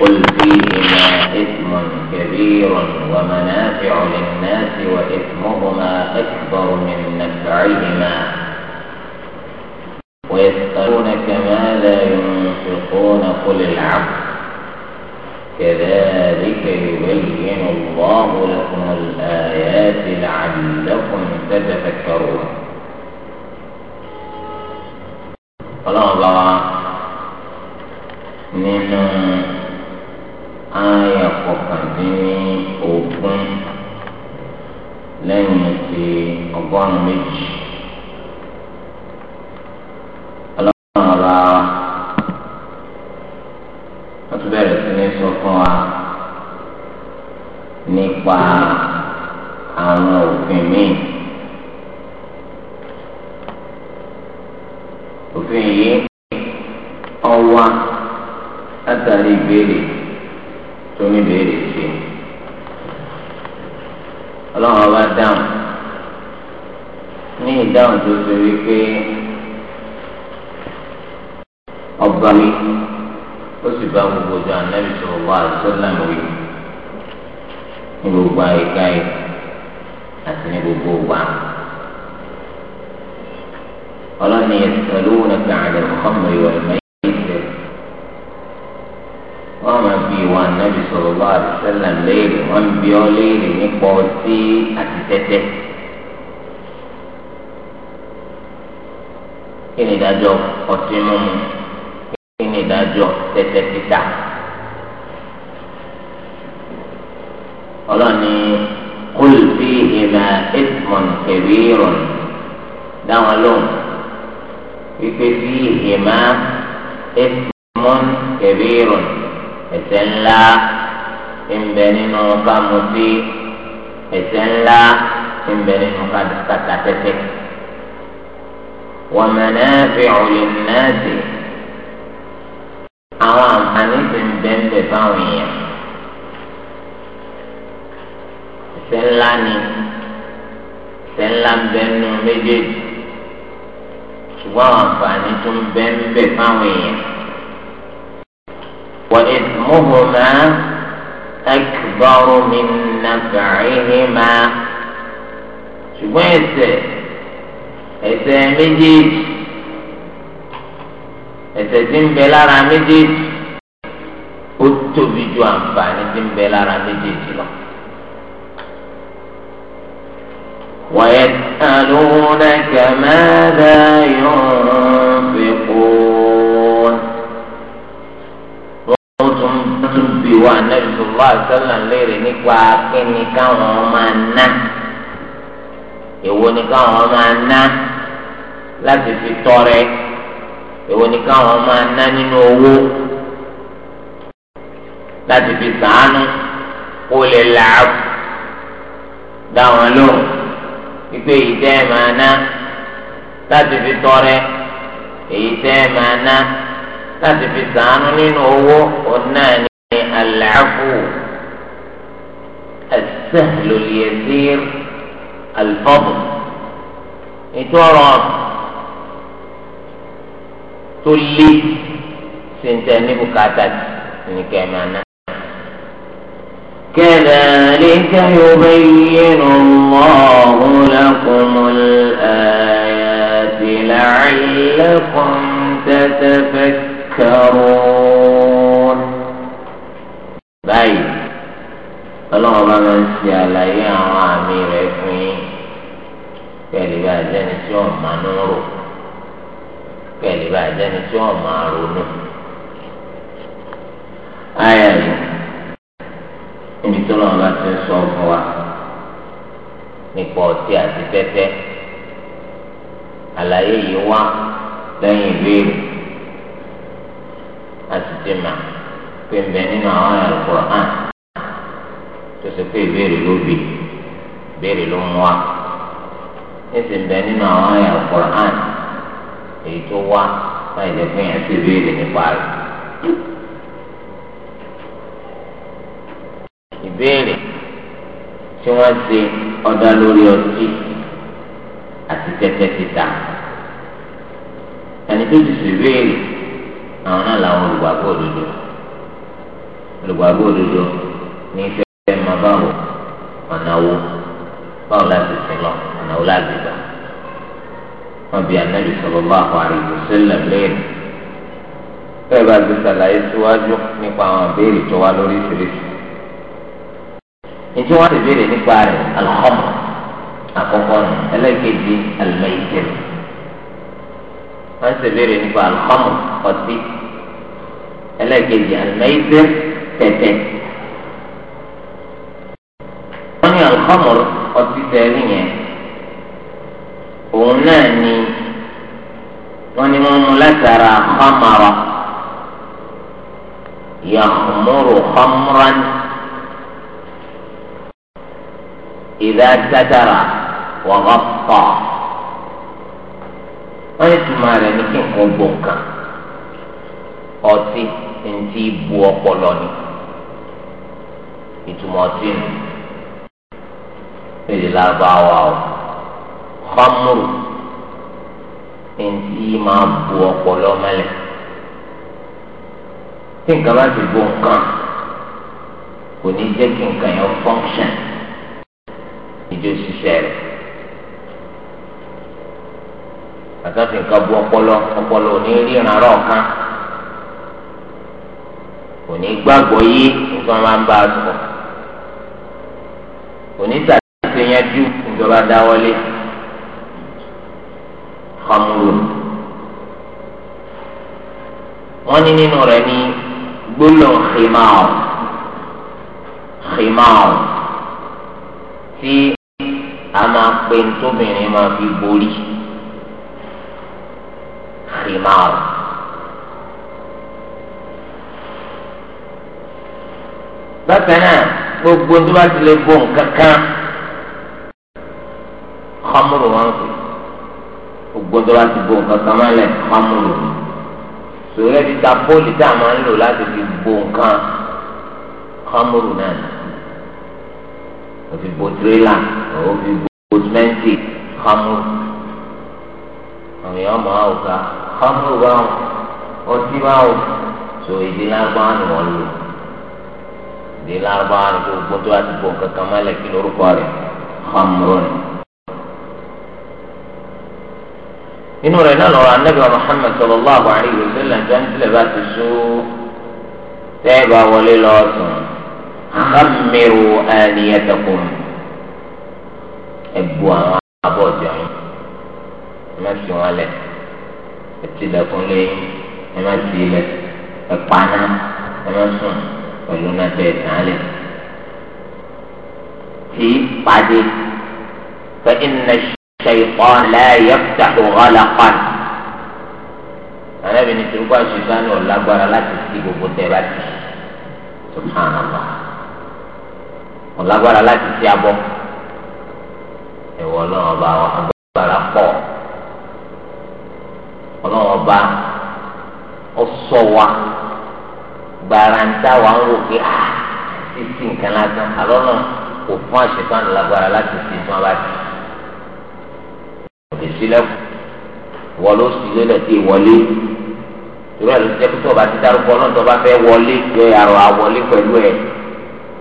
قل فيهما إثم كبير ومنافع للناس وإثمهما أكبر من نفعهما ويسألونك ماذا ينفقون قل العفو كذلك يبين الله لكم الآيات لعلكم تتفكرون قال الله àyà kọkàndínní ogún lẹ́yìn ti ọgọ́rùn-ún méjì. ọlọ́run ọ̀la wọ́n tún bẹ̀rẹ̀ sí ní sọ fún wa nípa àwọn òfin míì. òfin yìí ọwá látàrí ìbéèrè tó ní béèrè sí ọlọ́run ọba dáhùn ní ìdáhùn tó ṣe wípé ọba mi ó sì bá gbogbo ọjọ́ ànábì sọ̀rọ̀ wá àdúrà mi ní gbogbo àyíká yìí àti ní gbogbo wa. ọlọ́ni yẹn tẹ̀lé wọn kí àlẹ́ kọ́mọ̀ yọ̀ ẹ̀mẹ́. ànábì sallallahu alaihi wasallam léèrè wọ́n ń bí ọ́ léèrè nípa ọtí àti tẹ́tẹ́. kí ni ìdájọ́ ọtí mímu kí ni ìdájọ́ tẹ́tẹ́ títà. ọlọ́ni qul fīhimā ithmun kabīrun dáwọn lóhùn wípé fīhimā ithmun kabīrun ẹ̀ṣẹ̀ ńlá ńbẹ nínú ọba mọtí ẹ̀ṣẹ̀ ńlá ńbẹ nínú kàtà tẹtẹ wọn mẹnẹ fi ọyìn náà dé àwọn àǹfààní ti ń bẹ ńbẹ fáwọn èèyàn ẹ̀ṣẹ̀ ńlá ni ẹ̀ṣẹ̀ ńlá ń bẹ nínú méjèèjì ṣùgbọ́n àwọn àǹfààní tó ń bẹ ńbẹ fáwọn èèyàn. وإثمهما أكبر من نفعهما ṣùgbọ́n ẹ̀ṣẹ̀ ẹ̀ṣẹ̀ méjèèjì ẹ̀ṣẹ̀ tí ń bẹ lára méjèèjì ó tóbi ju àǹfààní tí ń bẹ lára méjèèjì lọ. ويسألونك ماذا ينفق wọ anabi sọlá sọlá léèrè nípa kíni káwọn máa ná èwo ni káwọn máa ná láti fi tọrẹ èwo ni káwọn máa ná nínú owó láti fi sàánú kó lè làákù dáwọn lóhùn wípé èyí tẹ́ ẹ máa ná láti fi tọrẹ èyí tẹ́ ẹ máa ná láti fi sàánú nínú owó òun náà ní. العفو السهل اليسير الفضل ìtọ́rọ̀ تلي سنتين بكاتات ní يعني bùkátà كذلك يبين الله لكم الآيات لعلكم تتفكرون báyìí ọlọ́run bá máa ń ṣe àlàyé àwọn àmì rẹ̀ fún yín bá jẹ́ni tí wọ́n máa ń rò pẹ̀lú bá jẹ́ni tí wọ́n máa ronú. ayà ti ń sọ fún wa nípa ọtí pé ń bẹ nínú àwọn Al-Qur'an tó ṣe pé ìbéèrè ló bì ìbéèrè ló mú wa ní ti ń bẹ nínú àwọn Al-Qur'an èyí tó wá láì jẹ́ pé yẹn ti béèrè nípa rẹ̀. ìbéèrè tí wọ́n ṣe ọ̀dà lórí ọtí àti tẹ́tẹ́ títa ẹni tó ti ṣèbéèrè àwọn náà làwọn olùgbàgbọ́ òdodo olùgbàgbọ́ òdodo ní ìfẹ́ máa báwo ọ̀nà wo báwo láti sìn lọ ọ̀nà wo láti gbà. wọn bí anabi sallallahu alaihi wasallam lẹ́yìn bẹ́ẹ̀ bá ti ṣàlàyé síwájú nípa àwọn àbẹ́rẹ́ tó wá lórí ìṣiríṣi. ìjọ wọn ti béèrè nípa rẹ̀ alhamdu àkọ́kọ́ nù ẹlẹ́kẹ̀dì alimẹ́yìtẹ́lì wọ́n ti béèrè nípa alhamdu ọtí ẹlẹ́kẹ̀dì alimẹ́yìtẹ́lì tẹ̀tẹ̀. wọ́n ní alhamdu ọtí tẹ̀rí yẹn òun náà ni wọ́n ní wọ́n mú látara hamara yàmúrò hamran ìdá sátara wàhán pa wọ́n ní tuma rẹ̀ ní kí n kò gbọ̀ǹkan ọtí ntí bu ọpọlọ ni ìtumọ̀ ọtí nù èdè lárúbáwá o khamru eŋti máa bu ọpọlọ mẹlẹ tí nǹkan bá ti bu nǹkan kò ní jẹ́ kí nǹkan yẹn function ìjọ ṣiṣẹ́ rẹ̀ àtàtì nǹkan bu ọpọlọ ọpọlọ ò ní ríran rọ̀ kan kò ní gbàgbọ́ yé nǹkan máa ń bá a sọ̀rọ̀ oníta tó yanjú ìjọba dáwọlé xamuru wọn ní nínú rẹ̀ ní gbólọ ximáwò ximáwò tí a máa pe ntóbìnrin máa fi borí ximáwò. bákan náà gbogbo tó bá ti lè bọ nǹkan kan xamuru wọn fi gbogbo tó bá ti bọ nǹkan kan máa lẹ xamuru sòrẹ́ ti ta bóòlù tá a máa ń lò láti fi bọ nǹkan xamuru náà o fi bọ tirela o fi bọ simẹ́ntì xamuru àwọn èèyàn máa wò ah, ká xamuru báwọn ọtí báwọn so èdè lágbára ni wọ́n lò èdè lárúbáwá ni gbogbo tó láti bò kankan má lẹ́kí lórúkọ rẹ̀ xamurun. inú rẹ̀ náà lọ́rọ̀ anábì wa muhammed sallallahu alayhi wa sallam jẹ́ nílẹ̀ bá ti so tẹ́ẹ̀ bá wọlé lọ́sùn xamiru aniyatakum ẹ̀bù àwọn abọ́ jẹun ẹ fi wọn lẹ̀ ẹ ti dẹkun lé fi lẹ̀ ẹ náà ẹ sùn pẹ̀lú náà tẹ̀ sàálẹ̀ tí pàdé fẹ́ iná ṣèkọ́ láàyè tàbí ọ̀làpá àlẹ́ mi ni tìrúkọ àṣìṣàn ní ọ̀làgbára láti sí gbogbo tẹ̀ bá ti subhanallah ọ̀làgbára láti sí abọ́ ẹ̀wọ̀ náà ọba agbára pọ̀ ọlọ́wọ́ ọba ọ̀sọ̀ wa gbaranta wa ń wò pé ah títí nǹkan lásán àlọ́ náà kò fún àṣetán lágbára láti fi fún abájú. òkè sílẹ̀kùn wọ́n ló sì lélẹ̀ tí ìwọlé irú ẹ̀ ló jẹ́ pé tó o bá ti dárúkọ náà tó o bá fẹ́ wọlé jọ àrò àwọlé pẹ̀lú ẹ̀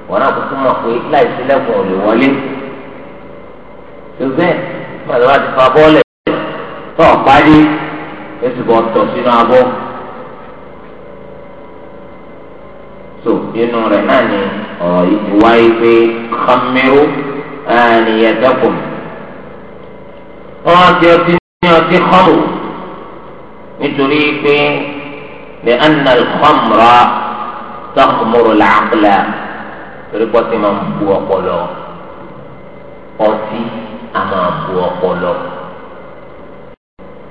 wọ́n náà kúkú mọ̀ pé láì sílẹ̀kùn ò lè wọlé. ṣùgbọ́n màdùmá ti fa bọ́ọ̀lù tó ọ̀pá dé ètùbọ̀ tọ̀ sínú abọ́. tó inú rẹ̀ náà ni ọ̀rọ̀ yìí ti wáyé pé kàmírù àníyàdàkùn wọn ti ọtí ní ọtí khamru nítorí pé lè anna khamra tọkùmùrù làákùlà torí pọ́ ti máa ń bu ọpọlọ ọtí a máa bu ọpọlọ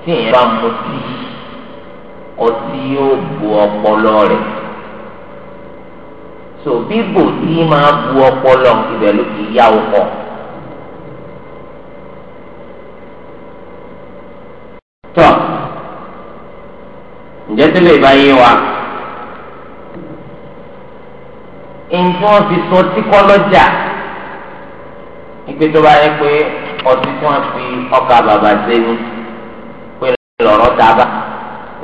tí ìyẹn bá mutí ọtí yóò bu ọpọlọ rẹ̀ so bíbò tí máa bu ọpọlọ ibẹ̀ ló ti yá ọkọ. tọ́ ǹjẹ́ tí lè bá yé wa nǹkan wọn fi sọ tíkọ́ lọ́jà ìpè tó bá yẹ pé ọtí tí wọn fi ọkà bàbà sẹ́ni pé lọ́rọ́ dábàá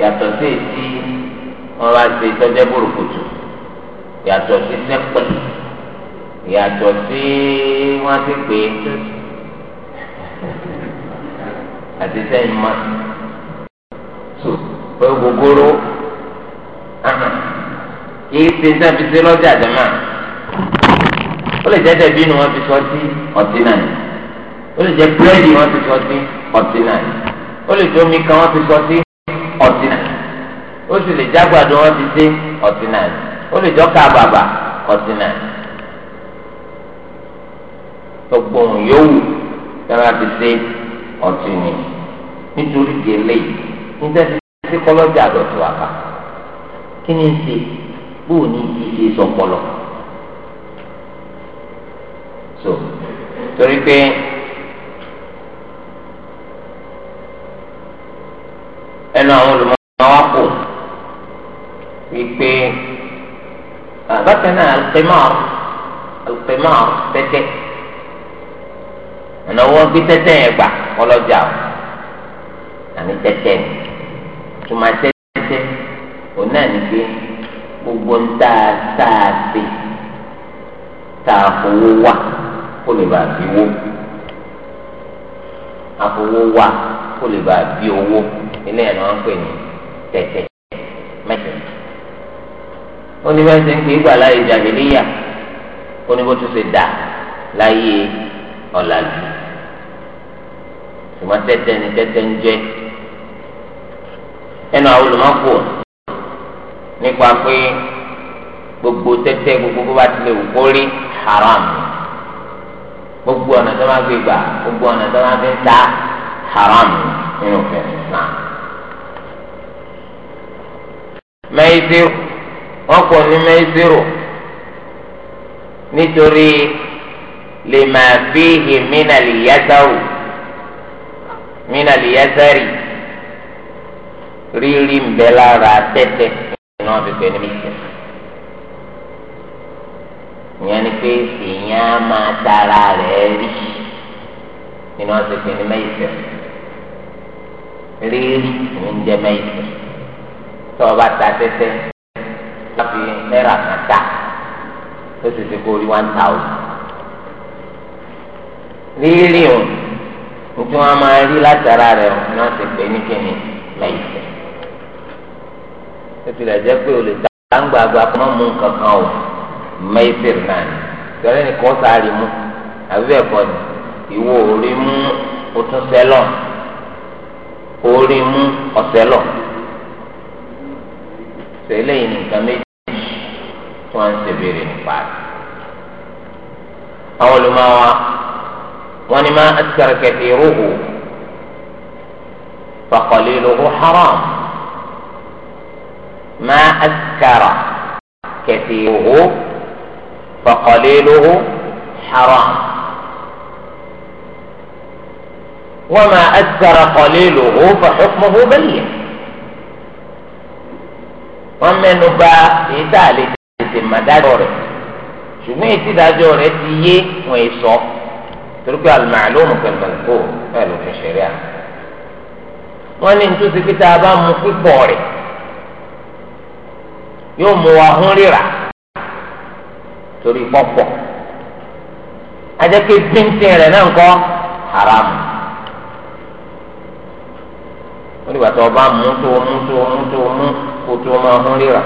yàtọ̀ sí èsì wọn bá ṣe tọ́jú burúkutu yàtọ̀ sí sẹ́pẹ̀ yàtọ̀ sí wọ́n ti pè é àti sẹ́yìn mọ́ so pé gbogbooro yìí ti sẹ́ fi sí lọ́jà jẹ́mà ó lè jẹ́ dẹ̀bí ni wọ́n fi sọ sí ọtí náà ó lè jẹ́ búrẹ́dì wọ́n fi sọ sí ọtí náà ó lè jẹ́ omi kan wọ́n fi sọ sí ọtí náà ó sì lè jágbàdo wọ́n fi sí ọtí náà ó lè jọ ká bàbà ọtí náà gbogbo ohun yòówù tẹ́lá ti ṣe ọtí ni nítorí di eléyìí níta ti ṣe kọ́lọ́jà àdọ̀tí wa ká kí ni ṣe bóò ní ti sọpọlọ so torí pé. ẹnu àwọn olùmọ bákan náà alùpẹ̀mọ́r alùpẹ̀mọ́r tẹ́tẹ́ ìnáwó gbé tẹ́tẹ́ yẹn gbà ọlọ́jà o àní tẹ́tẹ́ ni tuma tẹ́tẹ́ òun náà ní pé gbogbo ń tá a tá a ṣe onífẹsẹ̀ ń pè é gbà láyé jàgìlíyà oníbó tó ṣe dà láyé ọ̀làjú ṣùgbọ́n tẹ́tẹ́ ni tẹ́tẹ́ ń jẹ́ ẹnu àwọn olùmọ̀kò nípa pé gbogbo tẹ́tẹ́ gbogbo bó bá ti lè wù kó rí haram gbogbo ọ̀nà tó máa gbé gbà gbogbo ọ̀nà tó máa fi ń ta haram nínú fẹ̀sùn náà wọ́n pọ̀ ní mẹ́sìrò nítorí lè máa bí hìmínà lè yásáwò mínà lè yásárì rírí ń bẹ lára tẹ́tẹ́ iná fi pè ní mẹ́sìrò ìyẹn ni pé èèyàn á máa tara rẹ̀ rí iná fi pè ní mẹ́sìrò rírí ń jẹ mẹ́sìrò tọ́ ọ bá ta tẹ́tẹ́ ká fi náírà kan dà ó sì ti kó rí one thousand rírì o nítorí wọn máa rí látara rẹ o ni wọn ti pè ní kíni láìsẹ ó tilẹ̀ jẹ́ pé o lè dá gbàgbà kó mú nǹkan o mẹ́sìr náà ni tọ́lẹ́ ní kọ́ sáré mú àbí bẹ́ẹ̀ kọ́ ni ìwọ orí mú o tún sẹ́lọ̀ orí mú ọ̀sẹ́lọ̀ sọ eléyìí ní méjì tí wọ́n ń ṣe béèrè nípa rẹ̀. àwọn olùmọ̀wá wọn ni máa askara kathiruhu fa qaliluhu haram máa ń askara kathiruhu fa qaliluhu haram. وما أكثر قليله فحكمه بين wọ́n mẹ́nu bà èyí tètè mà dájọ́ rẹ̀ ṣùgbọ́n ètí dájọ́ rẹ̀ ti yé wọn è sọ torí pé al-ma'lum kal-manqul bẹ́ẹ̀ ló fi ṣẹ̀rí à. wọ́n ní nítorí pé tá a bá mu pípọ̀ rẹ̀ yóò mú wa hún ríra torí pọ́pọ̀ ajẹ́kẹ́ bíntín rẹ̀ náà kọ́ haram wọ́n ní bàtà ọba mú tó mú tó mú tó mú kó tó máa hún ríra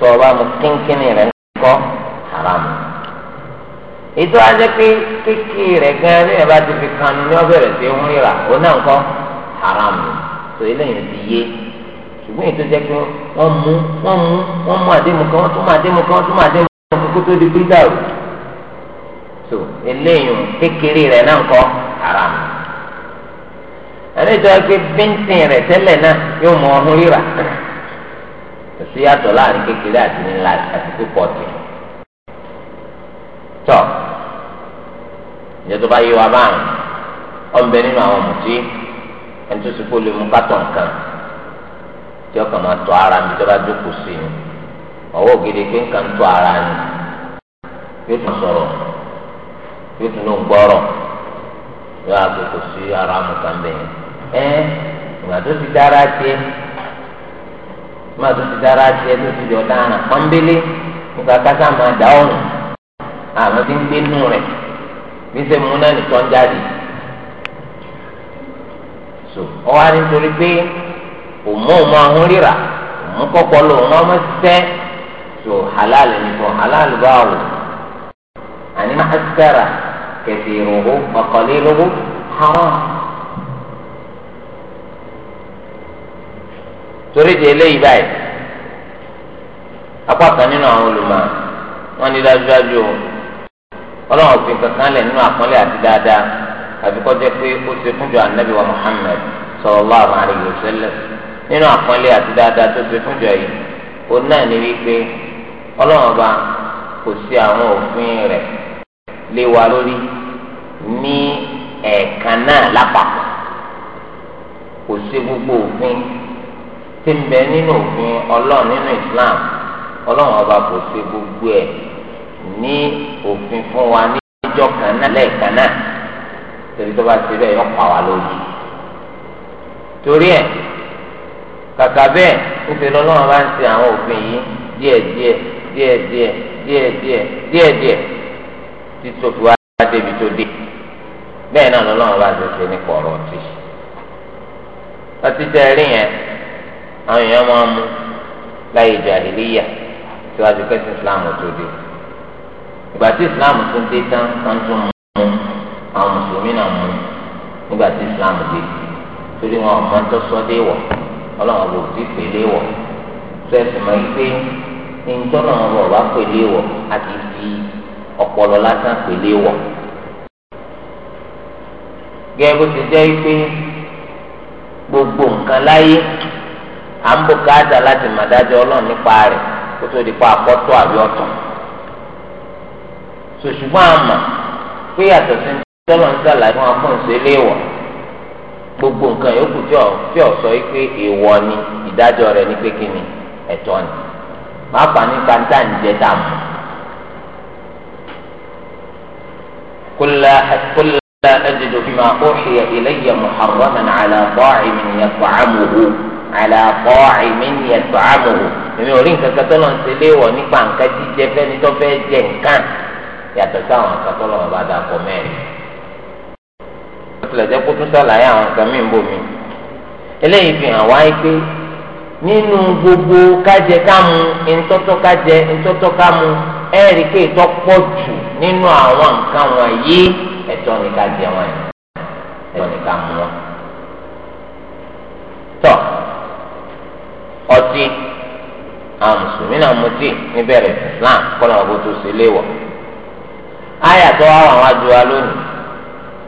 tó o bá mu kínkínní rẹ̀ kọ́ haramu. ètò ajẹ́ pé kéèké rẹ̀ gan-an ní ẹ̀ bá ti fi kanu ní ọ̀bẹ̀rẹ̀ sí ń rírà ó náà kọ́ haramu. tó eléyìí ti yé ṣùgbọ́n ètò jẹ́ pé wọ́n mú wọ́n mú wọ́n mú àdéhùn kan wọ́n tún mú àdéhùn kan wọ́n tún mú àdéhùn kan kókó tó di gbígbà rò. tó eléyìí kékeré rẹ̀ náà kọ́ haramu. ẹni tó yẹ pé bíntín rẹ̀ tẹ́lẹ̀ náà yóò mọ ọ̀hún rírà. èsì yàtọ̀ láàrin kékeré àti ńlá àti púpọ̀ tì. tọ́ ìjẹ́ tó bá yé wa báyìí ọ̀nbẹ nínú àwọn mùtí ẹni tó sì kó lè mú kátọ̀ nǹkan tí ọkàn máa ara mi tó bá jókòó sí i ọwọ́ ògidì pé nǹkan ń ara ni yóò tún sọ̀rọ̀ yóò tún gbọ́rọ̀ yóò àgbẹ̀kọ̀ ara ẹ́ ìgbà tó ti dára má tó ti dára tiẹ̀ tó ti di ọ̀daràn pọ́nbélé nípa kásá máa dá ọ̀rùn àwọn tí ń gbé nù rẹ̀ níṣẹ́ mú náà nìkan jáde so ọwọ́ nítorí pé òmù òmù ahọ́n ríra òmù kọ́kọ́ lò wọ́n mọ̀ sẹ́ so halal nìkan halal bá wò àní máa sára kẹsì ìrùhó ọ̀kọ́lé lówó haram. torí di eléyìí báyìí apá nínú àwọn olùmọ̀ wọn ní dájúdájú o ọlọ́run fi kankan lẹ̀ nínú àpọ́nlé àti dáadáa àbí kọjá pé ó ti fúnjọ anabi wa muhammed sallallahu alaihi wasallam nínú àpọ́nlé àti dáadáa tó ti fúnjọ yìí ó náà ní wípé ọlọ́run ọba kò sí àwọn òfin rẹ lé wa lórí ní ẹ̀ẹ̀kan náà lápapọ̀ kò sí gbogbo òfin. tí ń bẹ nínú òfin ọlọ́run nínú islam ọlọ́run ọba kò ṣe gbogbo ẹ̀ ní òfin fún wa ní ìjọ kan náà lẹ́ẹ̀kan náà torí tó bá ṣe bẹ́ẹ̀ yọ pa wá lójú torí ẹ̀ kàkà bẹ́ẹ̀ ńṣe lọ́lọ́run bá ń ṣe àwọn òfin yìí díẹ̀díẹ̀ díẹ̀díẹ̀ díẹ̀díẹ̀ díẹ̀díẹ̀ tí tó fi wá débi tó dé bẹ́ẹ̀ náà lọ́lọ́run bá ṣe ṣe nípa ọ̀rọ̀ ọtí ọtí tẹ́ àwọn èèyàn máa mú láyé tí ti islam tó dé ìgbà tí islam tó dé tán wọ́n tún mú àwọn mùsùlùmí náà mú nígbà tí islam dé torí wọn ọmọ dé wọ̀ ọlọ́run ló ti pè lé wọ̀ tó ẹ̀sìn máa ń pé ọ̀rọ̀ pè lé wọ̀ a kì í fi ọpọlọ lásán pè lé wọ̀ gẹ́gẹ́ bó à ń bò káàdà láti mà dájọ́ ọlọ́run nípa rẹ̀ kó tó di pa àkọ́tọ̀ àbí ọ̀tọ̀ sòṣùgbọ́n àmà pé yàtọ̀ sí tọ́lọ̀ ń sàlàyé fún afọ́nsẹ́ léèwọ̀ gbogbo nǹkan yòókù tí ò sọ pé èèwọ̀ ni ìdájọ́ rẹ̀ ní pé kí ni ẹ̀tọ́ ni pàápàá ní kàńtà ń jẹ dààmú. كلا أجد فيما أوحي إلي محرما على طاعم يطعمه ala afọ àìmíní ẹ̀tọ́ àmòhò èmi ò rí nǹkan kan tó lọ́n ṣe léwọ̀ nípa nǹkan jíjẹ fẹ́ni tó fẹ́ jẹ nǹkan yàtọ̀ sáwọn nǹkan tó lọ́n bá mẹ́rin. fi hàn pé gbogbo kájẹ kámu ntọ́tọ́ kájẹ ntọ́tọ́ kámu pé ìtọ́ pọ̀ jù nínú àwọn nǹkan ẹ̀tọ́ ni wọn ẹ̀tọ́ ni ọtí àwọn mùsùlùmí náà mutí níbẹ̀rẹ̀ islam kọ́nà ọ̀bọ tó ṣe léwọ̀. àyà tó wá àwọn adúlá lónìí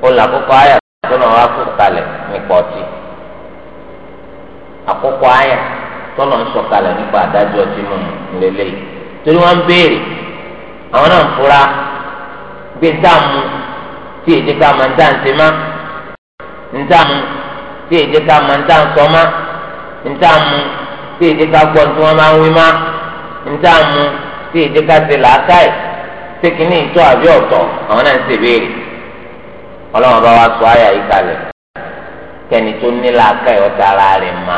ó là kókó àyà tó náà wá kó kalẹ̀ nípa ọtí. àkókò àyà tó náà ń sọ kalẹ̀ nípa àdájọ́ ọtí mímu torí ń béèrè àwọn náà ń fura gbé dáàmú tí èdè ká máa tí èdè ká gbọ́ tí wọ́n máa ń wí má níta mu tí èdè ká ṣe làákàyè tí kìíní ìtọ́ àbí ọ̀tọ̀ wa sọ àyà yìí kalẹ̀ kẹ́ni tó ní làákàyè ọ̀tá ara rẹ̀ má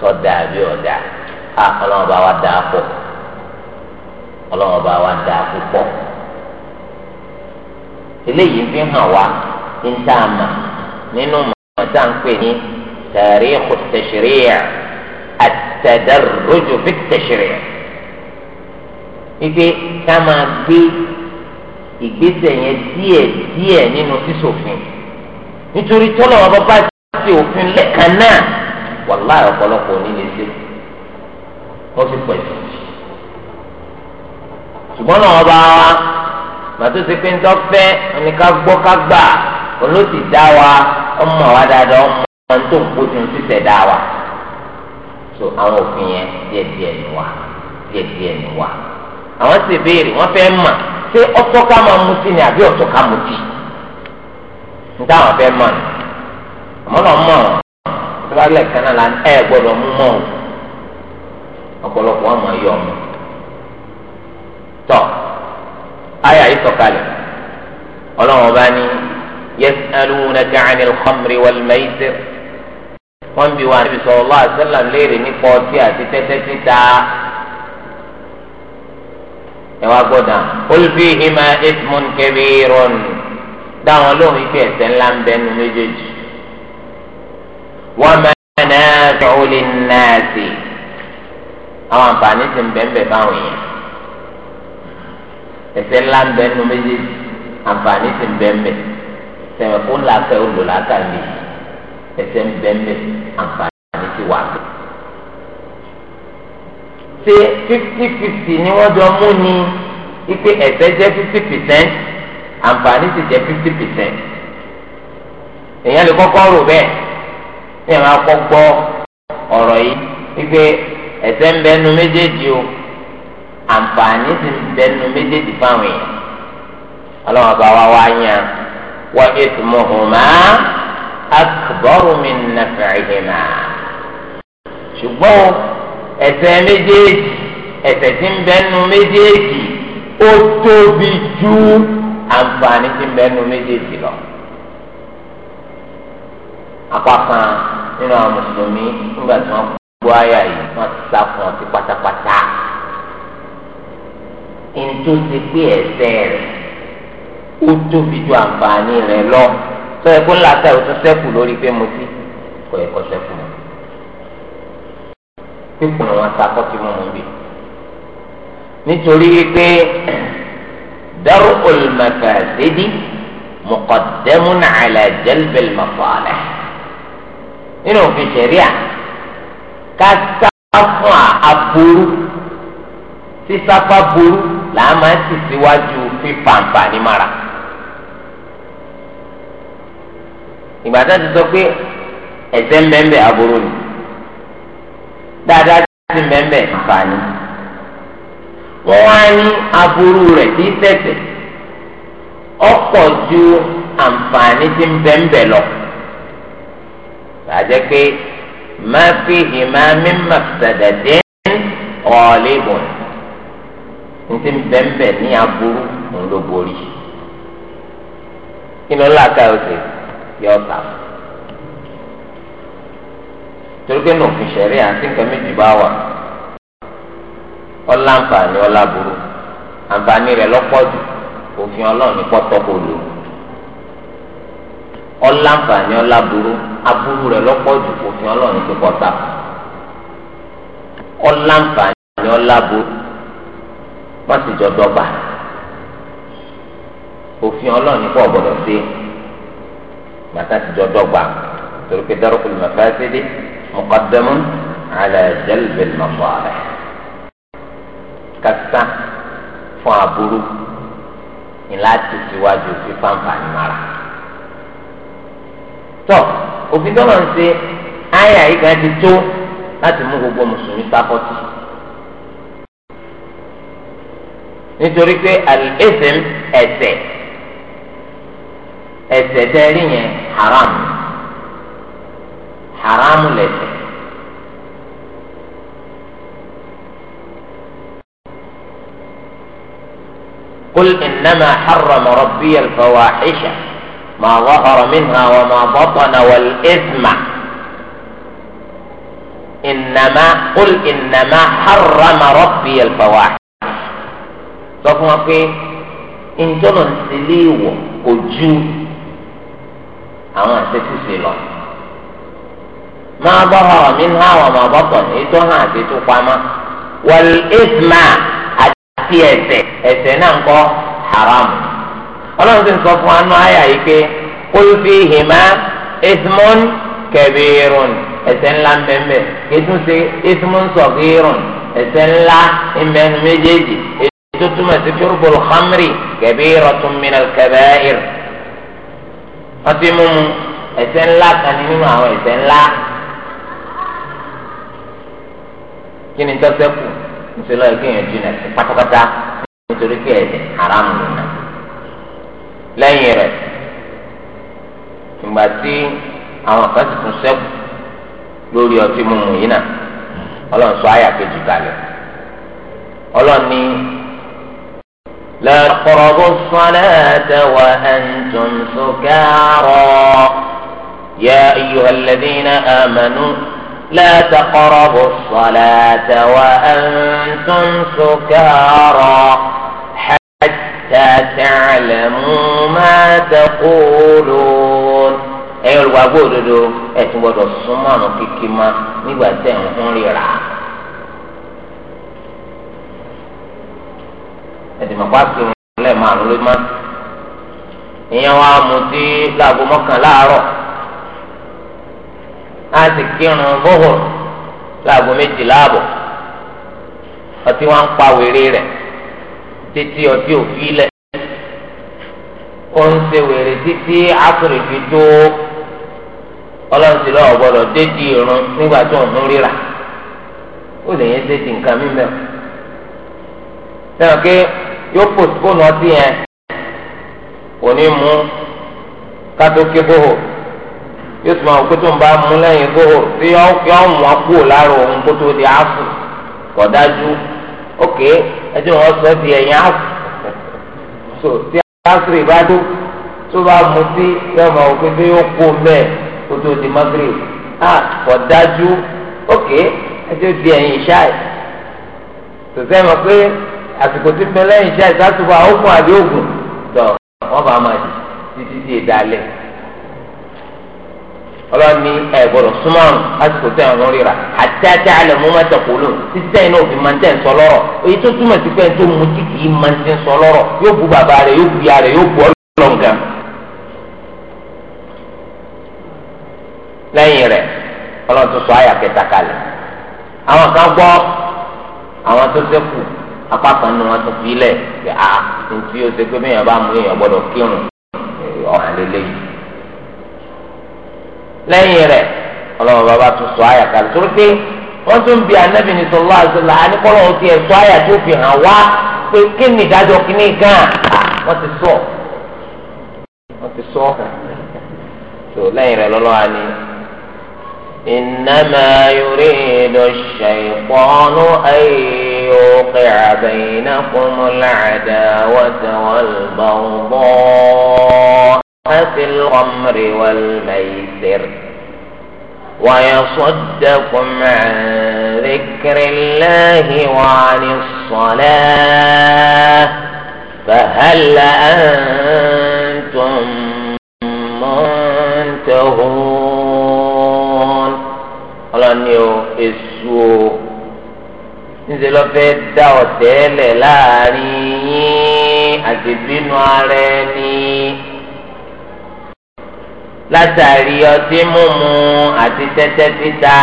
sọ̀dà àbí ọ̀dà á ọlọ́run bá wa dà á pọ̀ wa dà á púpọ̀ eléyìí fi hàn wá mà nínú ń pè ní tàrí التدرج في التشريع ike ká máa gbé ìgbésẹ̀ yẹn díẹ̀ díẹ̀ nínú sísòfin nítorí tọ́lọ̀ ọba bá ti òfin lẹ́ka náà wàláì ọ̀pọ̀lọpọ̀ nílé sí wọ́n ṣùgbọ́n náà ọba wa màtó ti gbọ́ ká gbà dá wa ọmọ wa dáadáa ọmọ tó so àwọn òfin yẹn díẹ̀ díẹ̀ ni wà díẹ̀ díẹ̀ ni wà àwọn sì béèrè wọ́n fẹ́ mọ̀ ṣé ọ̀tọ̀ ká máa mutí ni àbí ọ̀tọ̀ ká mutí níta àwọn fẹ́ mọ̀ àmọ́ náà mọ̀ ọ́ tó bá náà la ẹ gbọ́dọ̀ mú mọ́ o ọ̀pọ̀lọpọ̀ ọmọ yọ ọmọ tọ àyà yìí sọ̀kalẹ̀ Ọlọ́run ọba ní yẹsàlùmù nàkàánì lọkọmìrì wàlùmẹyìsẹrì wọ́n bi wa níbi sọ̀rọ̀ lọ́wọ́ àṣẹlá léèrè nípa ọtí àti tẹ́tẹ́ títa. ẹ wá gbọ́dọ̀ olùfi ìhìmá edmund kebirun dáwọn lóhùn ife ẹ̀ṣẹ̀ ńlá ń bẹnu méjèèjì. wọ́n máa ná tọ́wọ́lì náà sí àwọn àǹfààní ti ń bẹ́ẹ̀ báwọn yẹn. ẹ̀ṣẹ̀ ńlá ń bẹnu méjèèjì àǹfààní ti ń bẹ́ẹ̀ sẹ̀wẹ̀kú làákẹ́ olùlàákà nìyí ẹsẹ̀ ń bẹ́ mẹ́ àǹfààní ti wà bẹ́ẹ̀. ṣé fifty fifty ni wọ́n jọ mú ni ipe ẹsẹ̀ jẹ́ fifty percent àǹfààní ti jẹ́ fifty percent. èèyàn lè kọ́kọ́ rò bẹ́ẹ̀ ní àwọn akọ́gbọ́ ọ̀rọ̀ yìí wípé ẹsẹ̀ ń bẹ́nu méjèèjì o àǹfààní ti ń bẹ́nu méjèèjì fáwọn èèyàn. ọlọ́run bá wa wá yan wọ́n ètò mọ̀hùnmáà akbaru min naf'ihima ṣùgbọ́n ẹ̀ṣẹ̀ méjèèjì ẹ̀ṣẹ̀ tí ń bẹnu méjèèjì ó tóbi ju àǹfààní tí ń bẹnu méjèèjì lọ apákan nínú àwọn mùsùlùmí nígbà tí wọ́n gbọ́ àyà yìí wọ́n ti sá fún ọtí pátápátá ntòsí pé ẹ̀ṣẹ̀ rẹ̀ ó tóbi ju àǹfààní rẹ̀ lọ sọ yẹ kó ńlá ta òtún sẹ́kù lórí pé mo ti kọ ẹ̀kọ́ sẹ́kù mọ́ pípùn wọn sakọ́ tí mo mú bi nítorí wípé darul mafasidi muqaddamun ala jalbil masalih nínú òfin ṣẹ̀ríà ká fún aburú sísáfá burú làá máa ń tì síwájú fífa àǹfààní mára. ìgbà tá a ti sọ pé ẹ̀ṣẹ̀ mbẹmbẹ aburú ni dáadáa ti mbẹmbẹ nfààní wọn wá ní aburú rẹ̀ tí tẹsẹ ọ̀pọ̀ ju àǹfààní ti mbẹmbẹ lọ àjẹ pé má fi ìmá mímà sàdàdé ọ̀ọ́lẹ́bùn ní ti mbẹmbẹ ní aburú ńlọborí kí ló ń là ká o sèé yọ ta torí pé nùfin sẹ̀rí àti nǹkan méjì bá wà ọlá àǹfààní ọlá burú àǹfààní rẹ̀ lọ́pọ̀ jù òfin ọlọ́run ní pọ́tọ́ kò lò ọlá àǹfààní ọlá burú aburú rẹ̀ lọ́pọ̀ jù òfin ọlọ́run ní pọ́tà ọlá àǹfààní ọlá burú wọ́n sì jọ dọ́gba òfin ọlọ́run ní pọ́ gbọ́dọ̀ sí i màtá ti jọ dọ́gba torí pé darukul mafasidi muqaddamun ala jalbil masalih kásá fún aburú ni láti síwájú fífàǹfààní mara tọ òfin tó máa ń ṣe àyà yìí kan ti tó láti mú gbogbo mùsùlùmí sáfọ́tì nítorí pé àlùfẹ́sẹ̀ ẹ̀sẹ̀ ẹsẹ̀ tẹ́ rí yẹn haram haram lẹsẹ̀. قل إنما حرم ربي الفواحش ما ظهر منها وما بطن والإثم إنما قل إنما حرم ربي الفواحش sọ fún wa pé ìjọba ń sílé ìwọ̀ kò ju àwọn àṣetúnṣe lọ máa bọ́ ọ̀rọ̀ mi ń háwọn ọmọ ọ̀bọ̀tọ̀ èyí tó hàn àti tó pamọ́ wọ́n ìsmà àti ẹ̀ṣẹ̀ ẹ̀ṣẹ̀ náà ń kọ́ haram ọlọ́run ti ń sọ fún anú àyà yìí pé kólúfì hìmá ìsmọ́n kẹ̀bìrún ẹ̀ṣẹ̀ ńlá mbẹ́mbẹ́ ètúnṣe ìsmọ́n sọ̀gírún ẹ̀ṣẹ̀ ńlá ìmẹ́nu méjèèjì ètò túmọ̀ sí fúrúbùrù khamri kẹ̀bìrún tún mìíràn kẹ̀bẹ́ẹ̀rì ọtí mímu ẹ̀ṣẹ̀ ńlá kan ní nínú àwọn ẹ̀ṣẹ̀ ńlá kí ni tọ́sẹ̀ kù níṣẹ́ lọ́yẹ̀ kí èèyàn jìnnà sí pátápátá nítorí kí ẹ̀ṣẹ̀ haramu nìyà lẹ́yìn rẹ̀ ìgbà tí àwọn kan ti tún sẹ́kù lórí ọtí mímu yìí náà ọlọ́run sọ àyà kejì kalẹ̀ ọlọ́run ní. لا تقربوا الصلاة وأنتم سكارى يا أيها الذين آمنوا لا تقربوا الصلاة وأنتم سكارى حتى تعلموا ما تقولون أيها الوابود أتوا الصمان كيكما نبتهم ريرا ẹ̀dìmọ̀pá kìrún lẹ́ẹ̀márùn ló má ìyẹn wa mutí láago mọ́kàn láàárọ̀ á sì kírun bóhùn láago méjì láàbọ̀ ọtí wọn ń pa wèrè rẹ̀ títí ọtí òfin lẹ̀ ó ń ṣe wèrè títí àtúrò fi tó ọlọ́run lọ́wọ́ gbọ́dọ̀ dédìí irun nígbà tó ń rírà ó lè yẹn dédìí nǹkan mímẹ́ o yóò postpone ọtí yẹn kò ní mú kátó ké bóhò yóò tún àwọn kótó ń bá mú lẹ́yìn bóhò tí yọ ń wọ́n kú lára òun kótó di áfù kò dájú ok ẹjọ́ wọn sọ di ẹ̀yìn áfù so tí áfù bá dó tó bá mú sí yọ ọmọ òkú tí yóò kú bẹ́ẹ̀ kótó di magre ah kò dájú ẹjọ́ di ẹ̀yìn ṣáì tòsẹ́ mọ̀ pé àsìkò tí ń bẹ lẹ́yìn iṣẹ́ ìsásùfà ókun àbí ògùn tọ̀ wọ́n bá máa di títí di ìdálẹ̀ ọlọ́ni ẹ̀ gbọ́dọ̀ súnmọ́ àsìkò tẹ̀ ọ̀run ríra àtẹ́tẹ́ alẹ́ mú mẹ́tẹ̀ kó lò títí ẹ̀yin náà fi máa ń tẹ̀ ń sọ lọ́rọ̀ èyí tó túmọ̀ sí pé tó mu tí kìí máa ń tẹ̀ ń sọ lọ́rọ̀ yóò bu bàbá rẹ̀ yóò bu ya rẹ̀ yóò bu ọlọ́ọ̀gá. lẹ́yìn rẹ̀ ọlọ́run tó sọ àyà kalẹ̀ àwọn kan gbọ́ àwọn tó sẹ́kù apá kan nu wọn tún fi lẹ̀ pé a ntí o ṣe pé bẹ́ẹ̀ bá mú èèyàn gbọ́dọ̀ kírun ọ̀hán lélẹ́yìn. lẹ́yìn rẹ̀ ọlọ́run bàbá tún sọ àyà kalẹ̀ torí pé wọ́n tún bi anabi ní sọlá àzọlá àníkọ́lọ́ ọ̀hún ti ẹ̀ àyà tó fi hàn wá pé kí ni ìdájọ́ kínní gan-an wọ́n ti sọ wọ́n ti sọ tó lẹ́yìn rẹ̀ lọ́lọ́wà ni. إنما يريد الشيطان أن يوقع بينكم العداوة والبغضاء في الخمر والميسر ويصدكم عن ذكر الله وعن الصلاة فهل أنتم منتهون قال يؤسوا níṣẹ́ lọ fẹ́ dá ọ̀tẹ̀ lẹ̀ láàrin yín àtìbínú ara ẹni látàrí ọtí mímu àti tẹ́tẹ́ títa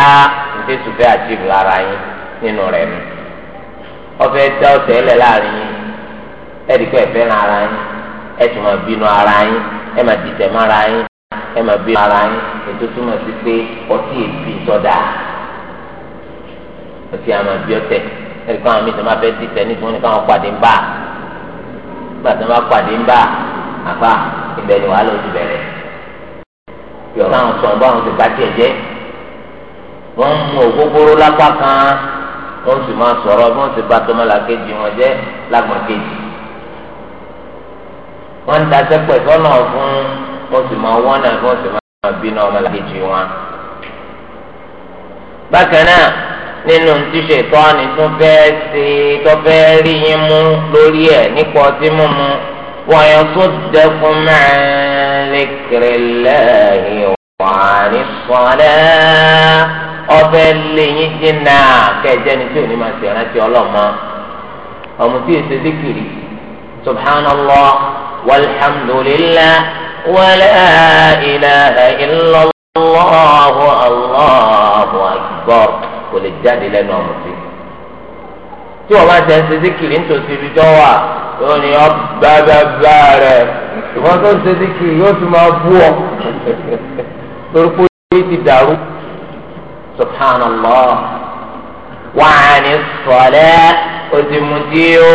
níṣẹ́ tó fẹ́ àtìbù lára yín nínú rẹ̀ nù ọfẹ́ dá ọ̀tẹ̀ lẹ̀ láàrin yín ẹ̀dínkọ́ ẹ̀fẹ́ ran ara yín ẹ̀ tún máa bínú ara yín ẹ̀ máa dìtẹ̀ mára yín ẹ̀ máa bínú ara yín ètò túmọ̀ sí pé ọtí èbí tọ́ àti àwọn àbí ọtẹ ẹni káwọn mi tó máa fẹ́ ti tẹ ní tiwọn ní káwọn pàdé ń bá gbà tó máa pàdé ń bá àfa ibẹ̀ ni wàhálà oṣù bẹ̀rẹ̀ yọ káwọn sọ bá wọn ti bá tiẹ̀ jẹ́ wọ́n mú ògógóró lápá kan wọ́n sì máa sọ̀rọ̀ bí wọ́n ti bá tọmọlàkejì wọn jẹ́ lágbọ̀nkejì wọ́n ń daṣẹ́ pẹ̀ sọ́nà fún wọ́n sì máa wọ́n náà wọ́n sì máa bínú ọmọlàkejì wọn. bákan náà nínú tíṣe tọ́ni tó fẹ́ẹ́ ṣe tó fẹ́ẹ́ rí yín mú lórí ẹ̀ nípa ọtí mímu wọ́n yẹn tó dẹ́kun mẹ́rin kiri lẹ́yìn wàá ní sọ́dẹ́ ọbẹ̀ lẹ́yìn jìnnà kẹjẹ ni tí ò ní máa ṣe ìrántí ọlọ́mọ ọmọ tí èsè dìkìrì subhanallah walhamdulillah wala ilaha illallah allahu akbar kò lè jáde lẹ́nu ọ̀mùtí tí wọ́n bá ṣe ń ṣe síkìrì nítòsí ibi tó wà yóò ní ọ gbágbágbá rẹ ìwọ́n tó ń ṣe síkìrì yóò tún máa bú ọ torí pé orí ti dàrú subhanallah wàá ní sọlẹ òdìmùdí o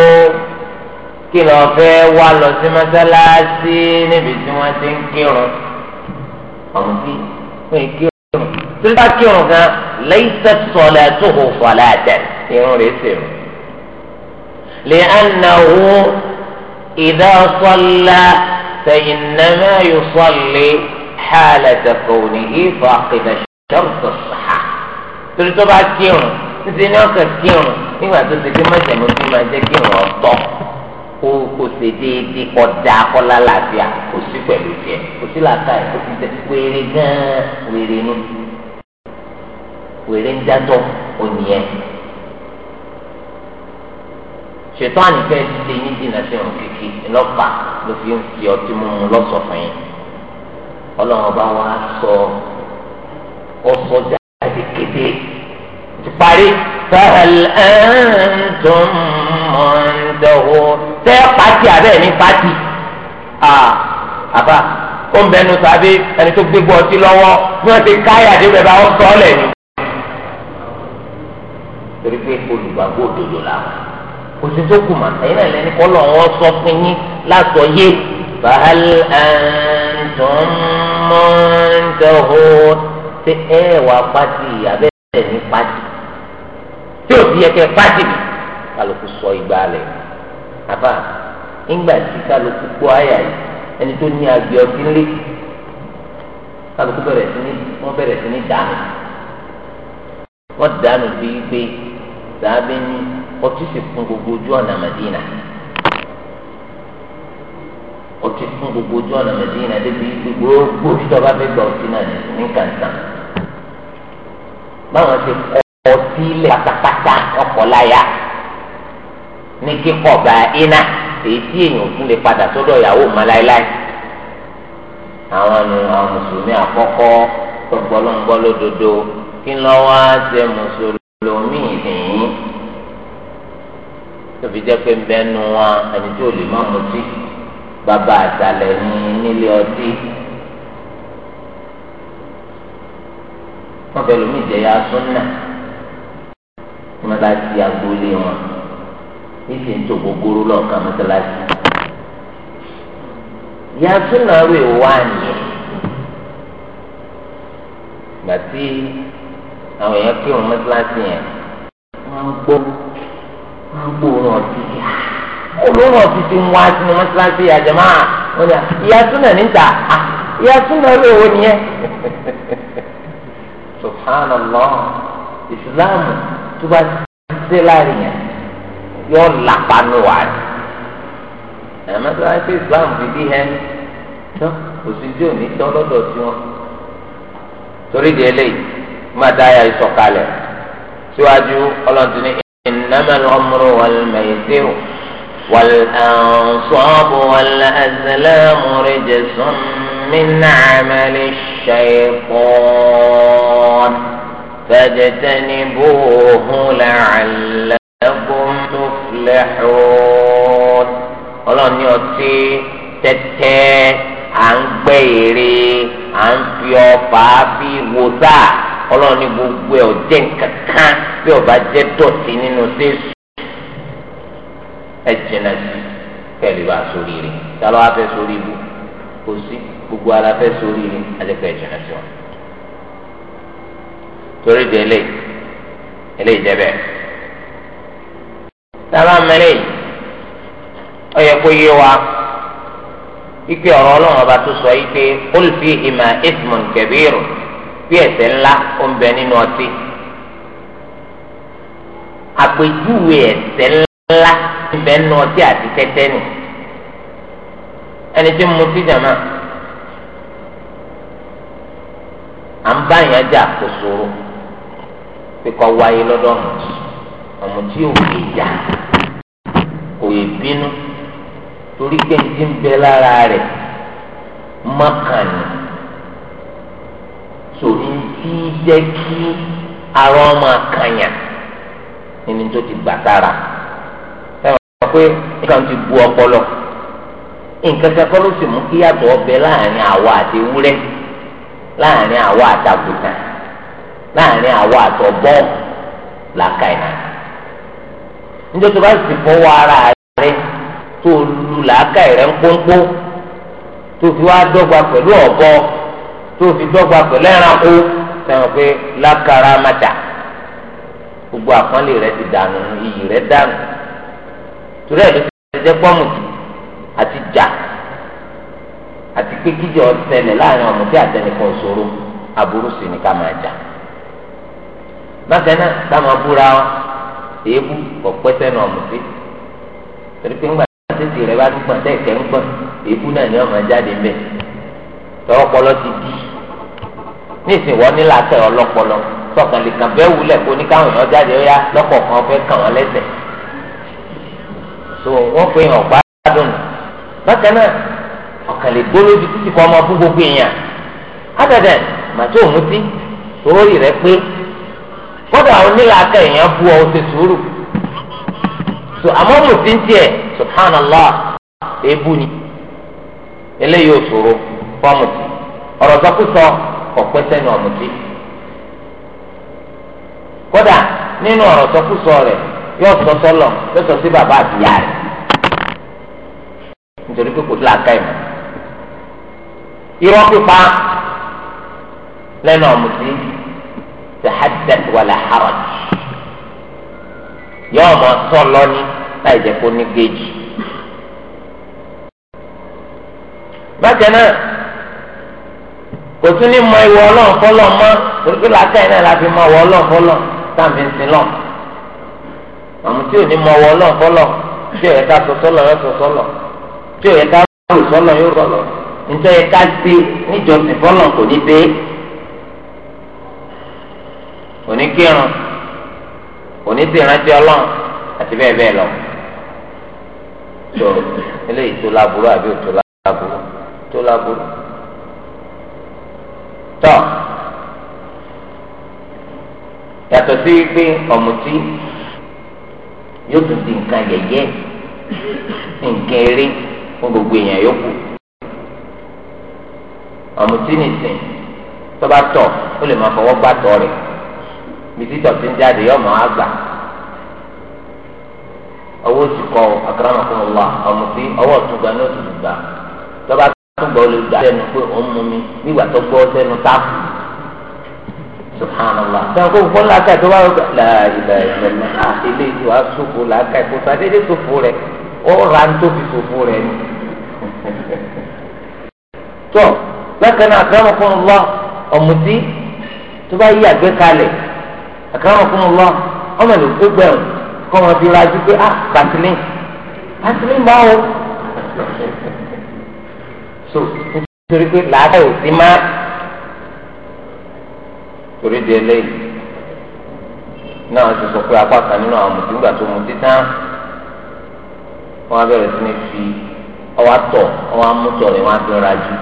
kí lọ fẹ́ wá lọ sí mọ́sálásí níbi tí wọ́n ti ń kírun ọ̀hún kí wọ́n kírun tí bá kírun gan lẹ́yìnsẹ́ sọ̀lá tó hù sọ̀lá àdẹ̀ irun rẹ̀ sì rùn. lè ànáwó ìdá sọ́lá fẹ̀yìnnàmá yóò sọ́lé xaalẹ̀ dẹ̀kọ̀ọ́ ní ìfọ̀ àkìdá ṣọ́ọ̀tù sàá. torí tó bá kírun títí ní ọ̀sẹ̀ kírun nígbà tó ti kí mọ̀jẹ̀mú fi máa jẹ́ kírun ọ̀tọ̀ kó kó ṣe déédéé kọjá kọlá làbíà kò sí pẹ̀lú jẹ kò sí làtà ẹ̀ kò sí tẹ wèrè gan-an wèrè nu wèrè ń dátọ̀ ònìyẹn ṣètò ànífẹ́ ti yín dìnnà sí ọ̀run kékeré ńlọ́pàá ló fi ń fi ọtí mímu lọ́sọ̀ fún yín ọlọ́run ọba wa sọ ọsọ jáde kété ti parí fẹ́ẹ́ ẹ̀ ń tún mọ́ ń dẹ́wọ́ tẹ́ pati abẹ́ ní pati àbá ó ń bẹnu sábẹ́ ẹni tó gbégbó ọtí lọ́wọ́ bí wọ́n ti káyà dé bẹ́ẹ̀ bá wọ́n sọ ọ́ lẹ̀ ni. torí pé olùgbàgbọ́ òdodo làwọn kò sí tó kù mà ẹ̀yin náà lẹ́ni kọ́ lọ́wọ́ sọ fún yín látọ̀ yé bahal antum muntahun ṣe ẹ wà pati abẹ́ ẹ̀ ní pati tí ò fi yẹ kẹ́ pati mi kálukú sọ ìgbà lẹ́yìn àbá ńgbà tí kálukú gbọ́ àyà yìí ẹni tó ní agbè ọtí ńlẹ kálukú bẹ̀rẹ̀ sí ní wọ́n bẹ̀rẹ̀ sí ní dànù wọ́n dànù bí gbé sàábẹ́ ní ọtí sì fún gbogbo ojú ọ̀nà Mẹ́dínà ọtí fún gbogbo ojú ọ̀nà Mẹ́dínà débi gbogbo títọ́ bá fẹ́ gba ọtí náà ní kàńtà báwọn ṣe kọ́ ọtí lẹ̀ pátápátá ọkọ̀ láyà ní kíkọ̀ bá iná èyí tí èèyàn tún lè padà sọ́dọ̀ ìyàwó mọ́ láéláé àwọn nu àwọn mùsùlùmí àkọ́kọ́ gbọ́lọ́ngbọ́ lódodo kí ń lọ́ wá ṣe mùsùlùmí ìhìn tóbi jẹ́ pé ń bẹ́ nu wọn ẹni tí ò lè má mutí bàbá àtàlẹ̀ ní nílé ọtí wọ́n bẹ lómi ìjẹ́yà súnà tí wọ́n bá ti agboolé wọn níbi ń tó gbogbooro lọ́ọ̀kan mọ́tàláṣí. yàtú náà rè wá nìyẹn gbà tí àwọn èèyàn kírun mọ́tàláṣí yẹn wọ́n ń gbọ́ wọ́n ń gbọ́ òórùn ọtí yá olórùn ọtí ti ń wá sínú mọ́tàláṣí àjẹmọ́ àwọn yàtú náà níta yàtú náà rè wọ́n ah, nìyẹn. subhanallah islam tó bá ti dé láàrin yẹn yóò lápánu wà ní. àmọ́ tó wáyé pé islam fi bí hẹ́ tó kò sí tí ò ní tán lọ́dọ̀ tí wọ́n. torí di eléyìí má dáyà ìsọ̀kalẹ̀ síwájú ọlọ́dún ní innamal amru wal maysiru wal ansabu wal azlamu rijsun min 'amali shaytan. فاجتنبوه لعلكم ẹkún tó filẹ̀ ọ̀ọ́d ọlọ́ọ̀ni ọtí tẹ́tẹ́ à ń gbẹ́ èrè à ń fi ọ̀fà fi wò sá ọlọ́ọ̀ni gbogbo ẹ̀ ọ̀jẹ̀ kankan bí ọba jẹ́ dọ̀tí nínú sẹ́sù ẹ jìnnà sí kẹ́lẹ́ bá sórí rẹ̀ tálọ́ wá sórí ibú kò sí gbogbo ara fẹ́ sórí rẹ̀ alẹ́kọ̀ọ́ ẹ jìnnà sí wọn. torí de eléyìí eléyìí jẹ́ tàbá mẹ́lẹ̀ ọ yẹ kó yé wa ikpe ọ̀rọ̀ ọlọ́run ọba tó sọ yìí pé olùfi ìmà ismun kẹbíìrù bí ẹ̀ṣẹ̀ ńlá ó ń bẹ nínú ọtí àpèjúwe ẹ̀ṣẹ̀ ńlá ń bẹ nínú ọtí àti tẹ́tẹ́ nì ẹni tí mo ti jàmá à ń bá yẹn jà kò sòrò pé kọ́ wáyé lọ́dọ̀ ọ̀hún ọmọ tí ò lè yà kò yè bínú torí pé ti ń bẹ lára rẹ̀ mọ́kànnì sòrí tí jẹ́ kí ara ọmọ akànyà nínú tó ti gbà sára ẹ wọ́n pé nǹkan ti bu ọpọlọ nǹkan kẹ́kọ̀ọ́ ló sì mú kí yàtọ̀ ọbẹ̀ láàrin àwa àti ewúrẹ́ láàrin àwa àtàkùtà láàrin àwa àtọ̀bọ́ làkàyà níjọ́ tó bá sì fọwọ́ ara rẹ tó lu làákà rẹ̀ ń pọ́npọ́ tó fi wá dọ́gba pẹ̀lú ọ̀bọ tó fi dọ́gba pẹ̀lú ẹranko sẹ́wọ̀n pé lákàrà màtà gbogbo àpọ́nlé rẹ̀ ti dànù iyì rẹ̀ dànù torí ẹ̀ ló ti jẹ́ pọ́mùtì àti jà àti pé kíjọ ṣẹlẹ̀ láàrin ọmọdé àtẹnìkan ṣòro aburú sí ni ká máa jà bákan náà táwọn abúra wọn èébú kò pẹ́ sẹ́nu ọ̀mùtí torí pé ńgbà tètè rẹ bá gbọ̀n tẹ̀kẹ́ ń gbọ̀n èébú náà ni ọmọ jáde mbẹ tọpọlọ ti di nísìnyí wọ́n ní làákẹ́ ọlọ́pọlọ sọ̀kan lè kàn bẹ́ẹ̀ wulẹ̀ kó ní èèyàn jáde ó yá lọ́kọ̀ọ̀kan fẹ́ kàn wọ́n lẹ́sẹ̀ so wọ́n pe èèyàn ọ̀gbá dùn bákan náà ọ̀kan lè gbó lójú títí kọ́ ọmọ fún gbogbo èèyàn ádàdà màtí òun ti torí rẹ pé kódà àwọn onílàákà èèyàn bu ọ ṣe sùúrù so àmọ́ mùsùlùmí tiẹ̀ subhanallah èébú ni eléyìí ò ṣòro fọ́mùtì ọ̀rọ̀ sọkúsọ ọ̀pẹ́ sẹ́nu ọ̀mùtì kódà nínú ọ̀rọ̀ sọkúsọ rẹ̀ yóò sọ sọlọ yóò sọ sí bàbá àtìyá rẹ̀ nítorí pé kò sí làákà ìmọ̀ irọ́ pípa lẹ́nu ọ̀mùtì تحدث ولا حرج lọ صلوني لا يكون جيج بكنا kò tún ní mọ ìwọ ọlọ́run fọlọ́ mọ́ torípé la fi mọ ọlọ́run fọlọ́ táàmì ń sin tí ní mọ ọlọ́run tí oníkírun onísìrántí ọlọ́run àti bẹ́ẹ̀ bẹ́ẹ̀ lọ. tó eléyìí tó láburú àbí òtó láburú tó láburú. tọ́ yàtọ̀ sí pé ọ̀mùtí yóò tún di nǹkan yẹ̀yẹ́ nǹkan eré fún gbogbo èèyàn yòókù ọ̀mùtí nìsín tó bá tọ̀ ó lè máa fọwọ́ gbàtọ̀ rẹ̀ mìtítọ̀ ti ń jáde yọ máa gbà owó ti kọ àkàràmà fún wa ọmọ sí ọwọ́ tún gba ní oṣù gbà lọ́ba tún gbọ́ lè gbà sẹ́nu pé òun mú mi nígbà tó gbọ́ sẹ́nu táàpù subhanallah ah, sọ kó fún làákà tó wà lọ́gbà láàyè láàyè láàyè ilé ìjọ làákà kó sàdédé sòfò rẹ̀ ó ra ń tóbi sòfò rẹ̀ ni. tó lọ́kàn náà àkàràmà fún wa ọmọ sí tó bá yí àgbékalẹ̀ àkàrà fún un lọ ọmọ ìlú tó gbẹrù kọ́ wọn fi rajú pé ah bàtìlín bàtìlín báwo. so nítorí pé làákà ò sí má torí di eléyìí náà ti sọ pé apá kan nínú àwọn mùsùlùmí tó mu títán wọn á sí ní fi ọwọ́ àtọ̀ ọwọ́ àmútọ̀ rẹ̀ wọn á fi rajú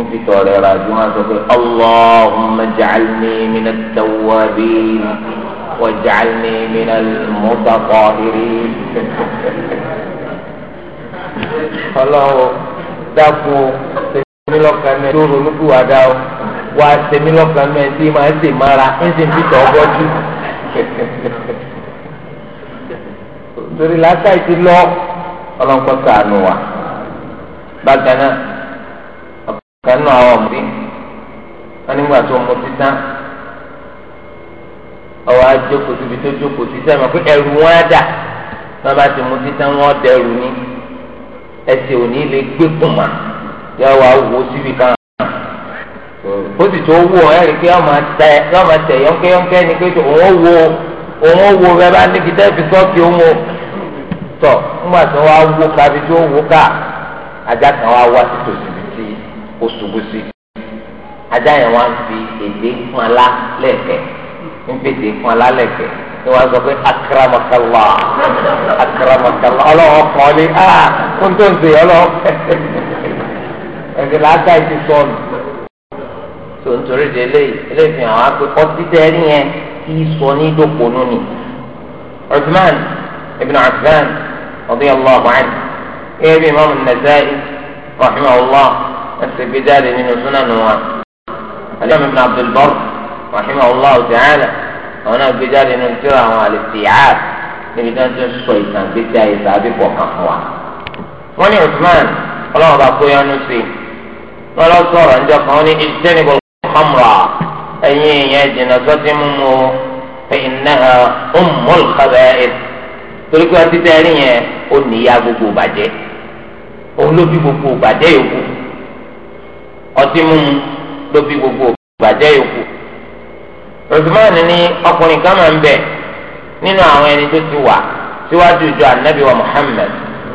nfi tọrẹ ra ju wọn sọ pé allahumma jacalni mina tawabi wa jacalni mina mutakọhiri ọlọ́wọ́ dákun o sẹ́mi lọ́kàn mẹ́ tó ronú kú wa dá o wá sẹ́mi lọ́kàn mẹ́ tí màá sè mara ń sì fi tọ́ bọ́jú torí ti lọ ọlọ́nkọ́ sànù wa bákan kanu àwọn ọmọdé wọn nígbà tó mọ títà ọwọ àjòkò síbi tó jókòó títà mọ pé ẹrù kan ọ ni pé òun wo òun wo rẹ bá níbi tẹ́ẹ̀fì sọ́ọ̀kì òun o tọ̀ ńgbà tó wà wò kábi tó ó ṣubú sí ajá yẹn wá ń fi èdè fún alá lẹ́ẹ̀kẹ́ ń fèdè fún alá lẹ́ẹ̀kẹ́ ni wọ́n sọ pé akaramakala akaramakala ọlọ́wọ́ kọ́ ni a ah, kó tó ń sè ọlọ́wọ́ kẹ́kẹ́ ẹ̀sìn làákà ti sọnù tó nítorí de eléyìí eléyìí fi hàn wá pé ọtí yẹn kì í sọ ní ìdókòónú ni Uthman ibn Affan radiyallahu anhu ẹ̀ẹ́dì imaamu Nasa'i rahimahullah ẹsẹ̀ gbé jáde nínú súnánù wa alimami ibn abdulbar rahimahullah ta'ala àwọn náà gbé jáde nínú tíra àwọn alìsíyàt níbi tí wọ́n ti ń sọ ìtàn gbèsè ayé tàbí kọ̀ọ̀kan fún wa. wọ́n ní usman ọlọ́run bá kó yánú sí i wọ́n lọ sọ̀rọ̀ níjọ́ kan ó ní ìjẹ́nìbọ̀ khamra ẹ̀yin èèyàn jìnnà sọ́tí mímu o pé innaha ummul khaba'ith torí pé ọtí tẹ́rí yẹn ó níyà gbogbo bàjẹ́ òun ló bí gbogbo bàjẹ́ yòókù ọtí mímu ló bí gbogbo ìbàjẹ́ yòókù Uthman ní ọkùnrin kan máa ń bẹ nínú àwọn ẹni tó ti wà síwájú ìjọ anabi wa Muhammad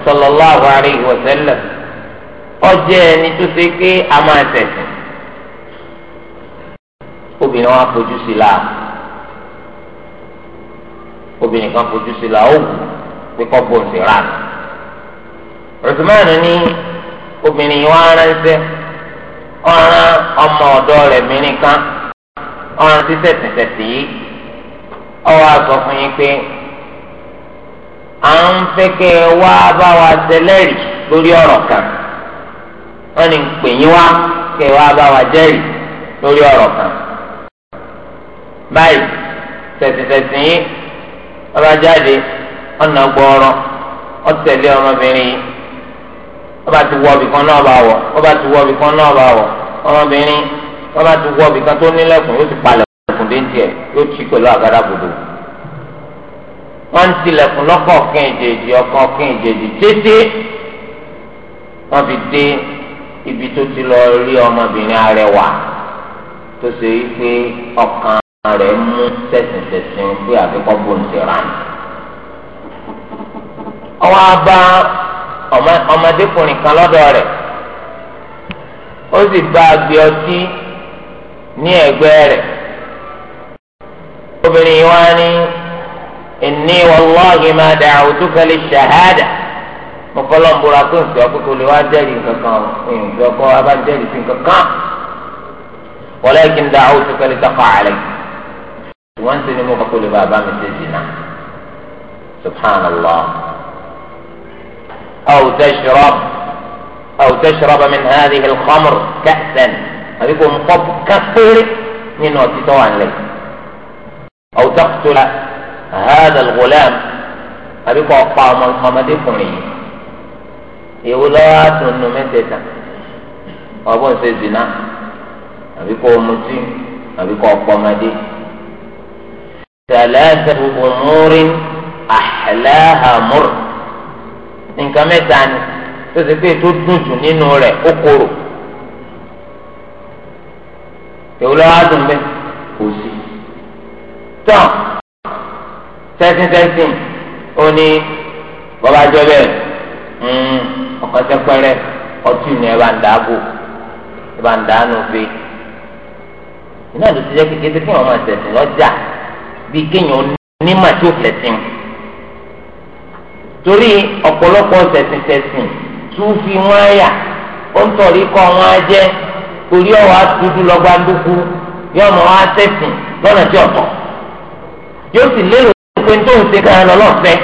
sallallahu alayhi wa sallam ọjọ́ ẹni tó ṣe pé a máa tẹ̀sìn obìnrin wa fojú sí la obìnrin kan fojú sí la ó wù pé kọ́ bó rà Uthman ní obìnrin wa ránṣẹ́ ọ̀ràn ọmọ ọ̀dọ́ rẹ̀ mí nìkan ọ̀ràn títẹ̀ tẹ̀tẹ̀ sí i ọwọ́ àsọ fún yín pé à ń fẹ́ kẹ́ ẹ wá bá wa ṣẹlẹ́rì lórí ọ̀rọ̀ kan wọ́n ní ń pè yín wá kẹ́ ẹ wá bá wa jẹ́rìí lórí ọ̀rọ̀ kan báyìí tẹ̀sítẹ̀sí yín ọba jáde ọ̀nà gbọ́ọ̀rọ̀ ọ̀tẹ̀lé ọmọbìnrin yìí ọba ti wọ ibìkan náà bá wọ ọba ti wọ ibìkan náà bá wọ ọmọbìnrin ọba ti wọ ibìkan tó nílẹ̀kùn yóò ti palẹ̀ ọkùn déńtì ẹ̀ yóò ti pẹ̀lú àgàdà gbòdò. wọ́n ń tilẹ̀kùn lọ́kọ̀ kín ìjèjì ọkọ̀ kín ìjèjì títí wọ́n fi dé ibi tó ti lọ rí ọmọbìnrin arẹwà tó ṣe yí pé ọkàn rẹ̀ mú tẹ̀sìntẹ̀sìn pé àfikọ́ bò ti rà ní. ọwọ́ abá ọmọdékùnrin kan lọ́dọ̀ rẹ̀ ó sì bá agbe ọtí ní ẹ̀gbẹ́ rẹ̀ obìnrin wa ní inni wallahi shahada mo kọ́lọ́ ń bora pé nǹkan lè wá jẹ́rìí kankan nǹkan kọ́ abá jẹ́rìí sí kankan walakin da'awtuka litaqa alayk wọ́n ti ní mo kọ́kó lè bá mi ṣe jìnnà subhanallah. أو تشرب أو تشرب من هذه الخمر كأسا أبيكم قط كفر من وتتوى لي أو تقتل هذا الغلام أبيكم أقطع من خمدكم ìwúlọ́wọ́ يولا nu mẹ́tẹ̀ẹ̀ta سيدنا أبيكم مجين أبيكم أقطع mutí ثلاثة أمور أحلاها مرت nǹkan mẹ́ta ni tó ṣe pé tó dùn jù nínú rẹ̀ ó korò èwo ló wá dùn bẹ́ẹ̀ kò sí. tán tẹ́sítẹ́sìn ó ní bọ́bá jọ bẹ́ẹ̀ ọkọ̀ hmm, sẹ́pẹ́rẹ́ ọtí ni ẹ bá ń dàgò ẹ bá ń dànù pé iná ló ti jẹ́ kékeré kí wọ́n máa tẹ̀sìn lọ́jà bí kéèyàn onímọ̀ tó fẹ̀sìn torí ọ̀pọ̀lọpọ̀ sẹ̀sìnsẹ̀sìn túfi wọn yà ó ń tọ̀rí kọ́ wọn jẹ́ torí ọ̀wá dúdú lọ́gbà dúkú yóò mọ̀ wá sẹ̀sìn lọ́nà tí ọ̀tọ̀ yóò sì lérò pé tó ń ṣe kára lọ́lọ́fẹ́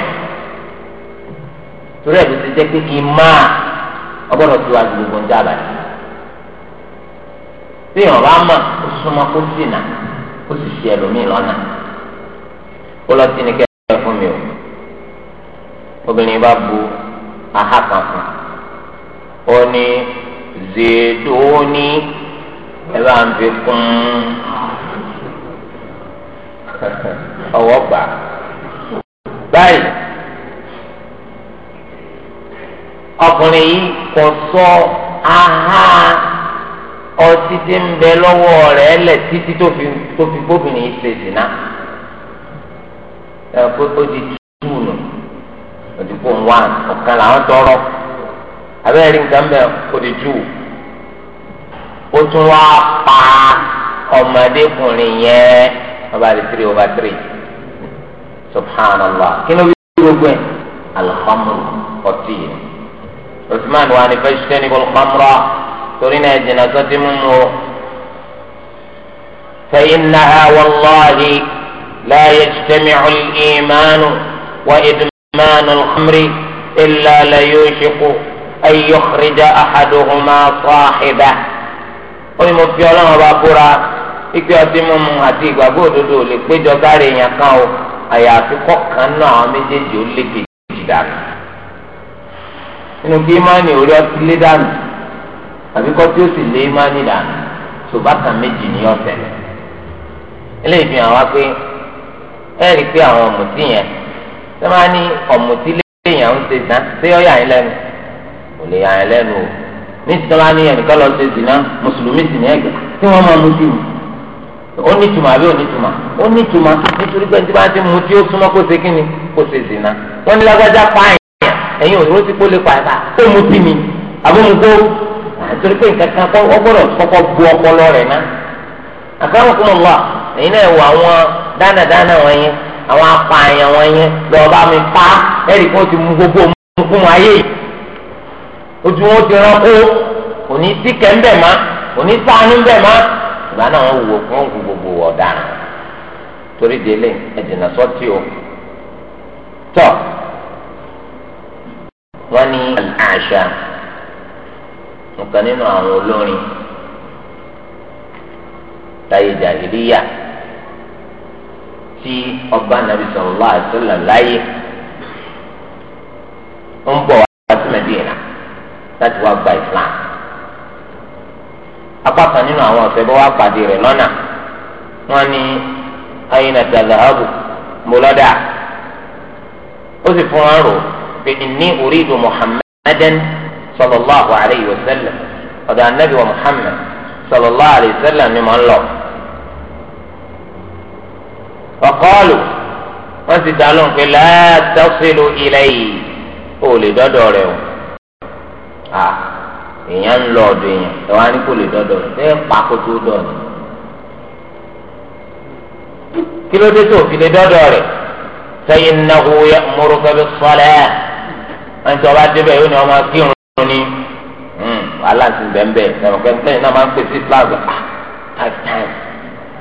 torí ẹ̀ tó ti jẹ́ pé kí n máa ọgbọ́dọ̀ tó agbègbè ń dábàá yìí tí èèyàn bá mọ̀ ó súnmọ́ kó sì nà ó sì ṣe ẹlòmíì lọ́nà ó lọ sí ni kẹ́ ẹ fún mi o obìnrin bá bu aha kan fún ó ní zèdóní ẹ bá ń fi kún ọwọ́ gbà báyìí ọkùnrin yìí kò sọ aha ọtí tí ń bẹ lọ́wọ́ rẹ̀ lẹ̀ títí tó fi bóbìnrin yìí ṣe dìná òdìpọ̀ wà ọ̀kan làwọn tọrọ abẹ́rẹ́ nǹkan bẹ́ẹ̀ òdìjú ó tún wá pa ọmọdékùnrin yẹn ọba àti three over three subhanallah kí ló bí gbogbo ẹ̀ alhamdu ọtí yẹn usman wa ni fẹsẹ̀ ní kọlùkọ́mùrà torí náà jìnnà tó ti o fẹ́yìn náà wàlláhi láyé tẹ̀mí ìmánu wà ìdùnnú. مان الخمر إلا ليوشك أن يخرج أحدهما صاحبه ó ní mo fi ọlọ́run ọba búra ikú ọtí mímu àti ìgbàgbọ́ òdodo lè péjọ sáré èèyàn kan o àyàfi kọ́kan náà àwọn méjèèjì ó lé kejì dànù nínú kí imáni orí ọtí lé dànù àbí kọ́ tí ó sì lé imáni dànù ṣùgbọ́n méjì ní ọ̀sẹ̀ eléyìí fi hàn wá pé ẹ̀rí pé àwọn ọ̀mùtí yẹn ṣé máa ní ọ̀mùtí ń ṣe dán ṣé lẹ́nu kò lè yà lẹ́nu o ní ní ẹnìkan lọ ṣe mùsùlùmí sì ní ẹ̀gbẹ́ tí wọ́n máa mutí ni ó ní tùmọ̀ àbí ó ní tùmọ̀ ó ní tùmọ̀ nítorí pé nígbà tí ó súnmọ́ kó ṣe kíni kó ṣe wọ́n ní lágbájá pààyàn ẹ̀yin òróró ti kó lè pààyàn kó mutí ni àbí nítorí pé nǹkan kan gbọ́dọ̀ kọ́kọ́ bu ọpọlọ rẹ̀ ná àkàrà àwọn apààyàn wọn yẹn lọ bá mi pa ẹ̀rí ti mú gbogbo ayé yìí ojú wọn ti rán kó òní síkẹ́ ń má òní sáánú bẹ̀ má ìgbà náà wọn wò wọn gbogbo ọ̀daràn torí délé sọ́tì o tọ́ wọ́n ní àṣà nǹkan nínú àwọn olórin táyé tí ọba nàbì sallallahu alaihi wasallam láyé ń bọ̀ wá sí Mẹ́dínà láti wá gba Islam apá kan nínú àwọn ọ̀sẹ̀ bọ́ wá pàdé rẹ̀ lọ́nà wọ́n ní ayina tàlàhàbù mọlọ́dà ó sì fún wọn rò pé ní uridu Muhammadan sallallahu alaihi wasallam ọ̀dọ̀ anabi wa Muhammad sallallahu alaihi wasallam ni mo ń lọ fọkọ́ọ̀lù wọ́n sì dá lóhùn pé látọ́sílù ilẹ̀ yìí ó lè dọ́dọ̀ rẹ̀ o à èèyàn ń lọ ọ̀dọ̀ èèyàn ẹ̀ wá ní kò lè dọ́dọ̀ rẹ̀ bẹ́ẹ̀ pa kó tó dọ̀ ni kí ló dé tó fi lè dọ́dọ̀ rẹ̀ sẹ́yìn náà wúyẹ múrúkẹ́ bí sọ́lẹ̀ wọ́n ti ọba débẹ̀ yóò ní ọmọ kírun ni aláǹtí hmm, bẹ́ẹ̀ bẹ́ẹ̀ nàmọ̀kẹ́ náà máa ń pèsè flag five ah, times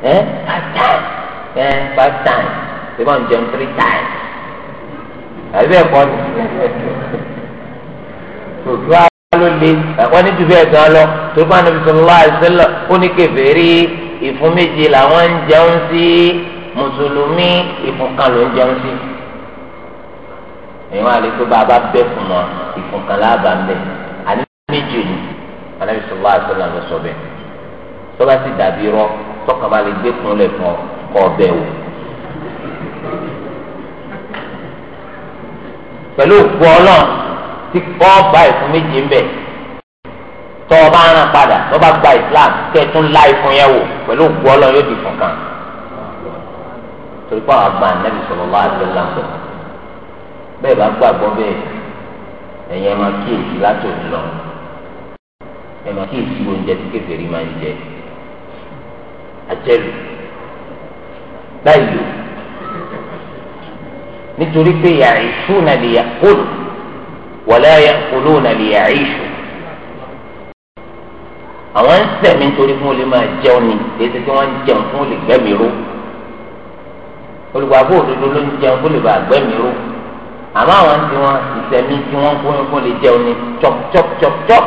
eh, ẹ́ five times ẹ five times ṣé wọ́n jẹun three times àbí ẹ̀kọ́ ni tòtú àlọ́ lé wọ́n ní ju bẹ́ẹ̀ gan lọ torí pé Ànábì sallallahu alaihi wasallam ó ní kèfèrí ìfún méje làwọn ń jẹun sí mùsùlùmí ìfún kan ló ń jẹun sí èèyàn àlè tó bá a bá bẹ́ fún wọn ìfún kan láàbà ń bẹ̀ àní méjì ni Ànábì sallallahu alaihi wasallam ló sọ bẹ́ẹ̀ tọ́ba ti dàbí rọ tọ́kàn gbé kun lẹ̀ fún ọ ọbẹ̀ wò. pẹ̀lú òkú ọlọ́run tí kọ́ gba ìfún méjì ń bẹ̀ tọ́ ọ bá ń rán padà tọ́ bá gba Islam kẹ́tún lá ìfún yẹn wò pẹ̀lú òkú ọlọ́run yóò di fún kan. torí pé àwọn àgbà nẹ́bí sọ̀rọ̀ wá àti ọ̀là pẹ̀ bẹ́ẹ̀ bá gbàgbọ́ bẹ́ẹ̀ ẹ̀yin ẹ̀ máa kíyèsí láti òní lọ ẹ̀ máa kíyèsí oúnjẹ tí kèfèrí máa ń jẹ àjẹlù. báyìí nítorí pé ya'ishuna liya'kulu wa la ya'kuluna liya'ishu àwọn ń sẹ̀mí nítorí fún olè máa jẹun ni èsì tí wọ́n ń jẹun fún olè gbẹ́mí ró olùgbàgbọ́ òdodo ló ń jẹun fún olè bá gbẹ́mí ró àmọ́ àwọn tí wọ́n ìsẹ̀mí tí wọ́n fún fún olè jẹun ni chop chop chop chop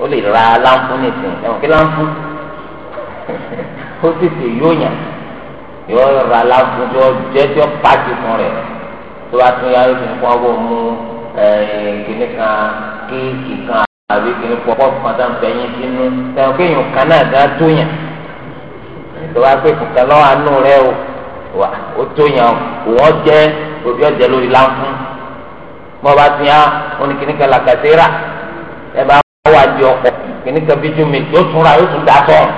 ó ra nìsín ẹ̀wọ̀n kí kó tètè yóò yàn yóò rà lágùn tí ó jẹ́ tí ó pàdé fún rẹ̀ tó bá tún yára tó ń fún ọwọ́ mú kìnnì kan kéèkì kan àbí kìnnì pọ̀ pọ̀ kan tá ń fẹ́ yín sínú tẹ̀wọ́n kéèyàn kan náà dá tó yàn tó bá pé kùkẹ́ lọ́wọ́ àánú rẹ̀ o wà ó tó yàn òun jẹ́ òbí ọ̀jẹ̀ lórí láǹfún mọ́ bá tún yá oníkìnnì kan làkàtẹ́ rà ẹ bá wà di ọkọ̀ kìnnì kan bí jùmí yóò tún ra yóò tún dá sọ̀rọ̀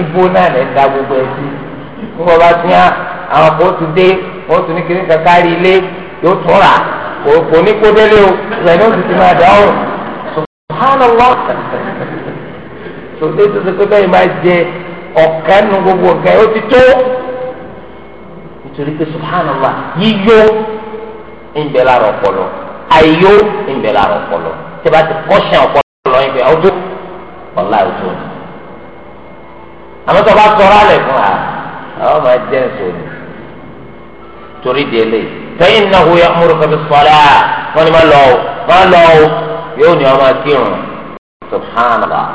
ibo náà lè da gbogbo ẹ sí ní wọn bá ti hàn àwọn kò tún dé wọn tún ní kíní kankan rí ilé yóò tún rà kò kò ní kó délé o rẹ ní oṣù tí máa dá o subhanallah sọdẹ tó ṣe pé bẹ́ẹ̀ máa jẹ ọ̀kan nu gbogbo ọ̀kan ó ti tó nítorí pé subhanallah yíyó ń bẹ lára ọpọlọ àìyó ń bẹ lára ọpọlọ tí a bá ti kọ́ ọpọlọ yín ọdún ọ̀la ọdún àmọ́ tó bá tọrọ alẹ̀ fún wa àwọn máa jẹ́ nsọ́ni torí di ẹlẹ́ sẹ́yìn náà wọ́n yà múru kọ́bi sọ́lá wọ́n ni má lọ o má lọ o yóò ní ọmọ kírun subhanallah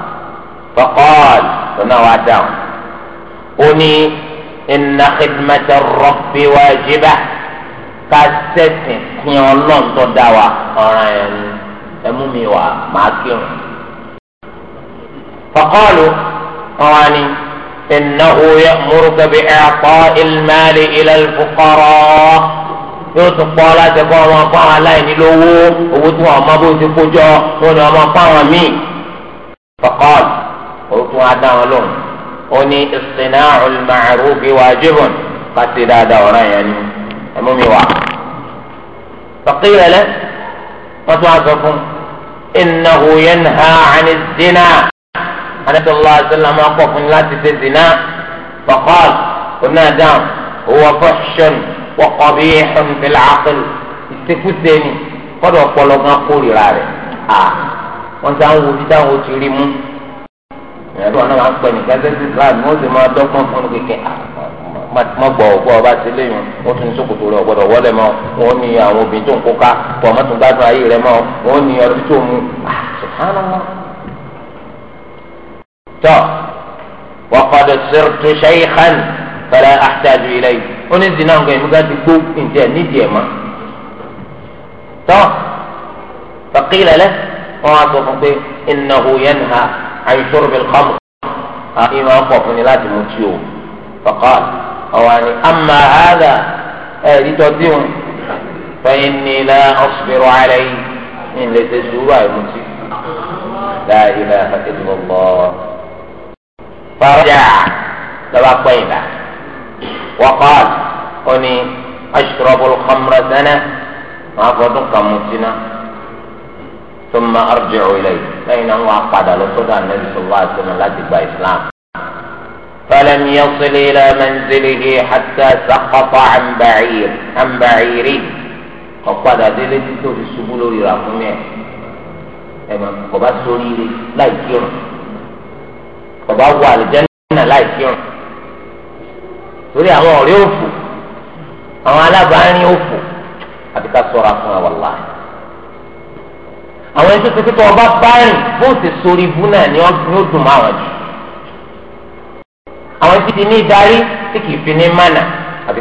faqal lọ́nà wa dáhùn ó ní inna khidmata rabbi wajiba ká sẹ́sìn kí ọlọ́run dá wa ọ̀ràn ẹ̀ mi wà má kírun faqalu wọ́n wá إنه يأمرك بإعطاء المال إلى الفقراء yóò tún kọ́ láti kọ́ ọmọ fáwọn aláìní lówó owó tí wọn máa bó ti kó jọ wọn ni wọn máa fáwọn míì. fọkọ́ọ̀d ó tún á dá wọn lóhùn ó ní ìsìnà olùmọ̀ọ́rù bí wàá jébọn ká ti dáadáa ọ̀ràn yẹn ni ẹ̀mú mi wà. fọkì rẹlẹ wọn tún á sọ fún innahu yanha ani zina anabi allah asalaam máa kọ̀ fún láti ṣe zina bàkọ́l oní adam owó fọ́ṣọ́n wọ́kọ̀ bí ẹ̀hún fìlà àkọlù ìṣekúṣe ni kọ́dọ̀ ọ̀pọ̀lọpọ̀ kórìíra rẹ̀ à wọ́n ti àwọn òbí táwọn ò ti rí mú ìyàtọ̀ náà máa ń pẹ́ nìkan ṣe islam ó sì máa dọ́gbọ́n fún un kékeré mọ gbọ́ ọ̀gbọ́ ọba ti léyìn wọ́n tún ní sókòtò rẹ̀ ọ̀gbọ́dọ̀ wọlé mọ́ wọ́n ní àwọn obìnrin tó ń kóká pọ̀ mọ́tò gbádùn ayé rẹ̀ mọ́ wọ́n ní ọdún tó mú subhanallah tọ́ waqad sirtu shaykhan fala ahtaju ilayhi ó ní zina nǹkan ìmúgá ti gbó ǹjẹ́ nídìí ẹ̀ mọ́ tọ́ faqila lahu wọ́n á sọ fún pé innahu yanha an shurbil khamr àti máa pọ̀ fún ni láti mú tí o faqal ọ̀wá ni amma hadha ẹ̀ẹ́dì tọ́tí wọn fẹ́yìn ní la asbiru alayhi ní ilé tẹ̀síwúrọ̀ àìmùtí la ilaha illallah farajà lọ́ba pẹ́ ìdá wọ́kọ́ọ̀lù ó ní aṣọ́rọ́bù khamra sẹ́nẹ́ wọn fọdún kan mú síná tó ma arjọ́ ilẹ̀ lẹ́yìn náà wọn padà lọ anabi sọ́lá àtúnú láti gba islam. فلم يصل إلى منزله حتى سقط عن بعير عن بعيره فقد أدلت في سبل رقمه أما قبس لي لا يكيرون bàbá wọ àlìjẹ́nà láì sí torí àwọn ọ̀rẹ́ òfò àwọn alábàárín òfò àti ká sọ̀rọ̀ fún wa àwọn ẹni tó ti ọba báyìí bó ti sori ibú náà ni dùn àwọn jù àwọn ti di ní ìdarí tí kìí fi ní mánà àbí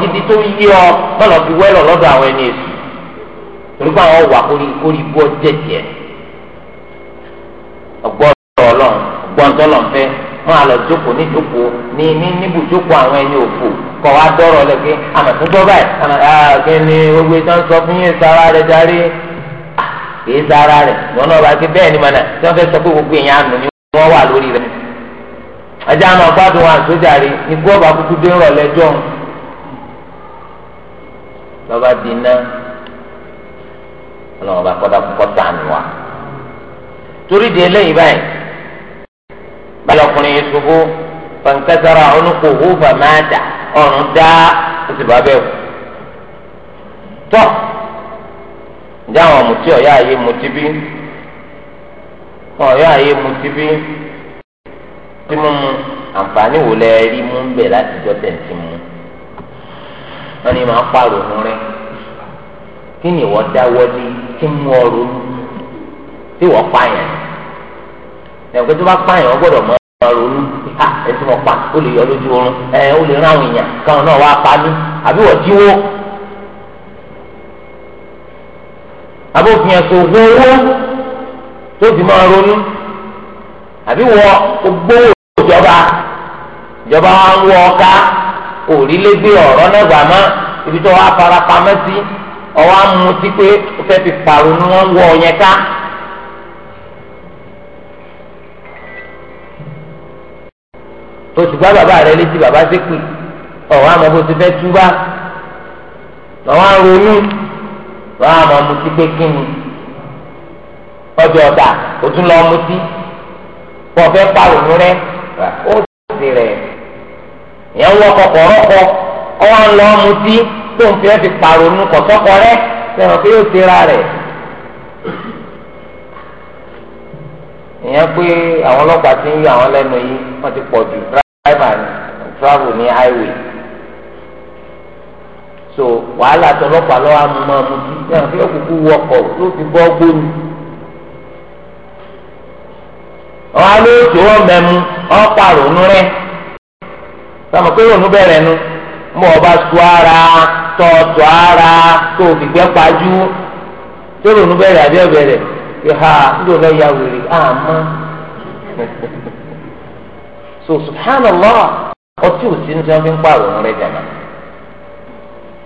gidi tó yí ọ fi wẹ́lọ̀ lọ́dọ̀ ọgbọ ọlọ́run ọgbọ́ntọ́lọ́n fẹ́ wọn àlọ́ jókòó ní jókòó ní ní níbù jókòó àwọn ẹni òfò kọ́ wa dọ́rọ̀ lẹ pé àmọ̀túndọ́ báyìí àmọ̀túndọ́ ni gbogbo ìtàn sọ fún yín sára rẹ darí ah, kì sára rẹ wọn náà bẹ́ẹ̀ ni mọ̀nà tí wọ́n fẹ́ sọ pé gbogbo èèyàn ni wọ́n wà lórí rẹ. ajá gbádùn wa sójà rí ní gbọ́ọ̀bà kúkú torí di eléyìí báyìí balẹ̀ yìí ṣubú pàǹkẹ́sára ọ̀nùkòhó fàmáàdà ọ̀run dá oṣù bàbá ẹ̀kú. tọ́ ǹjẹ́ àwọn ọ̀mùtí ọ̀yá ayé mutí bí ọ̀yá ayé mutí bí tí mo mu àǹfààní wò rí mú ń bẹ̀ láti jọ tẹ̀sí mu wọ́n ní ẹ̀kọ́ tó bá pààyàn wọ́n gbọ́dọ̀ mọ́ ọ̀rọ̀ ronú à ẹ̀sìn wọn pa ó lè yọ lójú oorun ẹ̀ ó lè ráwọn èèyàn káwọn náà wá pa ní àbí wọ́n jíwó. abófin ẹ̀sùn ògùn owó tó fi máa ronú àbí wọ́n gbówó ìjọba ìjọba wa wọ ọ̀ka òrílégbé ọ̀rọ̀ náà gbà má ibi tó wàá fara pamẹ́ sí ọwọ́ amutí pé ó fẹ́ fi pàrọ̀ ní wọ́n wọ ọ̀yẹn oṣù gbá bàbá rẹ létí bàbá ṣépè ọ̀wọ́ àmọ́ bó ti fẹ́ túbá àwọn aronú wọ́n àmọ́ mutí pé kí ni ọjọ́ ọ̀dà ó tún lọ mutí kọ́ fẹ́ pàrọ̀nù rẹ ó sì rẹ̀ ìyẹn wọ́n kọkọ̀ rọ́kọ̀ ọwọ́ ń lọ mutí tó ń fẹ́ fi pàrọ̀nù kọ̀tọ́kọ̀ rẹ sẹ́wọ̀n pé yóò tẹ́ra rẹ̀. ìyẹn pé àwọn ọlọ́pàá ti ń yọ àwọn lẹ́nu yìí wọ́n ti pọ̀ jù driver travel ní highway so wàhálà tọlọ́pàá lọ́wọ́ amúmọ́ amúti náà fi òkùnkùn wọ ọkọ̀ ló fi bọ́ gbóni ọ̀hán ló tó wọ́n mẹ́mu ọ̀pá ronú rẹ̀ sọmọ pé ronú bẹ̀rẹ̀ nu mọ ọba tu ara tọ̀ọ̀tọ̀ ara tó fi gbẹ́ pajú tó ronú bẹ̀rẹ̀ àbí ọ̀bẹ̀rẹ̀ yóò ha ń lò lọ́ọ́ ya wèrè àmọ́ so subhanallah ọtí ò sí ní sọ́n fi ń pààrọ̀ ọ̀rọ̀ rẹ̀ jàdá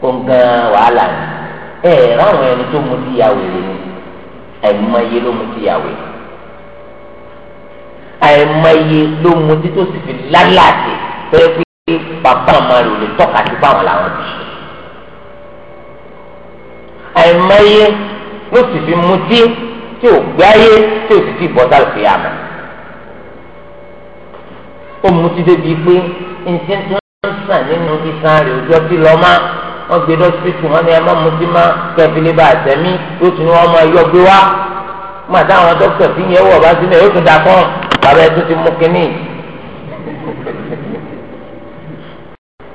ó ń gan wàhálà ẹ̀ ẹ̀ ráwọn ẹni tó mu ti yà wèrè ni àìmọye ló mu ti yà wèrè àìmọye ló mu tí tó sì fi lálàdé pé pé bàbá àmà rẹ̀ ò lè tọ́ka sí báwọn làwọn bì í àìmọye ló sì fi mutí tí ò gbáyé tí ò sì fi bọ́ sálùfẹ́ àmọ́ ó mú ti débi pé ǹjẹ́ tí wọ́n ń sàn nínú sísan rẹ̀ òjò tí lọ́ máa wọ́n gbé dọ́sítì wọn ni ẹ má mú sí má kẹfìlẹ́ bá àtẹ̀mí yóò tún ní wọ́n máa yọ gbé wá má táwọn dókítà fi yẹ wọ̀ bá sílẹ̀ yóò tún dà bàbá ẹ tún ti mú kínní.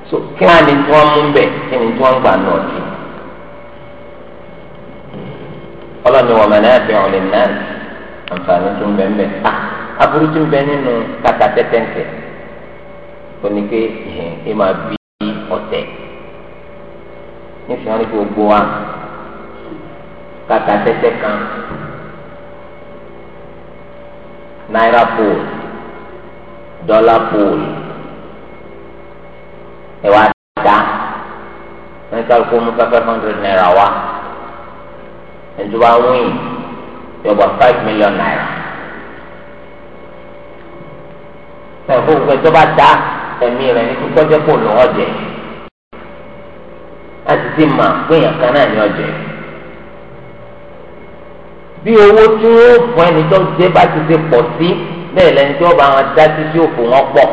so kí wọ́n á ní tí wọ́n mú bẹ̀ kí ni tí wọ́n gbà náà jù. ọlọ́ni wọ̀mọ̀ náà fi hàn lè náà àǹfààní tó ń bẹ̀ ń bẹ̀ ta. Ah! aburú tí ń bẹ nínú kàkà tẹ́tẹ́ǹtẹ́ ó ní pé ẹ máa bí ọ̀tẹ̀ nífẹ̀ẹ́ wọn ní kan náírà pool dọ́là pool ẹ wá dá wọn ká kó mú five hundred naira wá ẹ̀dùn wa wíìn yọ̀bọ̀ five million naira. ẹ̀fọ́ gbogbo ẹjọ́ bá dá ẹ̀mí rẹ̀ ní kíkọ́ jẹ́ kó lọ́ ọ̀jẹ̀ láti ti mà péyàn kan náà ní ọ̀jẹ̀ bí owó tí ó fún ẹni tó dé bá ti ti pọ̀ sí bẹ́ẹ̀ lẹ́ni tí ó bá wọn dá sí tí ó fò wọ́n pọ̀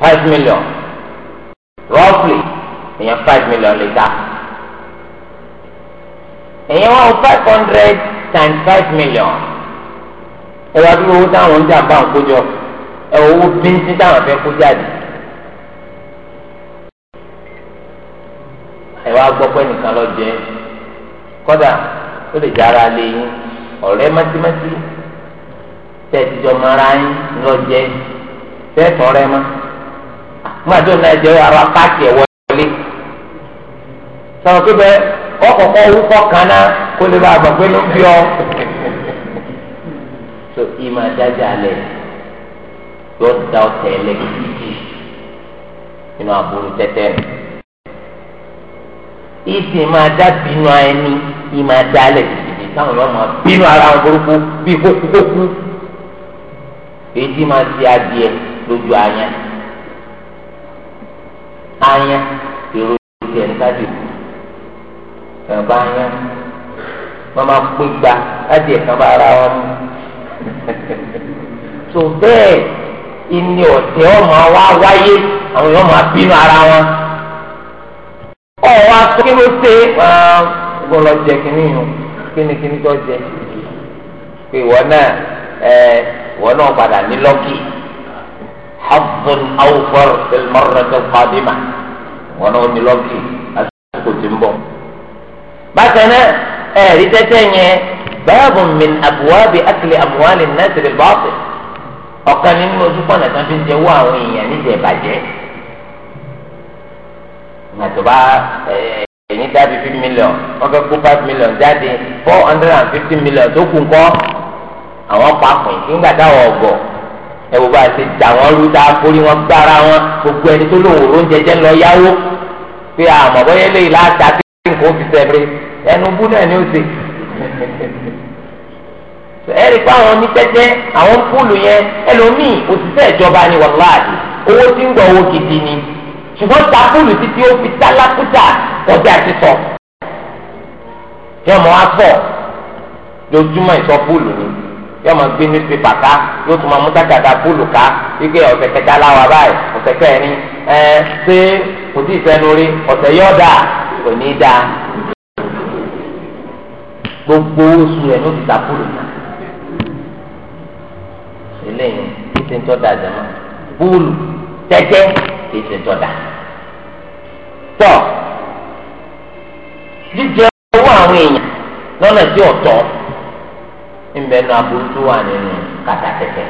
five million roughly èèyàn five million lè dá èèyàn wọn five hundred times five million. ẹ wá dúró owó táwọn ń jàǹbá ń kójọ ẹ owó bíntín táwọn fẹ́ kó jáde. nìkan lọ jẹ kọ́dà ó lè jára lé yín ọ̀rẹ́ mara yín lọ jẹ tẹ̀sán rẹ mọ́ gbàdúrà náà jẹ́ ara pààkì ẹ̀wọ́ ilé sọ̀rọ̀ pé bẹ́ẹ̀ ọkọ̀ọ̀kọ̀ orúkọ kan náà kó lè bá ọ. tó kí máa dájà lẹ̀ yóò da ọ̀tẹ̀ lẹ̀ kìkì nínú aburú tẹ́tẹ́ nù. ìsìn máa dá bínú ẹni yìí máa dá lẹ̀ kìkì táwọn yóò máa bínú ara wọn burúkú bíi kókúkókú èyí máa ti adìẹ lójú anya anya èrò ìdíyẹ nípa dìbò ẹ̀ bá anya wọ́n máa pé gba láti ẹ̀ka bá ara wọn mú tó bẹ́ẹ̀ ìní ọ̀tẹ̀ ọmọ wa wáyé àwọn ọmọ abínú ara wọn ọ̀ wá sọ kí ló ṣe gbọ́dọ̀ jẹ kínní yìí kínní kínní tó jẹ pé ìwọ náà ẹ ìwọ náà padà ní lọ́kì hazzun awfar fil marrati alqadima náà ní lọ́kì àti àsìkò ń bọ̀ bákan náà ẹ̀ẹ́dì tẹ́tẹ́ yẹn. باب من àbúwábi akili àbúwálì الناس rẹ̀ báàbù ọ̀kan nínú ojú pọ̀nà tó fi ń jẹ́ wọ àwọn èèyàn níjẹ̀ ìbàjẹ́ nàtọ́ba ẹ̀yìn dá fifty million wọ́n fẹ́ kó five million jáde four hundred and fifty million tó kù ńkọ́ àwọn pàápàá nígbà táwọn ọ̀gọ̀ ẹ wò bá a ṣe jà wọ́n rú tá a forí wọn gbára wọn gbogbo ẹni tó lòun òró ń jẹjẹ lọ yáwó pé àmọ́ bọ́yẹ́lẹ́ ìlà àtàkì nǹkan ó fi sẹ́ẹ̀rẹ́ ẹnu bú náà ni ó ṣe ẹ̀rí pé àwọn onítẹ́tẹ́ àwọn púùlù yẹn ẹlòmíì òṣìṣẹ́ ìjọba ni wàláàdì owó tí ń gbọ́ owó gidi ni ṣùgbọ́n ta púùlù títí ó fi tálákútà kọjá ti sọ. yọmọ afọ lójúmọ́ ìsọ púùlù ni yọmọ gbé ní pépà ká yóò tún máa mú dákàdá púùlù ká wípé ọ̀sẹ̀ kẹta láwa báyìí ọ̀sẹ̀ kẹrin ẹ ṣé kò tí ì fẹ́ nu rí ọ̀sẹ̀ yọ̀ọ̀dà kò ní í dáa gbogbo oṣù rẹ̀ ló ti ta kúrò eléyìí kí ti ń tọ́ da jẹ́mọ́ búùlù tẹ́tẹ́ kì í ti ń tọ́ da tọ́ jíjẹ owó àwọn èèyàn lọ́nà tí ò tọ́ ńbẹ́nu aburú tó wà nínú kàtà tẹ́tẹ́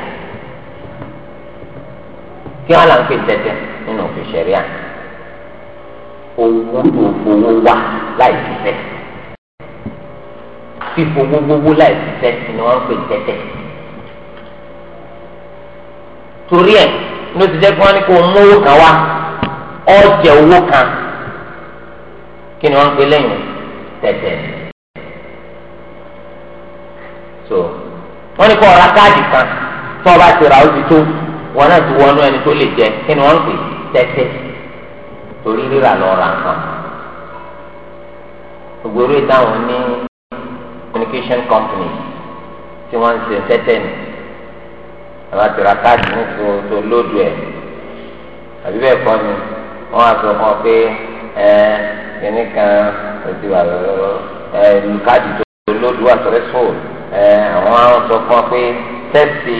kí wọn là ń pè tẹ́tẹ́ nínú òfin ṣẹ̀ríà owó tó gbowó wá láì fi fẹ́ fífo gbogbogbò láì ṣiṣẹ́ ni wọ́n ń pè tẹ́tẹ́. torí ẹ̀ ló ti jẹ́ kí wọ́n ní kó mú owó kan wá ọ̀jẹ̀ owó kan kí ni wọ́n ń pè lẹ́yìn tẹ́tẹ́. so wọ́n ní kó ọ̀rá káàdì kan tó ọba ti rà ó ti tó wọn náà ti wọnú ẹni tó lè jẹ kí ni wọ́n ń pè tẹ́tẹ́ torí rírà lọ́ọ́ ra nǹkan ògbóró ìdáhùn ní communication company tí wọ́n ń ṣe tẹ́tẹ́ ni àwọn àtúrà káàdì ní tó tó lóòdù ẹ̀ àbí bẹ́ẹ̀ kọ́ ni wọ́n á sọ fún ọ pé ẹ kíní kan òtí wà lọ́wọ́ ẹ káàdì tó lóòdù wà sọ̀rọ̀ sóòl ẹ àwọn á sọ fún ọ pé tẹ́sì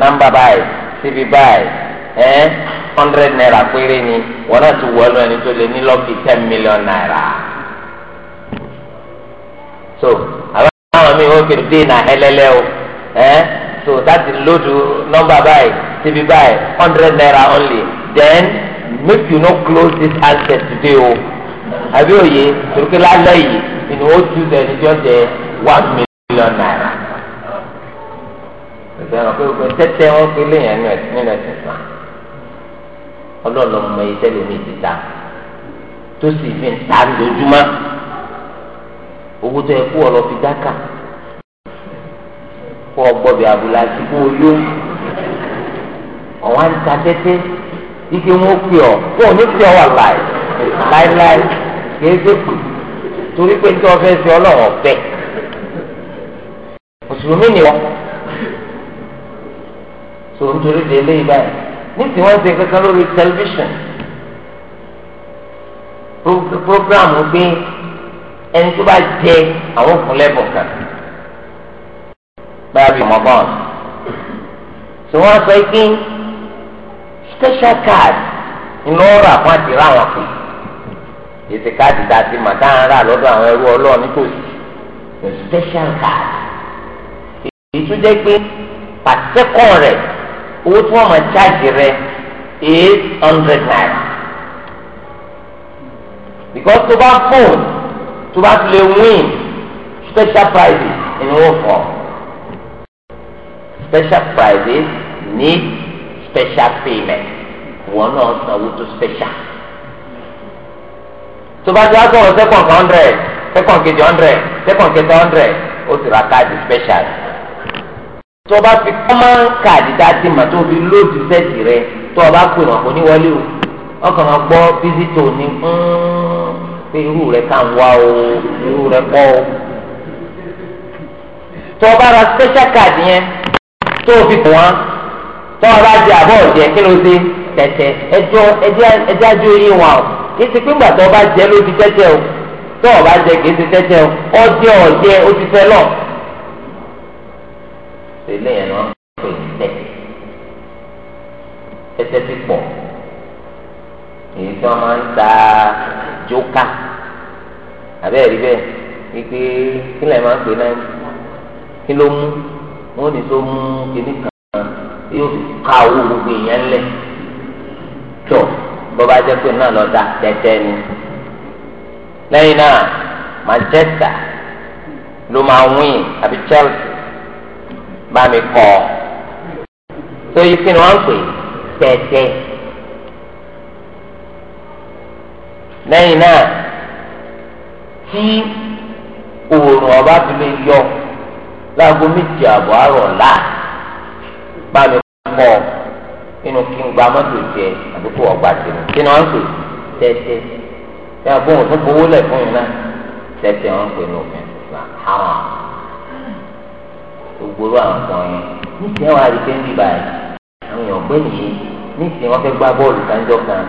nọ́mbà báyìí síbi báyìí ẹ hundred naira péré ni wọ́n náà ti wọ́ ọ́ lọ ẹni tó lé ní lọ́ọ̀kì ten million naira. so táwọn míì wọ́n kéde déènà ẹlẹ́lẹ́ o ẹ́ so láti lódu nọ́mbà báyìí síbi báyìí hundred naira only then make you no close this access today o àbí òye torókè lálẹ́ yìí ìnú ó tu ẹni tí ó jẹ one million naira ìgbẹ́ràn pé gbogbo tẹ́tẹ́ wọn pé léèyàn nínú ẹ̀sìn sàn ọlọ́ọ̀lọ́ mọ iṣẹ́ lèmi ti ta tó sì fi ń ta lójúmọ́ owó tó yẹ kó ọ lọ fi dáka kó ọgbọ́ bí abúlásí kó yó ọ̀wá ń ta tẹ́tẹ́ ike wọn pè ọ́ kó o ní pè ọ́ wà láì láíláí kìí ṣe pè torí pé tí ọfẹ́ ṣe ọlọ́run ọ̀fẹ́ mùsùlùmí ni wọ́n tó nítorí de eléyìí báyìí ní tí wọ́n ṣe kankan lórí tẹlifíṣàn prógráàmù gbé ẹni tó bá jẹ àwọn òkùnlẹ́bọ̀ kan báyà Ramadan tí wọ́n sọ pé special card iná ọ̀rọ̀ àpọ́n àti rà wọn kù èsì káàdì dàtí màtá ń rà lọ́dọ̀ àwọn ẹrú ọlọ́ọ̀ nítòsí special card èyí tó jẹ́ pé pàtẹ́kọ̀ rẹ̀ owó tí wọ́n máa ṣáàjì rẹ̀ eight hundred naira because tó bá fóònù tó bá tilẹ̀ win special prize ìnáwó fọ́ọ̀mù special prices need special payment wọn náà sanwó tó special tó bá ti wá sọ̀rọ̀ second hundred second kejì hundred second kẹta hundred ó sì ra káàdì special tó o bá fi common card dáàtì mà tó o fi lóòdì sẹ́ẹ̀tì rẹ tó o bá pè wọn kò ní wọlé o ọkàn máa gbọ́ físítò ní hmm, pé irú rẹ kà ń wá o irú rẹ pọ̀ o tó o bá ra special card yẹn tó o fi kù wọn tó o bá jẹ àbọ̀ ọ̀jẹ̀ kí ló ṣe tẹ̀tẹ̀ ẹjọ́ ẹjẹ́ ajú eyín wọn o kì í ti pín gbàtọ́ bá jẹ ló ti tẹ́tẹ́ o tó o bá jẹ kì í ti tẹ́tẹ́ o ọjẹ́ ọ̀jẹ́ ó ti fẹ́ lọ. ilé yẹn ni wọn ní tẹ́tẹ́ tẹ́tẹ́ ti pọ̀ èyí tó máa ń ta jóká àbẹ́ẹ̀rí bẹ́ẹ̀ wípé kílẹ̀ máa ń pè náà kí ló mú wọn ní tó mú kíní kan yóò fi ká owó gbogbo èèyàn lẹ̀ tó bọ́bá jẹ́ pé náà lọ da tẹ́tẹ́ ni lẹ́yìn náà Manchester ló máa wín àbí Chelsea bá mi kọ́ ọ tó yí kí ni wọ́n ń pè tẹ́tẹ́ lẹ́yìn náà tí òòrùn ọba tó lè yọ láago méjì àbọ̀ àrọ̀ là bá mi kọ́ inú kí n gba mọ́tò jẹ àbí kó ọgbà tì mí kí ni wọ́n ń pè tẹ́tẹ́ kí wọ́n fún òfin gbowó lẹ̀ fún yín náà tẹ́tẹ́ wọ́n ń pè ní òfin ìgbà àwọn ògbóró àwọn kan yẹn níṣẹ́ wọn àríkẹ́ ń bí báyìí àwọn èèyàn pé nìyí níṣẹ́ wọn fẹ́ gbá bọ́ọ̀lù kanjọ́ kan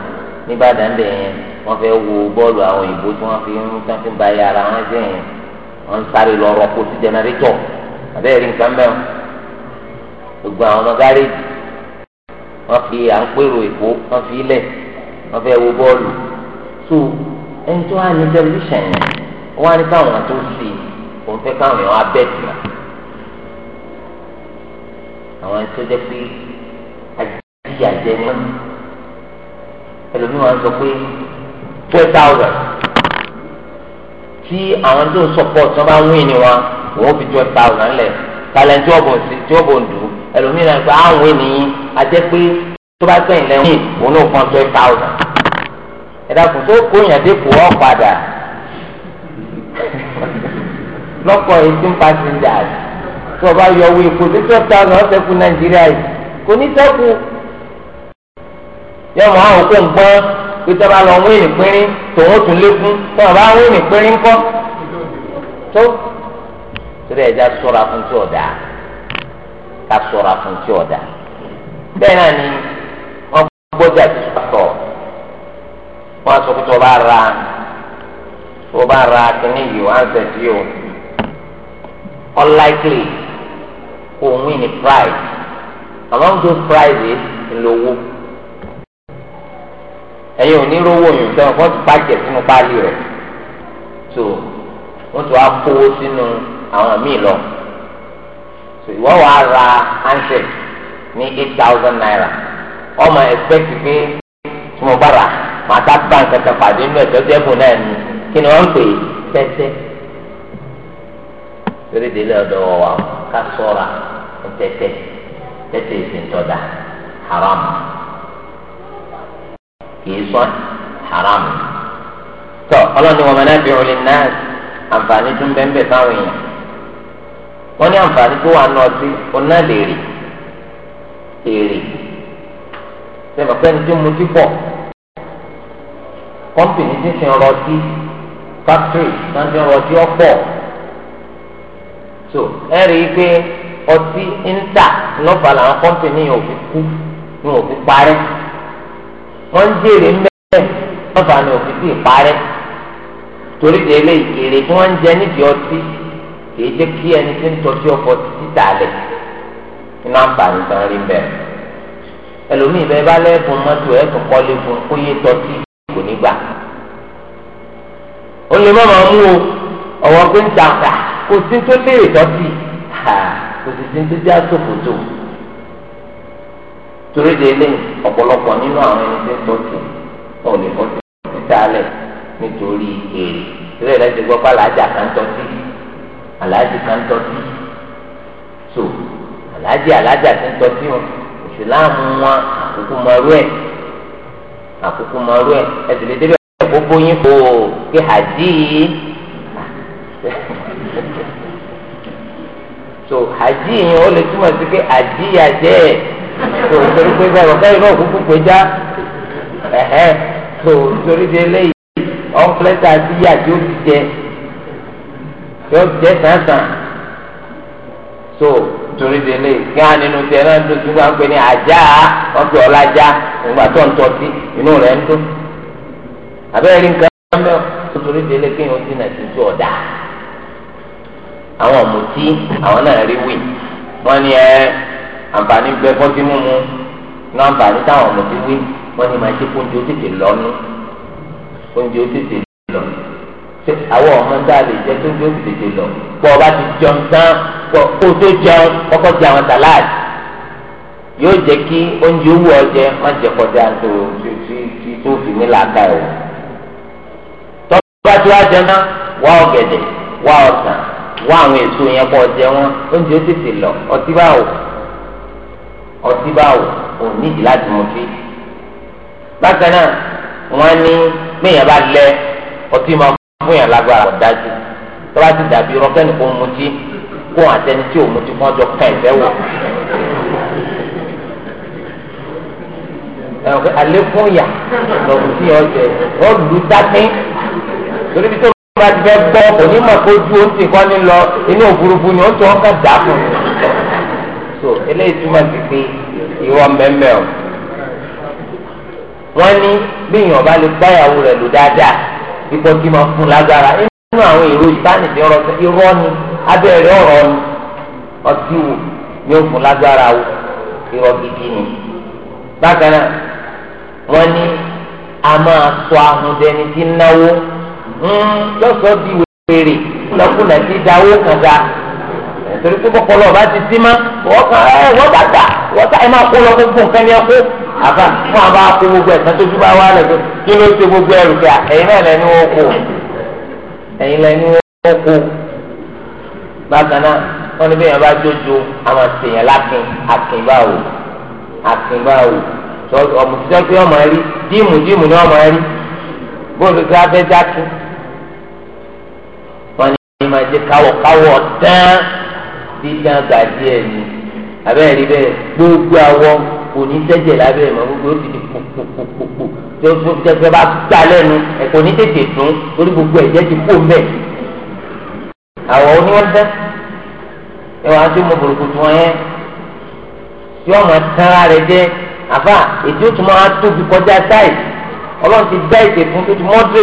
nígbàdàn bẹ́ẹ̀ yẹn wọ́n fẹ́ wo bọ́ọ̀lù àwọn òyìnbó tí wọ́n fi ń tán fi ń ba ayé ara wọn jẹ́ yẹn wọ́n ń sáré lọ rọ́pò sí jẹnẹrétọ̀ àbẹ́rẹ́ nǹkan mẹ́wọ̀n gbogbo àwọn ọmọ gáréèjì wọ́n fi à ń pèrò èkó wọ́n fi ilẹ̀ wọ́n fẹ́ wo bọ́ọ̀lù tó ẹni tó wà ní tẹlifíṣàn yẹn wọ́n á ní káwọn tó fi òun fẹ́ káwọn yẹn wá bẹ́ẹ̀ tì náà àwọn ẹni tó jẹ́ pé àjíyà jẹ wọn ẹlòmíràn sọ pé twelve thousand tí àwọn tó ń support wọn bá wíìn ni wọn wọ́n fi jọ thousand lẹ̀ talẹ̀ tí ọ̀bọ̀ sí tí ọ̀bọ̀ ń dùn ẹlòmíràn gba àwọn ènìyàn àjẹ́ pé tó bá gbẹ̀yìn lẹ́yìn òun náà kàn twelve thousand ẹ̀dá kò tó kóyàn dépò ọ̀ padà lọ́kọ̀ eighteen passengers tí ọba yọ owó epo tí twelve thousand ọ̀sẹ̀ kù nàìjíríà yìí kò ní sẹ́kù yọmọ àwọn òkú nǹkan pété bá lọ wíìnì pínrín tòun ó tún lékún tó ọba wíìnì pínrín kọ́ tó torí ẹja ṣọ́ra fún tí ọ̀dà ká ṣọ́ra fún tí ọ̀dà bẹ́ẹ̀ náà ni wọ́n gbọ́dọ̀ àti sọ̀tọ̀ wọ́n sọ pé tó bá ra tó bá ra kíní yìí wọ́n á sẹ̀ sí o unlikely kò win ní prize among those prizes lówó ẹ̀yin ò ní rówó yìí sẹ́wọ̀n kó bàjẹ́ sínú páálí rẹ̀ so wọ́n ti wá kówó sínú àwọn míì lọ ìwọ wàá ra handset ní eight thousand naira ọmọ expect pé tí mo bá rà màá tá bank kankan pàdé nínú ẹ̀tọ́ tẹ́bù náà ni kí ni wọ́n ń pè é tẹ́tẹ́ torí délé ọ̀dọ̀ wa ká sọ́ra tẹ́tẹ́ tẹ́tẹ́ ìsìntọ́dà haram kìí sọ haram tọ́ ọlọ́ni wọn mọ̀ náà bí olè náà àǹfààní tún bẹ́ẹ̀ bẹ́ẹ̀ fáwọn èèyàn wọ́n ní àǹfààní tó wà náà sí ọ̀nà lèrè èrè sẹ́fà pẹ́ni tí mo ti pọ̀ kọ́mpìnì ti fi ọrọ̀ sí fáktírì náà ti ọrọ̀ sí ọ̀pọ̀ so ẹ rí i pé ọtí ń tà lọ́fà làwọn kọ́mpìnì yẹn ò fi kú ni ò fi parẹ́ wọ́n ń jèrè mẹ́rẹ̀ lọ́fà ni ò fi sí parẹ́ torí tẹ́lẹ̀ ìkèrè tí wọ́n ń jẹ nídìí ọtí kì í jẹ́ kí ẹni tí ń tọ́jú ọkọ̀ títí dàlẹ̀ nínú àǹfààní tán rí bẹ́ẹ̀. ẹlòmíì bẹ́ẹ̀ bá lẹ́ẹ̀bùn mọ́tò ẹ̀ tún kọ́lé fún kó yé tọ́tí kò ní gbà. ó lè má máa mú o ọ̀wọ́ pé ń tàkà kò sí tó léèrè tọ́tí kò sì sí tó já sòfòtò. torí de ọ̀pọ̀lọpọ̀ nínú àwọn ẹni tí ń tọ́jú wọn sí títà aláàjì kan tọ́tí so aláàjì aláàjì àti tọ́tí o ìsìláàmù wọn àkókò mọ̀rú ẹ̀ àkókò mọ̀rú ẹ̀ ẹ̀sìn lè débẹ̀ gbogbo yín kò kí hajj so hajj yín ó lè túmọ̀ sí pé hajj yà jẹ́ ẹ̀ so torí pé bẹ́ẹ̀ ọ̀gá ìlú òkú kúkú já ẹ̀hẹ́ so torí de eléyìí ọ̀nflẹ́tà sí yà tí ó ti jẹ yóò jẹ́ sàǹsàn so torí délé gán nínú tiẹ̀ náà tó tún bá ń pè ní ajá ọ̀pẹ̀ ọ̀làjá ìgbà tó ń tọ́tí inú rẹ̀ ń tó abẹ́rẹ́ rí nǹkan mẹ́ọ̀ tó torí délé kéèyàn ti nà sí tó ọ̀dà àwọn ọ̀mùtí àwọn náà rí wì wọ́n ní ẹ àǹfààní bẹ fọ́tí mímu náà àǹfààní táwọn ọ̀mùtí wí wọ́n ní máa ṣe kóńjó tètè lọ́nu oúnjẹ ó tètè pé àwọn ọmọ ń dáa lè jẹ tó bí ó fi tètè lọ pọ ọba ti jẹun tán pọ kó tó jẹun kọ́kọ́ jẹ àwọn sàláàdì yóò jẹ kí oúnjẹ owó ọjẹ má jẹ kọjá tó tí tó fi ní làákà o tọ́gbà tó wá jẹun tán wá ọ̀gẹ̀dẹ̀ wá ọ̀sán wá àwọn èso yẹn pọ̀ jẹ wọn oúnjẹ tètè lọ ọtí báwò ọtí báwò ò nídìí láti mú fi bákan náà wọn ní gbẹ̀yìn bá lẹ ọtí máa fún yàn lágbára kò dájú tó bá ti dàbí rọ́kẹ́nì kò mutí kó àtẹni tí ò mutí kó ọjọ́ ká ẹ̀fẹ́ wò. àlékún yà lọ́kùn sí ọ̀jẹ̀ wọ́n lù ú dákín torí bí tó bá ti fẹ́ gbọ́ onímọ̀ kó ju oúnjẹ kan ní lọ inú òfurufú ni ó ń tọ́ ọ́ ká dà fún un. so eléyìí túmọ̀ sí pé ìwọ mẹ́mẹ́ o wọ́n ní bí èèyàn bá lè gbáyàwó rẹ̀ lò dáadáa ipò tí máa fún lágbára nínú àwọn èrò ìtánì tí ọ̀rọ̀ sẹ irọ́ ni abẹ́rẹ́ ọ̀rọ̀ ni ọtí wò ni ó fún lágbára wò irọ́ gidi ni bákan náà wọ́n ní a máa sọ ahun dẹni tí ń náwó hmm, lọ́sọ̀ọ́ di wèrè lọ́kùnà tí dáwó kan torí pé bọ́kọ lọ́ọ̀ ti sí mọ́ wọ́n kan ẹ̀ wọ́n bá dà wọ́n ta ẹ̀ máa kó lọ gbogbo nǹkan ni ẹ àbá fún àbá kó gbogbo ẹ̀sán tó dúpọ̀ wá lẹ́gbẹ̀ẹ́ kí ló ṣe gbogbo ẹrù kí ẹ̀yin náà lẹ́nu wọn kó ẹ̀yin lẹ́nu wọn kó bákan náà wọn ní bẹ́ẹ̀ yẹn bá jójo àwọn àtẹ̀yìn lákin àkìnbáwò àkìnbáwò ọmọ tí wọn fi ọmọ rí díìmù díìmù ni ọmọ rí bóòlù kí abẹ́ jákè wọn ní ma jẹ káwọ̀ káwọ̀ tán dídán gàdí ẹ̀ ní abẹ́rẹ́ bẹ́ẹ̀ gbogbo àwọn kò ní sẹ́jẹ̀ lábẹ́ ìmọ̀ gbogbo ó ti di kpokpokpokpo tí ó bá gbà lẹ́nu ẹ̀ kò ní tètè tún torí gbogbo ẹ̀jẹ̀ ti kó mbẹ́. àwọn oníwọ́ndẹ́ ẹ wàá tó mọ burúkutu wọn yẹn tí wọ́n máa tán ara rẹ̀ jẹ́ àfà ètò tó máa tóbi kọjá sáì ọlọ́run ti dá ètè fún tó ti mọ́tò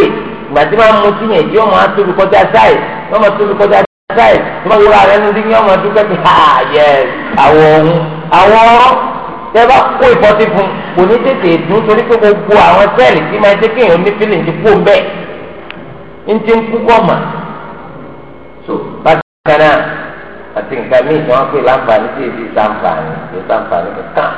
ìgbà tí wọ́n mú tíyẹn tí wọ́n máa tóbi kọjá sáì wọ́n máa tóbi kọjá sáì tí wọ́n wúra rẹ̀ nínú dín ní ọmọ dúpẹ́ pé ha yẹ àwọn ohun àwọn tẹ kó ìbọn fún kò ní tètè dùn torí pé gbogbo àwọn sẹ́ẹ̀lì tí máa jẹ́ kéèyàn ní fílẹ̀ ti kó bẹ́ẹ̀ ń ti ń kú gọ́ọ̀mà so bákan náà àti nǹkan míì tí wọ́n pè láǹfààní tí èdè sàǹfààní èdè sàǹfààní kankan.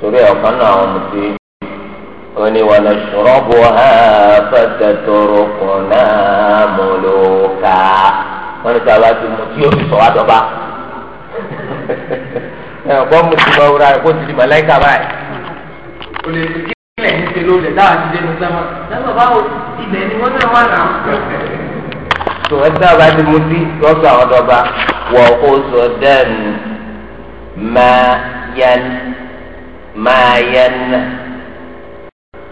torí ọ̀kan náà àwọn ti oni wàllu sọrọbu ha fẹsẹtọrọ kùnà mọlọka wọn ni sábà ti mu tí o ti sọ wa dọba ẹ bọ́ mu ti bọ́ wura rẹ kó ti di màláíkà báyìí. o lè fi kílẹ̀ ní ṣe lóde dáhà ti dé nígbà máa lọ́sọ̀ báwo ilẹ̀ ni wọ́n náà wà nà. tó ẹ sábà ti mu tí lọ́sọ̀ àwọn dọba wọ kó sọ dẹ́n máa yẹn máa yẹn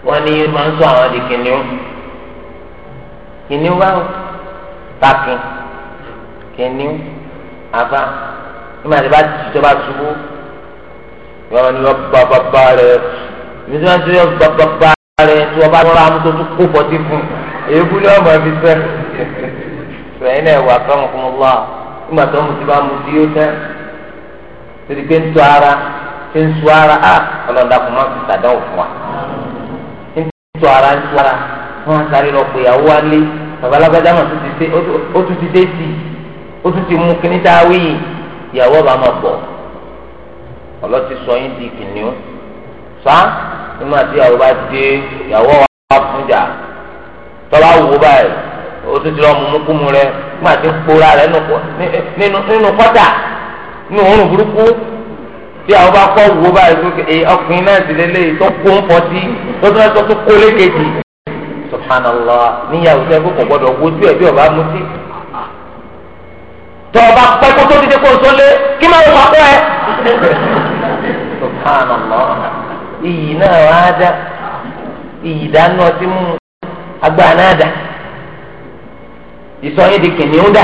wọ́n ní máa ń sọ àwọn di kìnìún kìnìún báwo pàkì kìnìún àbá nígbà tí bá ti tó bá ṣubú yọ̀ọ́ ni wọ́n bá bàbá rẹ̀ ní tí wọ́n ti yọ bá bàbá rẹ̀ tí wọ́n bá tọ́ àmú tó tún kó fọ́tí fún èébú ni wọ́n máa fi fẹ́ fẹ̀yìn náà wà fẹ́ wọn kún un wá nígbà tó mu ti bá mu di yóò tẹ́ torí ń tọ́ ara ń sọ ara ah, ọlọ́dà kò má fi sàdánwò fún wa tó ara ń tó ara wọn sáré lọ pé ìyàwó wálé babalábàdà mà tún ti dé ó tún ti dé sí i ó tún ti mú kíní tá a wí yìí ìyàwó bá máa bọ̀ ọlọ́tí sọ yín di kìnìún sá nínú àti ìyàwó bá dé ìyàwó wa fún jà tọ́lá wò báyìí ó tún ti lọ́ mú múkúmu rẹ nígbà tí ń pòórá rẹ nínú kọ́tà nínú òórùn burúkú tí àwọn bá kọ́ wo báyìí tó ẹ eh, ọkùnrin náà sì lélẹ̀ tó kó ń pọtí tó tó tó tó kó lékejì subhanallah níyàwó sẹ́ kó kò gbọ́dọ̀ wojú ẹ̀ bí ọba mutí tọ́ ọba pẹ́ kó tó dìde kó sólé kí máa wà pẹ́ subhanallah iyì náà wá dá iyì dáná ọtí mú agbára náà dá ìsọyìn di kìnìún dá.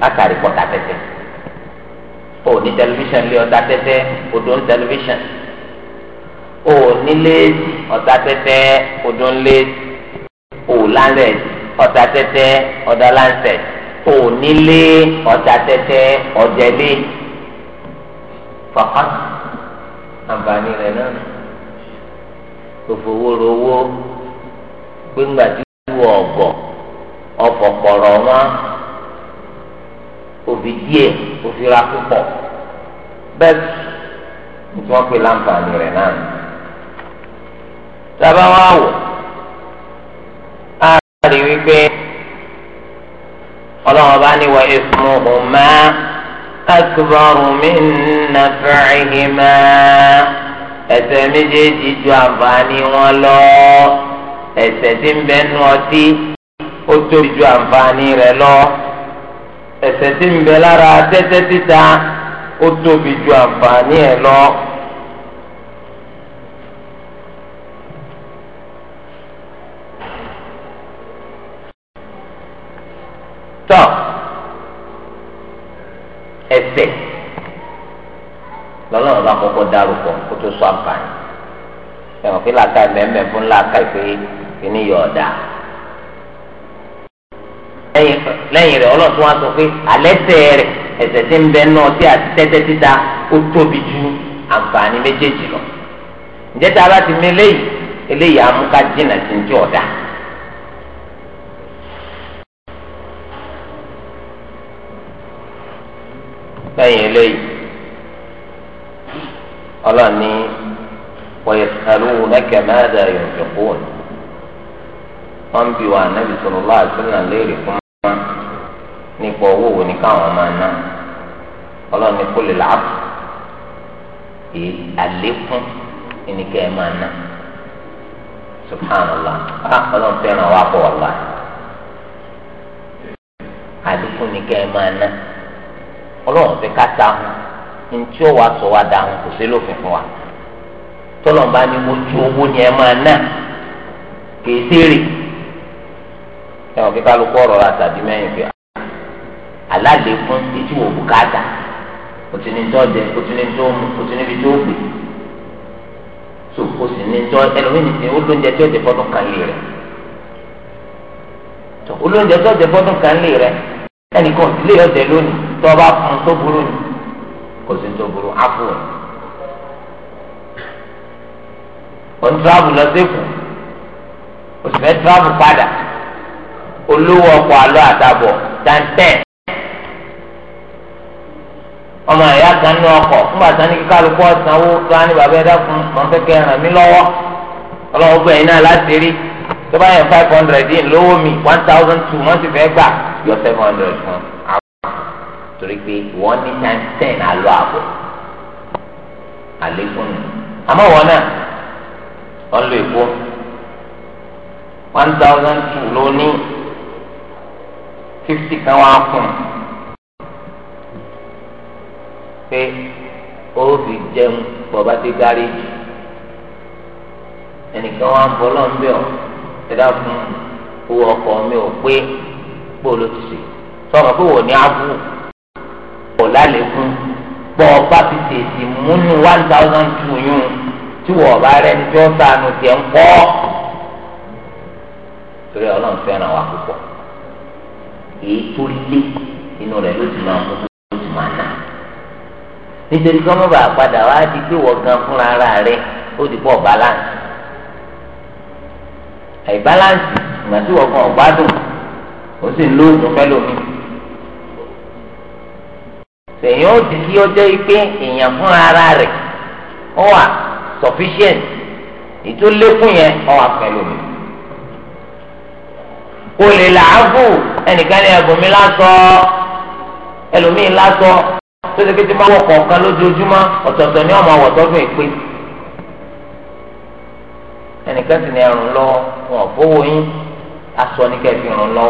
látàrí kọta tẹtẹ o ní tẹlifíṣàn lé ọta tẹtẹ odò ń tẹlifíṣàn o ní léèdì ọta tẹtẹ odò ń léèdì o lálẹ ọta tẹtẹ ọdọ láǹtẹ o nílé ọta tẹtẹ ọjẹlé fọkàn àǹfààní rẹ náà gbogbo owó rowó gbégbàdúrà ọgọ ọfọpọrọ wọn òbí díẹ̀ òfi ra púpọ̀ bẹ́ẹ̀ tí wọ́n pè láǹfààní rẹ̀ náà tábà wá wò á rí wípé ọlọ́run bá ní wọ ìfún ọmọ akbaru min naf'ihima ẹ̀ṣẹ̀ méjèèjì ju àǹfààní wọn lọ ẹ̀ṣẹ̀ tí ń bẹ nu ọtí ó tóbi ju àǹfààní rẹ̀ lọ ẹ̀ṣẹ̀ tí ń bẹ lára tẹ́tẹ́ títa ó tóbi ju àǹfààní ẹ̀ lọ. tọ́ ẹ̀ṣẹ̀ lọ́lọ́run bá kọ́kọ́ dárúkọ kó tó sọ àǹfààní ẹ̀wọ̀n pé làákà mẹ́mẹ́ fún làákà pé kí ni yọ̀ ọ̀dà. lẹ́yìn rẹ̀ ọlọ́run tó wá sọ pé àlẹ́sẹ̀ rẹ̀ ẹ̀sẹ̀ tí ń bẹ náà tí àti tẹ́tẹ́ títa ó tóbi ju àǹfààní méjèèjì lọ. ǹjẹ́ tá a bá ti mi eléyìí eléyìí amúká jìnnà sí ní tí ọ̀dà. lẹ́yìn eléyìí ọlọ́run wọ́n yẹ wọn bi wa anabi sọrọ léèrè fún wa nípa owó wo ni káwọn máa ná ní kó lè làákù èyí àlékún ẹnìkẹ́ ẹ máa ná subhanallah ah ọlọ́run wa wàlá àlékún ẹ máa ná ó wà sọ wa kò sí lófin fún wa ni mo ju owó ni ẹ máa ẹ̀wọ̀n kí kálukú ọ̀rọ̀ ra tàbí mẹ́yìn fẹ́ alálẹ̀ fún etí wò bùkátà òtún tó jẹ òtún tó mú òtún ibi tó gbé tó o sì ní tọ́ ẹlòmíì ní ó lóúnjẹ tó kan lé rẹ̀ tó o lóúnjẹ tó kan lé rẹ̀ ẹnìkan ilé ọ̀jẹ̀ lónìí tó bá fún tó burú ni kò sí tó burú ápù rẹ̀ o ń tíráàbù lọ sí èkó o sì fẹ́ tíráàbù padà. olówó ọkọ alọ àtàbọ̀ dantẹ́ ọmọ ẹ̀yà kan ní ọkọ̀ fúnbà sani kíkálukú ọ̀sánwó tó á ní bàbá ẹ̀dá fún ràn mí lọ́wọ́ ọlọ́wọ́ bẹ́ẹ̀ 7500 láti rí tó bá yẹ mi one thousand two ti gbà yọ seven hundred fún àbọ̀ torí pé wọ́n ní times ten àlọ́ àlékún ni wọn náà fifty kan wá fún un pé ó fi jẹun bọ̀bá ti gárí jù ẹnìkan wá ń bọ́ lọ́nbẹ́ ọ̀ ẹ dákun owó ọkọ̀ mi ò pé bóòlù ti sè sọ̀rọ̀ pé wò ní abú kò lálẹ́kún bọ́ ọba ti tètè múnú one thousand two yún tí wọ́n bá rẹ̀ ń jọ́ sànù tiẹ̀ ń kọ́ torí ọlọ́run fẹ́ràn wa púpọ̀ èyí tó lé inú rẹ̀ ló ti máa mú tó ti máa nà nítorí kí wọ́n bá padà wá di pé wọ́n gan fúnra ara rẹ̀ ó ti pọ̀ balance àìbalance ìgbà tí wọ́n gan ọ̀gbádùn ó sì ń lóògùn fẹ́lómi sèyàn ó di kí ó jẹ́ pé èèyàn fúnra ara rẹ̀ ó wà sufficient ètò lékún yẹn ó wà fẹ́lómi. olè làágùn ẹnìkan ní ẹ̀bùnmi lásọ ẹlòmíì lásọ tó ṣe kété máa wọ̀ kọ̀ọ̀kan lójoojúmọ́ ọ̀tọ̀ọ̀tọ̀ ní ọmọ ọ̀wọ̀ tọ́dún ìpè ẹnìkan sì ní ẹrùn lọ wọn fowó yín aṣọ ní kẹfì lọ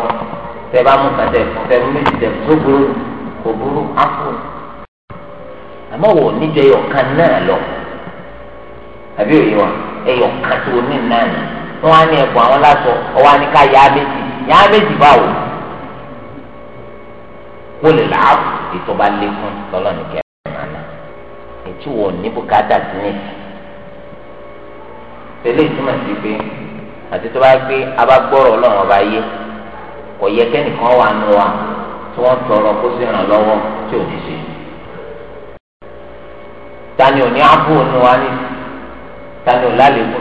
tẹ bá mú kàtẹ tẹ mú méjì tẹ tó kò burú ápù àmọ́ wò ẹyọkan náà lọ àbí òye wa ẹyọkan tó ní náà ni wọn á ní àwọn lásọ á yàrá méjì báwo wọ́n lè là á ètò bá lékún lọ́lọ́ ní kẹrin àná ètò wọ̀ ní bùkátà sí nìyí tẹ́lẹ̀ ìtumọ̀ sí pé àti tó bá gbé abágbọ́rọ̀ ọlọ́run ọba yé kò yẹ kẹ́nìkan wà nù wa tí wọ́n tọrọ kó sì ràn tí ò ní ṣe tani ò abú nù wa ní tani ò lálẹ́ kù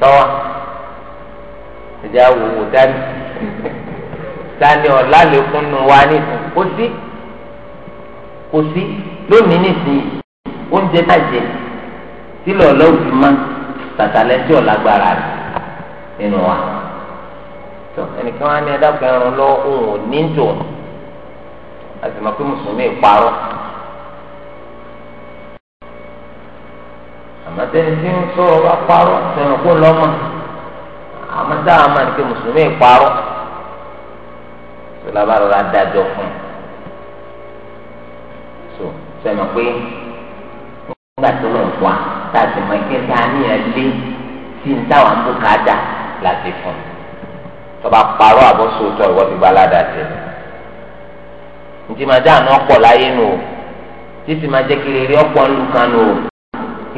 sọ́wọ́ ìdí àwòwò dání tani ọ̀la lè fún nu wa ní ìsìn kò sí kò sí lónìí nìsín oúnjẹ náà jẹ sílẹ̀ ọ̀la òfin mọ́ tàtàlẹ́sí ọ̀la gbára rẹ̀ nínú wa tó ẹnìkan wá ní ẹ̀dàpọ̀ ẹran lọ òun ò ní tò àti mọ̀ pé mùsùlùmí parọ́ àmọ́ tẹ́ni tí ń sọ̀rọ̀ bá parọ́ tẹ̀wọ̀n kó lọ́mọ́ àmọ́ dáhà máa ní pé mùsùlùmí parọ́ sọlá bá rọra dájọ́ fún so sẹ́mi pé nígbà tó lọ wá tá a sì mọ ike tá a níyàn lé tí n táwọn ń bò ká dà láti fún un tọba parọ́ àbọ̀ sóòótọ́ ìwọ ti gba aládàá tẹ̀ ntì máa dáhà láyé nù títí máa jẹ́ kiri rí ọ̀pọ̀ ńlùkanù o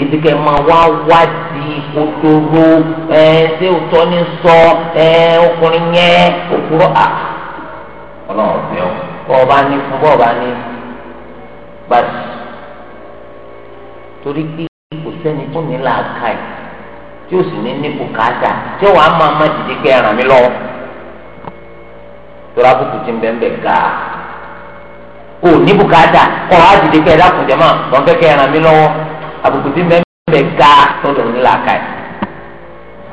ìdíkẹ́ máa wá wá di òtòrò ẹ ṣé òtọ́ ní sọ ẹ ọkùnrin yẹn òkúrọ̀ à ọlọ́run ọ̀bẹ ọ bọ́ọ̀ bá ní fún bọ́ọ̀ bá ní gbàdúrà torí pé kò sẹ́ni tó ní làákà yìí tí ó sì ní ní bùkátà tí ó wàá máa má dìde pé ẹ̀ràn mi lọ́wọ́ torí àbùkù ti ń bẹ́ẹ̀ bẹ́ẹ̀ gáà o ní bùkátà kọ́ á dìde pé ẹ̀dá kùn jẹ́ máa wọ́n fẹ́ kẹ́ ẹ̀ràn mi lọ́wọ́ àbùkù ti ń bẹ́ẹ̀ bẹ ga tó lò ní làákàyè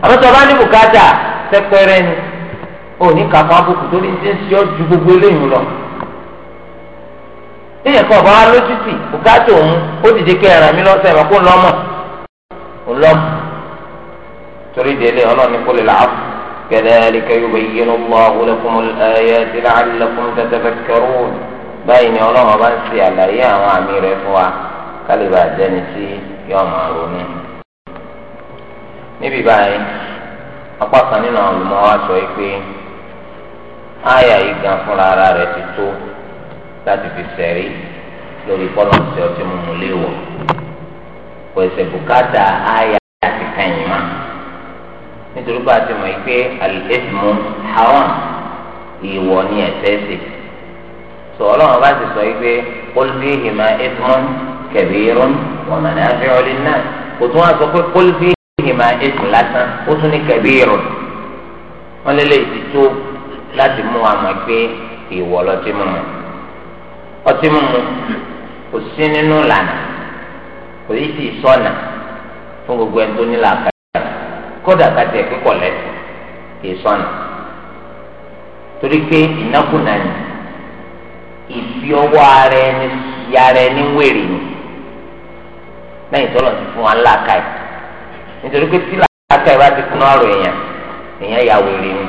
àmọ́ tó o bá ní bùkátà sẹ́pẹ́rẹ́ ni ò ní kà fún abùkù tó ní ti ń ṣe ọ́ ju gbogbo eléyìí lọ níyẹn kan ọba wa lójútì bùkátà òun ó dìde kí ẹran mi lọ́sẹ̀ ẹ̀ kó lọ́mọ̀ ọlọ́mọ̀ torí délé ọlọ́ọ̀ni kó lè làákù كذلك يبين الله لكم الآيات لعلكم تتفكرون بين الله وبنسي على أيام عمير فوا كلمة جنسي yóò máa ronú. níbi báyìí apá kan nínú àwọn olùmọ̀ wa sọ pé àyà yìí gan fúnra ara rẹ̀ ti tó láti fi sẹ̀rí lórí bọ́lọ̀sì ọtí mímu léwọ̀ kò ẹsẹ̀ bùkátà àyà àti kẹyìn mọ́ nítorí bá a ti mọ̀ pé àlùfẹ́sìmù haram ìwọ ni ẹ̀sẹ̀ ẹ̀sẹ̀ sọ̀rọ̀ wọn bá ti sọ pé olùdíhìmá ẹ̀sìmù. كبير ومنافع للناس وتوا سوكو قل فيهما اسم لسان وتوني كبير wọ́n lé lè ti tó láti mú àmọ́ pé ìwọ lọ́tí mímu ọtí mímu kò sí nínú lànà kò yí sì sọ́nà fún gbogbo ẹni tó ní ìfi ọwọ́ ara ẹni yára ẹni wèrè ni. lẹ́yìn tọ́lọ̀ ti fún wa ńlá káì nítorí pé tí làá káì bá ti fún ọ̀rọ̀ èèyàn èèyàn yà wèrè ni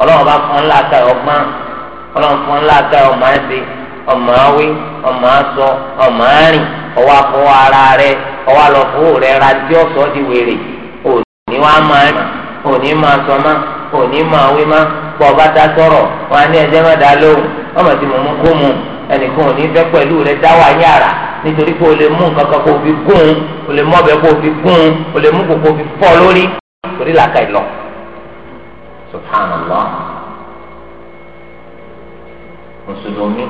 ọlọ́run bá fún ńlá káì ọgbọ́n ọlọ́run fún ńlá káì ọmọ ẹ̀sìn ọmọ awé ọmọ asọ ọmọ arìn ọwọ́ afọwọ́ ara rẹ ọwọ́ rẹ di wèrè òní máa rìn òní máa sọ má òní máa má sọ̀rọ̀ wọn á ní ẹjẹ́ má dá lóhùn ẹnìkan ò ní fẹ́ pẹ̀lú rẹ dáwà yàrá nítorí pé o lè mú nǹkan kan kó o fi gún un o lè mú ọ̀bẹ kó o fi gún un o lè mú kó o fi fọ́ lórí torí làákà ìlọ subhanallah mùsùlùmí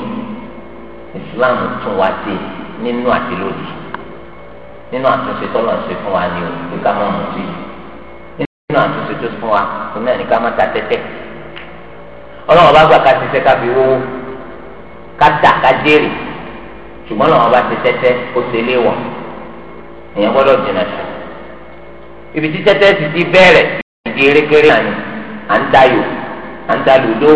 islam tún wá sí nínú àti lòdì nínú àtúnṣe tó ṣe fún wa ni o kí ká má sí nínú àtúnṣe tó fún wa kò náà ní ká má ta tẹ́tẹ́ ọlọ́run bá gbà ká ti ṣe ká fi wówó kádà kajiri ṣùgbọ́n làwọn bá ti tẹ́tẹ́ ó ṣe lé wọ̀ èèyàn gbọ́dọ̀ jìnnà sí ibi tí tẹ́tẹ́ ti ti bẹ̀rẹ̀ ìdí erékeré náà ni à ń dayò à ń dalòdó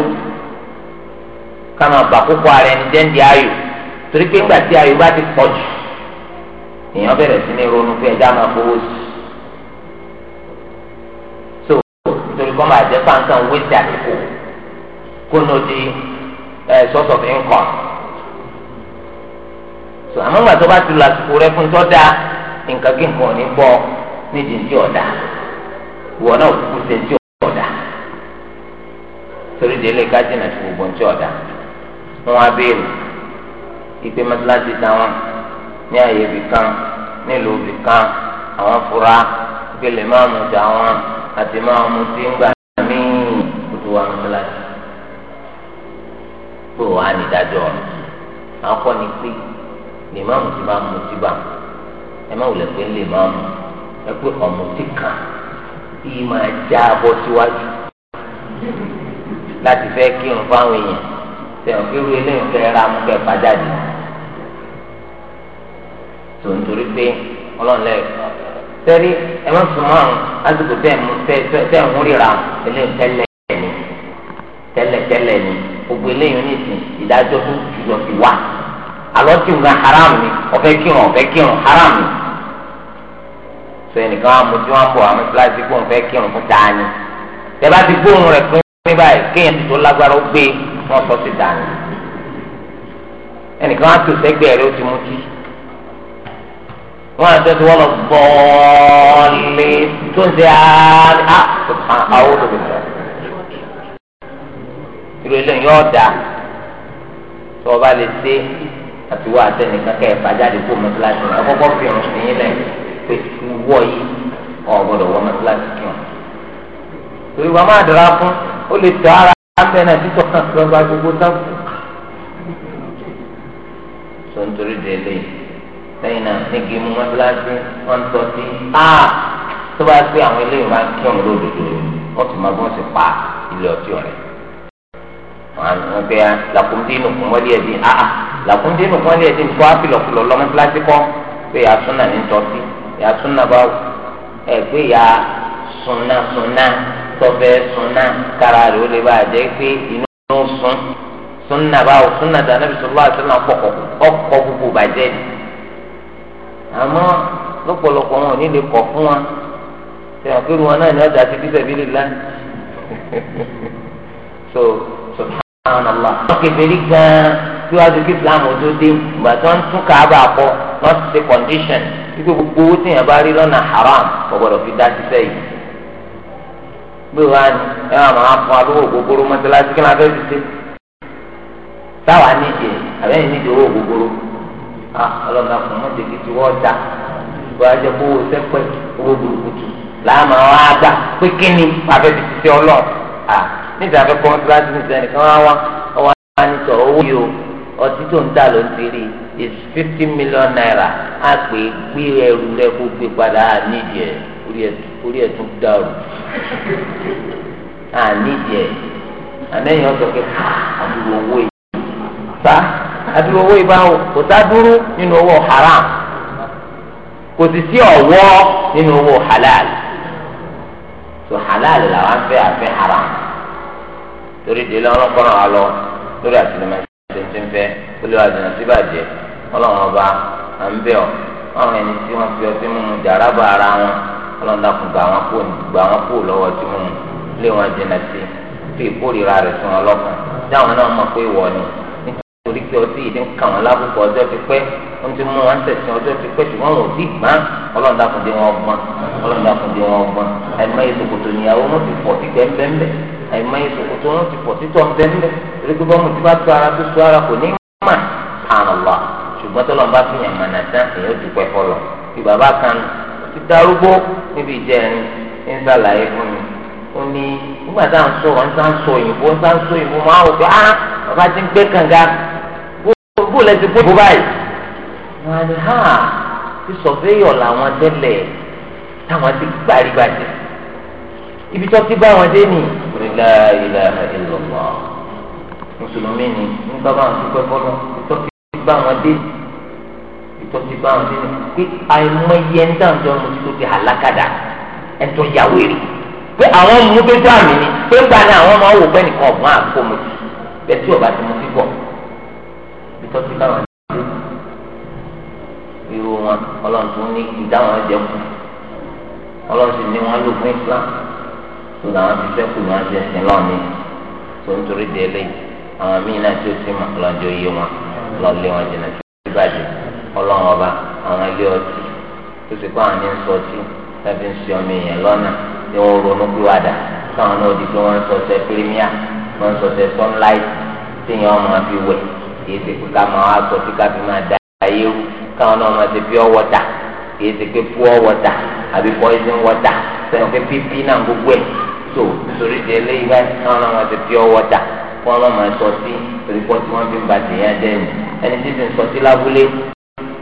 ká máa bà kókó ara ẹni jẹ́ǹdì ayò torí pé ńgbà tí ayò bá ti pọ̀ jù èèyàn bẹ̀rẹ̀ sí ní ronú pé ẹja máa fowó sí so nítorí kọ́ máa jẹ́ pàǹkan wéṣẹ̀ àkókò kó náà di source of income so àmọ́ gbàtọ́ bá ti lo àsìkò rẹ fún tọ́da nǹkan kí nǹkan ò ní bọ́ nídìí ní ọ̀dà ìwọ náà kúkú ṣe ní ọ̀dà torí délé kájínà ti gbogbo ní ọ̀dà wọn á béèrè ìpè mọ́tíláṣí táwọn ní àyè ibì kan nílùú ibì kan àwọn fura ìpele máa mú tàwọn àti máa mú tí ń gbà míì kótó wa mọ́tíláṣí. pé wọ́n á ní ìdájọ́ ọ̀run àwọn kọ́ ni pé lè má mutí bá mutí bá ẹ má wulẹ̀ pé lè má ẹ pé yìí máa já síwájú láti fẹ́ fáwọn èèyàn kí irú eléyìí fẹ́ ra mú kẹ́ fàjáde tó ń torí pé ọlọ́run lẹ́yìn ẹ má sùn gbogbo eléyìí ní ìsìn ìdájọ́ tó jùlọ ti wá àlọ́ tí nǹkan haram ni ọ̀fẹ́ kírun ọ̀fẹ́ kírun haram ni sọ ẹnìkan á mojú wọn bọ̀ àmì pílásì kó ọ̀fẹ́ kírun fún dání tẹ́lá ti gbóhùn rẹ̀ pín pín báyìí kéèyàn tó lágbára ó gbé wọn sọ sí dání ẹnìkan á tò sẹ́gbẹ̀ẹ́ rẹ̀ ó ti mú kí wọn àti ẹtù wọn lọ gbọ́ọ́lé tó ń ṣe àá àwọn òbí rẹ̀ irú eléyìí yóò dà tó o bá lè ṣe àti wá àtẹnìkan kẹ ìbàjáde kó mọ́tíláṣí rẹ àkọ́kọ́ fi hàn sí yín lẹ́yìn pé wọ́ yìí ọ̀ gbọ́dọ̀ wọ mọ́tíláṣí kí hàn. torí wàá máa dara fún ó lè tẹ ara abẹ́ náà títọ́ kan tó ọba gbogbo tán. sọ nítorí délé lẹ́yìn náà nígi mú mọ́tíláṣí wọ́n tọ́ sí á tó bá gbé àwọn eléyìí máa kí hàn lódodo wọ́n tún máa bọ́ sí pa ilé ọtí ọ̀rẹ́ wọn gbé ya làkúndínù kún wọlé ẹdín àà làkúndínù kún wọlé ẹdín tó àfìlọ̀kulọ̀ lọ́mú pílásíkọ́ pé ya súnà ní tọ́sí ya súnà bá ẹ pé ya súnà súnà tọ́fẹ́ súnà kára rẹ̀ ó lè bá a jẹ́ pé inú sún súnà bá o súnà dáná bí sọlá àtúnà ọkọ̀ gbogbo bàjẹ́ ni àmọ́ lọ́pọ̀lọpọ̀ wọn ò ní lè kọ̀ fún wa tẹ̀wọ̀n pé so àwọn ọlọ kẹfẹẹri gan síwájú kí islam ojú dé ìgbà tí wọn tún káàbà kọ wọn ti ṣe condition wípé gbogbo owó tíyẹn bá rí lọ́nà haram gbọ́dọ̀ fi dá sísẹ́ yìí gbé wa ni ẹ wà máa fún alówó gbogbooro mọ́tẹ́láṣí kí n abẹ́ fi ṣe táwa nídìí àbẹ́yìn nídìí owó gbogbooro ọlọ́dà fún mọ́tẹ́ kí ti dá wọ́n á kó owó sẹ́pẹ́ owó burúkutu làá máa wá gbà pé kí abẹ́ fi ṣiṣẹ́ ọlọ́ọ̀ níta fẹ́ kọ́ mọ́sálásí ní sẹ́ni kan wá ọwọ́ á ní sọ owó yìí o ọtí tó ń tà ló ń tiri is fifty million naira á pè gbé ẹrù rẹ kó gbé padà á nídìí ẹ orí ẹ tún dàrú á nídìí ẹ àmẹ́yìn ọ̀sọ̀ pé àdúró owó yìí bá àdúró owó yìí bá wò kò sá dúró nínú owó haram kò sì sí ọ̀wọ́ nínú owó halal so halal làwọn fẹ́ àfẹ́ haram torí délé ọlọ́kọ́ràn wa lọ lórí àtìlẹ́mẹ́sì tí ń fẹ́ olúwa jìnnà sí bàjẹ́ ọlọ́run ọba à ń bẹ̀ ọ́ àwọn ẹni tí wọ́n fi ọtí mímu jàrá bá ara wọn ọlọ́run dákun gbà wọ́n kú gbà wọ́n kú lọ́wọ́ ọtí mímu lé wọn jìnnà sí fi ìkórìíra rẹ̀ fún ọlọ́kàn tí àwọn náà mọ̀ pé wọ̀ ni nítorí pé ọtí yìí ti ń kà wọ́n lábùkù ọjọ́ ti pẹ́ wọ́n ti mú wọn tẹ̀sán ọjọ́ ti pẹ́ ṣùgbọ́n wọn ò tí gbọ́n ọlọ́run dákun dé wọn gbọ́n ọlọ́run dákun dé wọn gbọ́n ẹ̀mọ́ ìsòkòtò níyàwó wọn ti pọ̀ sí gbẹ́ńbẹ́ńbẹ́ àìmọ ìsòkò tó wọn ti pọ̀ títọ̀ ń bẹ́ńbẹ́ torí pé bọ́mù tí bá tó ara tó tó ara kò ní mà àlọ́ ṣùgbọ́n tó lọ́n fi yàn mànà tán èèyàn dúpẹ́ fọlọ́ bí bàbá kan ti darúgbó níbi ìjẹrin ń sàlàyé fún mi ó ní nígbà tá à ń sọ̀rọ̀ ń sá ń sọ òyìnbó ń sá ń sọ òyìnbó máa wò pé á ah, bàbá ti ń gbé kànga bó lẹ́sìn bó bó báyìí. wọ́n á ní hà ah, ti làwọn tẹ́lẹ̀ táwọn ti gbàrígbàjẹ́ ibi tó ti bá wọn dé nìyí la ilaha illallah mùsùlùmí ni nígbà bá ń dúpẹ́ fọlọ́ ìtọ́sí bá wọn dé ìtọ́sí bá wọn dé ní pé àìmọye ń dáńjọ́ mu tó ti àlákàdá ẹ̀tọ́ yàwó èrè pé àwọn mú bẹ́ẹ̀ dá mi ni pé ń gbà ní àwọn máa wò bẹ́ẹ̀ nìkan ọ̀gbọ́n àgbo mu ti bẹ́ẹ̀ tí ọba ti mu ti bọ̀ ìtọ́sí bá wọn dé irú wọn ọlọ́run tó ní ìdáwọn ẹ̀jẹ̀ kù ọlọ́run sì ní wọn lò fún Islam tó làwọn ti sẹ́kù ní wọ́n ti ẹ̀sìn lọ́ọ̀ni tó ń torí délé àwọn míì náà tí ó ti mọ̀ lọ́jọ́ iye wọn lọ́lé wọn jìnnà tó ti bàjẹ́ ọlọ́run ọba àwọn ilé ọtí tó ti kọ́ àwọn ní sọtí tàbí ń sọ ọmọ èèyàn lọ́nà tí wọ́n ronú pìwàdà káwọn náà di pé wọ́n ń sọtẹ pírímíà wọ́n ń sọtẹ sunlight téèyàn ọmọ fi wẹ̀ kì í ti pé ká máa wá sọ tí ká fi máa da ayé wù káwọn náà máa ti pure water kì í ti pé pure water àbí poison water sẹ́yìn pé pípí náà gbogbo ẹ̀ tó nítorí di eléyìí báyìí káwọn náà wọn ti fi ọwọ́ dà kó wọn máa sọ sí torí pọ́ tí wọ́n fi ń ba tèèyàn jẹ́ ni ẹni tí ti ń sọ sí lábúlé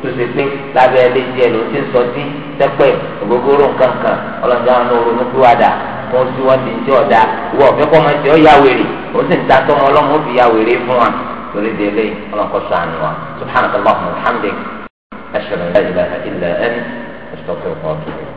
tó ṣe pé lábẹ́ ilé tiẹ̀ ló ti ń sọ sí tẹ́pẹ́ ògógóró nǹkan kan ọlọ́dún àwọn olórí tó wà dà wọ́n sí wọ́n ti ń jẹ́ ọ̀dà ìwọ ọ̀fẹ́ kọ́ máa jẹ́ ọ̀yà wèrè ó sì ń ta tọ́mọ ọlọ́mọ ó fi ya wèrè fún wa torí di eléyìí ọlọ́kọ́ sànù wa subhanallahu walhamdulillah ashhadu an la ilaha illa anta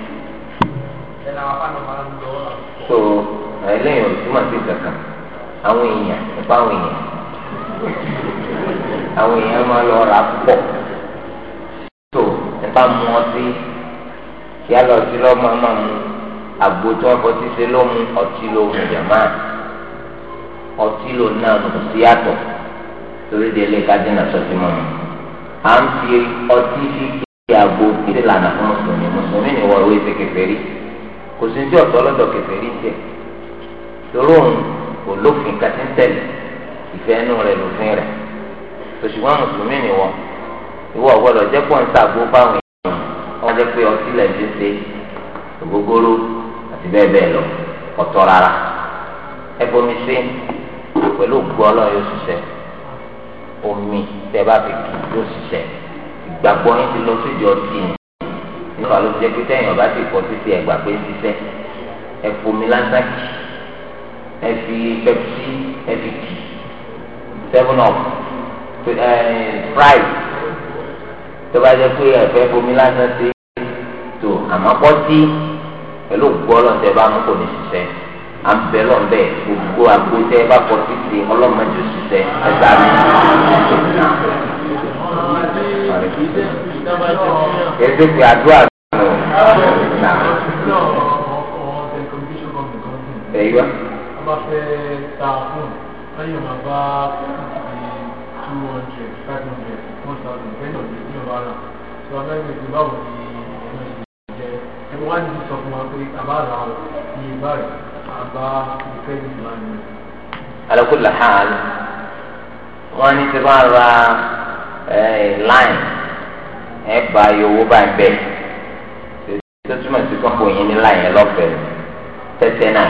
so ẹlẹ́yìn òtúmọ̀ sí kankan àwọn èèyàn nípa àwọn èèyàn àwọn èèyàn máa lọ ra pọ̀ tó nípa mu ọtí kí á lọ sí lọ́mọ máa mu àgbo tí wọ́n fọtí ṣe ló mu ọtí ló mu jàmá ọtí ló náà nù sí àtọ̀ torí de ilé kájínà sọtí mọ́ mi à ń fi ọtí fi kí àgbo kí lànà fún mùsùlùmí mùsùlùmí ni wọ́n wé ṣe kékeré kò sí tí ọ̀tọ̀ lọ́dọ̀ kẹfẹ́ rí tiẹ̀ lóró òun kò lófin kàtí ń tẹ̀lé ìfẹ́ inú rẹ̀ lófin rẹ̀ òṣùwọ̀n mùsùlùmí ni wọ́n ìwọ gbọ́dọ̀ jẹ́ pọ̀ ń sàgbó fáwọn èèyàn wọ́n jẹ́ pé ọtí lẹ̀ ń ṣe ògógóró àti bẹ́ẹ̀ bẹ́ẹ̀ lọ ọ̀tọ̀ rárá ẹbomi sí pẹ̀lú òkú ọlọ́run yóò ṣiṣẹ́ omi tẹ́ bá fi kì yóò ṣiṣẹ́ ìgbàgbọ́ yín ti lọ sí tì nípa ló jẹ́ pé tẹ́yìn ọba ti kọ́ títí ẹgbà pé ń ṣiṣẹ́ ẹ fomi lásàkì ẹ fi pepsi ẹ fi kì seven up sprite tó bá jẹ́ pé ẹ fẹ́ fomi lásán sí tó àmọ́ pọ́tí pẹ̀lú òkú ọlọ́ọ̀tẹ̀ bá mú kò ní ṣiṣẹ́ àbẹ̀lọ̀ ń bẹ̀ gbogbo àgbóṣe bá kọ títí ọlọ́mọdé ṣiṣẹ́ ẹ̀dá mi. Èsì pé àdúrà èyí wá. a bá fẹ́ ta fóònù lẹ́yìn ọ̀nà bá two hundred five hundred one thousand ten hundred ní ọ̀bá náà tí wọ́n fẹ́ gbèsè báwo ni ẹ̀jẹ̀ ẹ̀wọ́n ẹ gba iye báyìí bẹ́ẹ̀. tó túmọ̀ sí kọ́kọ́ yẹn ní láyé tẹ́tẹ́ náà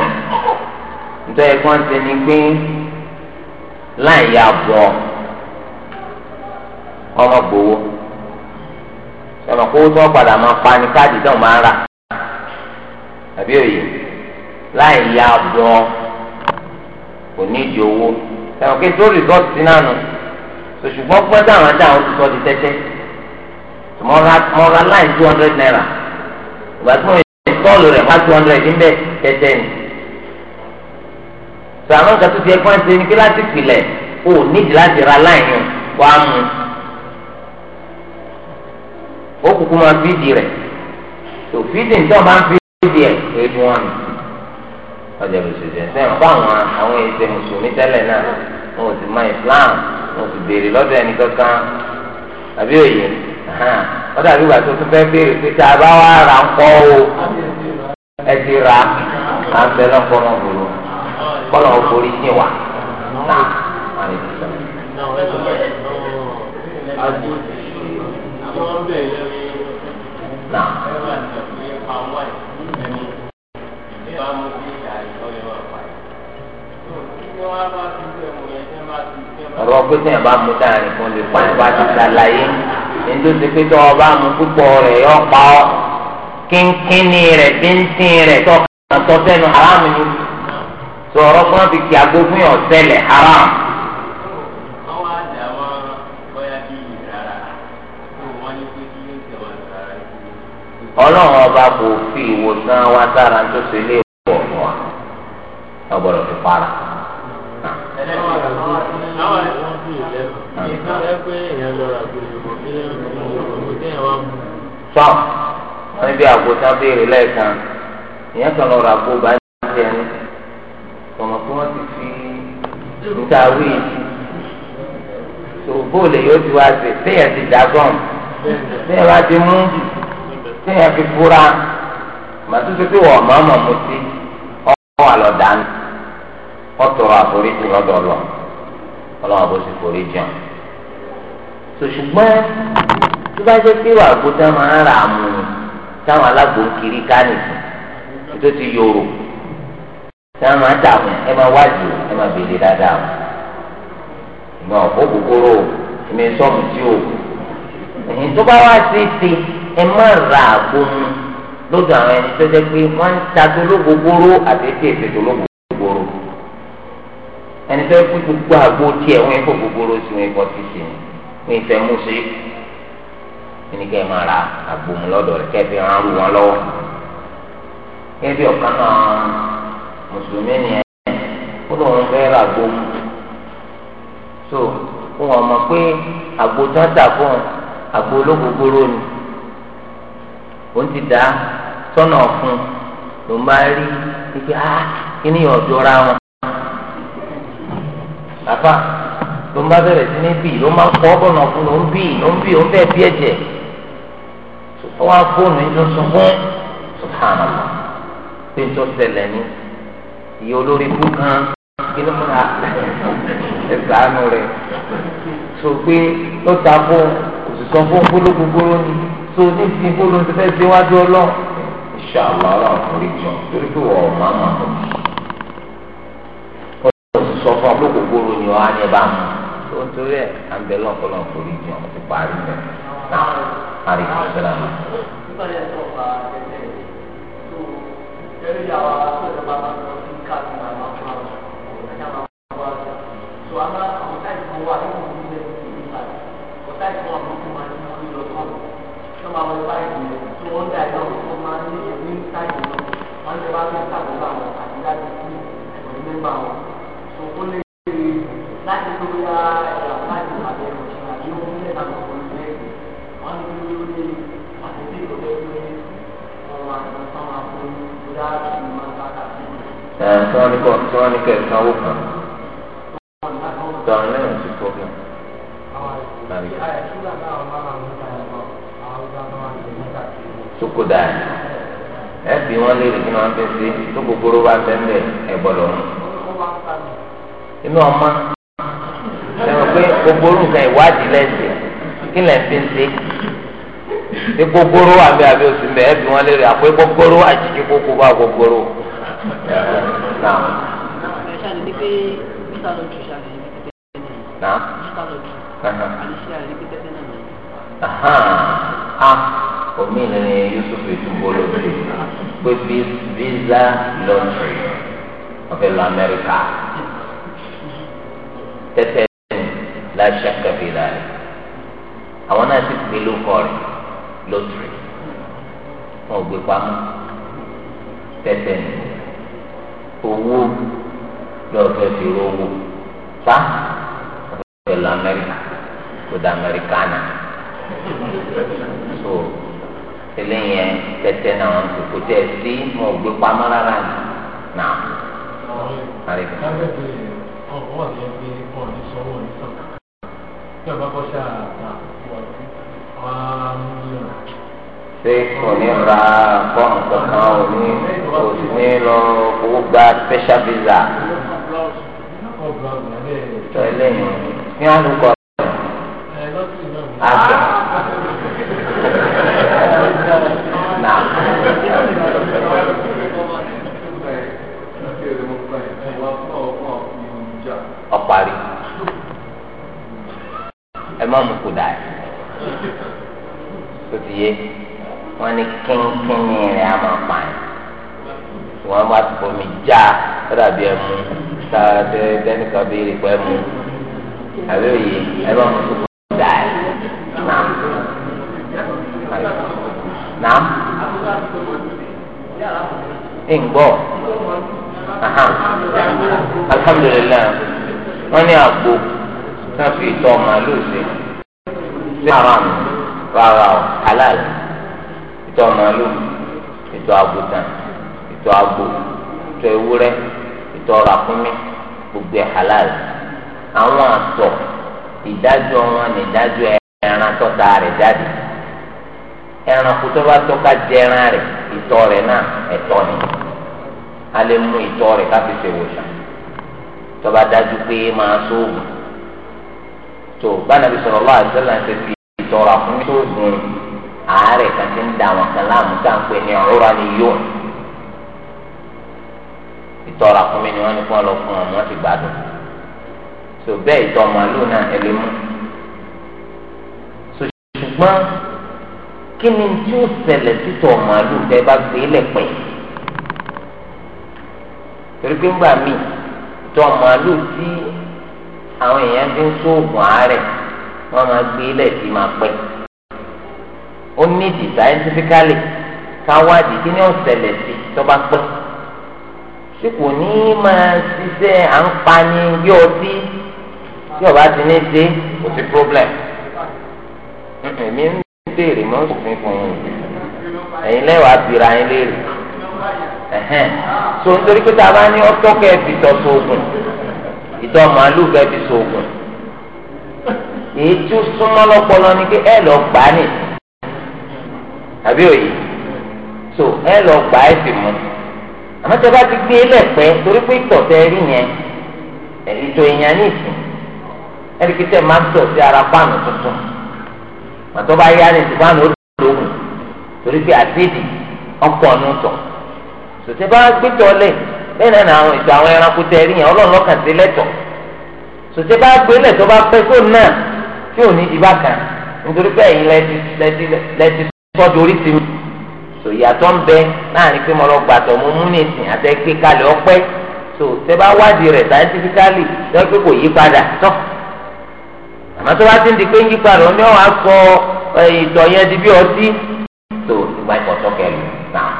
nítorí ni pé láyé àbọ̀ ọmọ gbowó kó tó padà máa pa ní káàdì tó máa rà àbí òye láyé àbọ̀ kò owó sọ̀rọ̀ kí tó rìsọ́ọ̀tì sí náà nù ṣùgbọ́n pẹ́ dáhùn sọ di tẹ́tẹ́ mọ́ra two hundred naira. ìgbà tí mo yẹ bọ́ọ̀lù rẹ̀ wá two hundred ń bẹ tẹ́tẹ́ ni. sọ àwọn kan tó ti ẹgbọ́n ṣe ni kí láti pilẹ̀ o nídìí láti ra láìní wá mu. ó kúkú máa fídì rẹ̀ tó fídì ní tí wọ́n bá ń fídì ẹ̀ èédú wọn ni. ọjà bó ṣe jẹ sẹ́yìn fún àwọn àwọn èsè mùsùlùmí tẹ́lẹ̀ náà wọn ò sì mọ ìsìláàmù wọn ò sì béèrè lọ́dọ̀ ẹnì kankan àbí òye wọ́n dàbí ìgbà tó tún fẹ́ béèrè pé tá a bá wá ra ń kọ́ o ẹ ti ra à ń bẹ lọ́nkọ́ náà bòrò kọ́nà òforí sí wa náà wà ní ìdílé. ọ̀rọ̀ pé tí bá mú dáa nìkan lè pa ìwádìí ṣàlàyé. nítorí pé ọba mu púpọ̀ rẹ̀ yọ pa ọ́ kínkínní rẹ̀ bíntín rẹ̀ tó kàtọ́ sẹ́nu haram ni sọ̀rọ̀ fún ọ́n kí agbó fún sẹ́lẹ̀ haram. ọlọ́run ọba kò fi ìwòsàn wa sára tó ṣe lé fi para. tọ́ wọ́n níbi àgùntà béèrè lẹ́ẹ̀kan ìyẹn kan lọ́ọ́ ra àgbo bá jẹ́ ẹni ọmọ tí wọ́n ti fi níta wíì tó bóòlù yóò ti wá sí téèyàn ti dàgọ́n téèyàn bá ti mú téèyàn fi fura màtúntò pé wọ́n máa mọ̀ mọ́ sí ọ́ wà lọ́ọ́ dání ọ́ tọrọ àforíjì lọ́dọ̀ ọlọ́ọ̀ ọlọ́wọ́ bó ti forí jẹun ṣùgbọ́n tó bá jẹ́ pé ìwà àgùdá máa ń rà á táwọn alágbó kiri ká nìkan tó ti yòrò táwọn máa dààmú ẹ máa wájú ẹ máa béèrè dáadáa o ìmọ̀ ó kòkòrò ìmọ̀ ìsọ̀mù tí o ẹ̀yìn tó bá wá sí ti ẹ má ra àgbo mu lọ́dọ̀ àwọn ẹni tó jẹ́ pé wọ́n ń ta dológogoro àti ètè ètè dológogoro ẹni tó yẹ kó gbogbo àgbo tiẹ̀ wọ́n ń kó gogoro sí wọn kọ́ sí sí ni ní ìfẹ́múṣe ní kẹ́ ẹ máa ra àgbòmù lọ́dọ̀ rẹ̀ kẹ́ ẹ fi hàn án rú wọn lọ́wọ́ kẹ́ bí ọ̀kan náà mùsùlùmí ni ẹ ó lóun fẹ́ ra àgbòmù so wọn mọ̀ pé àgbo tó ń tà fún àgbo olókogoro ni òun ti dá sọ́nà fún ló ń bá rí i pé ah kí ni ọ̀dọ́ ra wọn bàbá ló ń bá bẹ̀rẹ̀ sí ní bì ló máa ń kọ́ bọ̀nà fún ló ń bì ló ń bì ó ń fẹ́ bí ẹ̀jẹ̀ ó wá fóònù ìjọ sọ fún subhanallah pé tó ṣẹlẹ̀ ní ìyá olórí kú kan kí ló múra ẹ sàánú rẹ̀ sọ pé ló ta fún òṣìṣọ́ fún gbólógbòóró ni tó ní ti gbólóhùn fẹ́ gbé wájú ọlọ́run ìṣàlọ́ ọlọ́run kò torí pé wọ́n ọ̀ máa máa tó sọ fún ọ pé kòkòrò ni ọ á ní ẹ bá mú un tó ń torí ẹ̀ à ń bẹ lọ́nkọ́ lọ́n forí jù ọ́n ti parí rẹ̀ parí kò sẹ́la mi. Thank you. 那就是啊。tí wọ́n ní kọ́ tí wọ́n ní kẹ́ ẹ̀ sanwó kan tọ́ni lẹ́yìn sí problem. sukuda ẹ bí wọn lè rìn wọn fẹ́ sí tó gbogbo bá fẹ́ ń bẹ ẹ gbọ́dọ̀ mú inú ọmọ sẹwọn pé gbogbo nǹkan ìwádìí lẹsẹ kí lẹ fi ń ṣe ní gbogboro wà bí abẹ́ òsì mbẹ́ ẹ bí wọn lè rìn àpò gbogboro àti kí gbogbo bá gbogboro náà. ẹ ṣáà ní pé mítà lọ́jù ṣáà ní pípẹ́ náà. náà mítà lọ́jù. àdìsí àrí pípẹ́ náà. a omi ni Yusuf ìdúgbò lóde pé visa lottery ọ̀fẹ́ lọ Amẹ́ríkà tẹ́tẹ́ la ṣàkàbí láàrin àwọn náà ti pè lóko rẹ̀ lottery wọn ò gbé pamọ́ tẹ́tẹ́ nìyẹn owó lọ́fẹ́ fi rówó fa pẹ̀lú amẹ́ríkà kò dé amẹ́ríkà náà so eléyẹn tẹ́tẹ́ náà wọn kò tẹ́ ẹ sí mo gbé pamọ́ rárá ni náà amẹ́ríkà ṣé òní ra fọ́ọ̀mù kankan òní òní lọ owó gba special visa tọ eléyìí ní àlùkò àgbà nà. ọ̀parí ẹ má mú kó dà ẹ́ tó ti yé wọ́n ní kínkínní rẹ̀ á máa pa ẹ̀ wọ́n bá ti bomi já ó dàbí ẹmu tẹ́nìkan bí ìrìkọ́ ẹmu àbí òye ẹ bá mọ̀ tó kọ́ dà ẹ̀ nàá nàá ǹgbọ́ alhamdulilayi wọ́n ní àgbo náà fi sí sí àrà mi rárá o halal ìtọ̀ màálù ìtọ̀ àgùtàn ìtọ̀ àgbò ìtọ̀ ewúrẹ́ ìtọ̀ ràkúnmí gbogbo ẹ̀ halal àwọn àtọ̀ ìdájọ́ wọn ni ìdájọ́ ẹran tọ́ta rẹ̀ jáde ẹranko tó bá tọ́ka jẹ ẹran rẹ̀ ìtọ̀ rẹ̀ náà ẹ̀tọ́ ni a lè mú ìtọ̀ rẹ̀ káfí ṣe wòsàn tó bá dájú pé máa sóògùn tó bá nàbí sallallahu alaihi wasallam ṣe fi ìtọ̀ ràkúnmí sóògùn àárẹ̀ kan ti ń da àwọn kan láàmú tá à ń pè ní ọ̀rọ̀ ni yóò ìtọ́ra fún mi ni wọ́n ní kí wọ́n lọ fún wọn wọ́n ti gbádùn tó bẹ́ẹ̀ ìtọ́ màálù náà ẹ mú ṣùgbọ́n kí ni tí ó ṣẹlẹ̀ títọ̀ màálù tẹ́ bá gbé lẹ̀pẹ̀ torí pé ńgbà míì tọ́ màálù tí àwọn èèyàn fi ń sóògùn àárẹ̀ wọ́n máa gbé lẹ̀ máa pẹ́ ó nídìí scientifically káwádìí kí ni ó ṣẹlẹ̀ sí tó bá pẹ́ tí kò ní máa ṣiṣẹ́ à ń pani bí ọtí tí ọba ti ní ṣe kò sí problem èmi ń béèrè mọ́ òṣùpín fún yín ẹ̀yin lẹ́wàá bìrà yín léèrè so nítorí pé tá a bá ní ọtọ́ kẹ́ ẹ fi tọ́ sóògùn ìtọ́ màálù kẹ́ ẹ fi èyí tí ó súnmọ́ lọ́pọlọ ni pé ẹ lọ gbà á àbí òye so ẹ lọ gbà ẹ sì mú àmọ́ tẹ bá ti gbé e lẹ́pẹ́ torí pé ìtọ̀ tẹ rí yẹn ìtọ̀ èèyàn ní ìsìn ẹ̀ríkì tẹ máa ń tọ̀ sí ara páànù tuntun màtọ́ bá yá ní ìsìnkú àná ó lóògùn torí pé àtẹ́ẹ̀dì ọkọ̀ ọ̀nù tọ̀ sòtẹ́ bá gbé tọ̀ lẹ̀ bẹ́ẹ̀ náà àwọn ìtọ̀ àwọn ẹranko tẹ rí yẹn ọlọ́run lọ́kàn sí lẹ́tọ̀ sòtẹ́ bá gbé lẹ̀ tó bá pẹ́ tó náà tí ò ní di nítorí pé ẹ̀yin lẹ́ti kọ́ dorí sí mi so ìyàtọ̀ ń bẹ láàrin pé mo lọ gbàtọ̀ mo mú nìsín àtẹ́gbẹ́ kalẹ̀ ọpẹ́ so tẹ bá wádìí rẹ̀ scientifically lọ́ọ́ pé kò yí padà tọ́ àmọ́ tó bá ti ń di pé ń yí padà ó ní ọ̀hún á sọ ìtọ̀ yẹn di bí ọtí so ìgbà ìkọ̀tọ̀ kẹlù náà.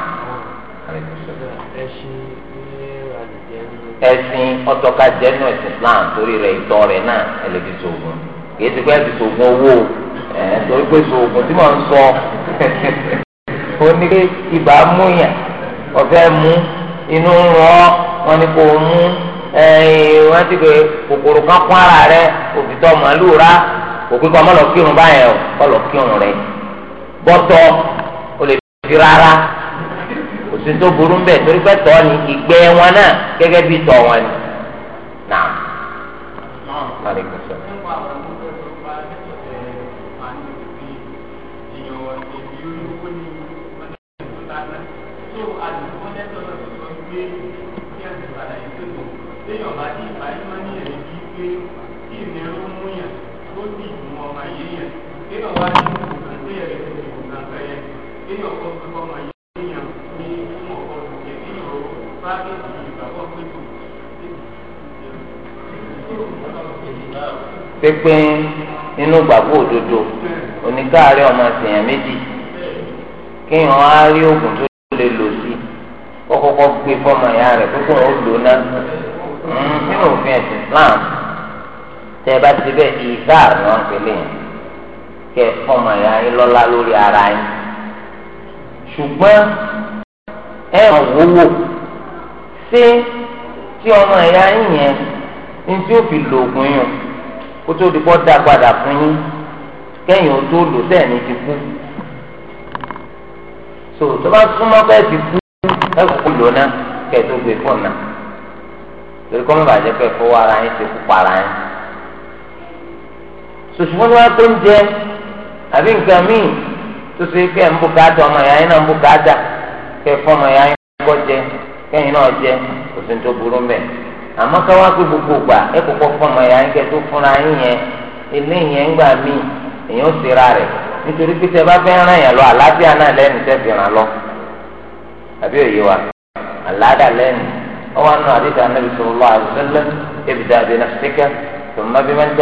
ẹ̀sìn ọ̀tọ̀ka jẹ́ nù ẹ̀sìn Islam torí rẹ̀ ìtọ̀ rẹ̀ náà ẹ̀lẹ́bí sògùn kì í ti pẹ́ ẹ̀sìn sògùn owó o ẹ̀ torí pé sòògùn tí mò ń sọ ó ní pé ibà mú yàn ọ̀fẹ́ mú inú ń rọ wọn ni kò mú wọ́n ti pé kòkòrò kan kún ara rẹ òfìtọ́ màálùú rà òpin kan mọ́ lọ kírun báyẹn o kọ́ lọ kírun rẹ bọ́tọ̀ o lè fi rárá òsì tó burú ń torí pé tọ́ ni ìgbẹ́ wọn náà gẹ́gẹ́ bí tọ́ wọn ni. Naam. Naam. pépé inú gbàgbọ́ òdodo oníkáàárẹ̀ ọmọ àtẹ̀yàn méjì kéèyàn á rí oògùn tó lè lò sí kọ́kọ́kọ́ gbé fọ́mọ ìyá rẹ̀ kókó wọn ó lò ná hmm, nínú òfin ẹ̀sìn Islam ti bẹ kẹ fọmọ ya yín lọ́lá lórí ara yín ṣùgbọ́n ẹ hàn wówó ṣé tí ọmọ ẹ̀yà yín yẹn ní tí ó fi lo oògùn yàn kó tó di bọ́ dá padà fún yín kẹ́yìn ó tó lò sẹ́ẹ̀ni ti kú so tó bá súnmọ́ pé ti kú ẹ kò lò náà kẹ́ ẹ tó gbé fún náà torí kọ́ mọ́ bàjẹ́ pé fọwọ́ ara yín ti kú para yín sòṣùpọ̀ ni wọ́n á pé ń jẹ́ àbí nǹkan míì tó ṣe kẹ́ ń bùkátà ọmọ ìyá yín náà ń bùkátà kẹ́ fọmọ ìyá yín kọ́ jẹ kẹ́yìn náà jẹ òsì tó burú mbẹ pé gbogbo gbà ẹ kọ́kọ́ fọmọ ìyá yín kẹ́ tó fúnra yín yẹn ilé yẹn gbà míì èèyàn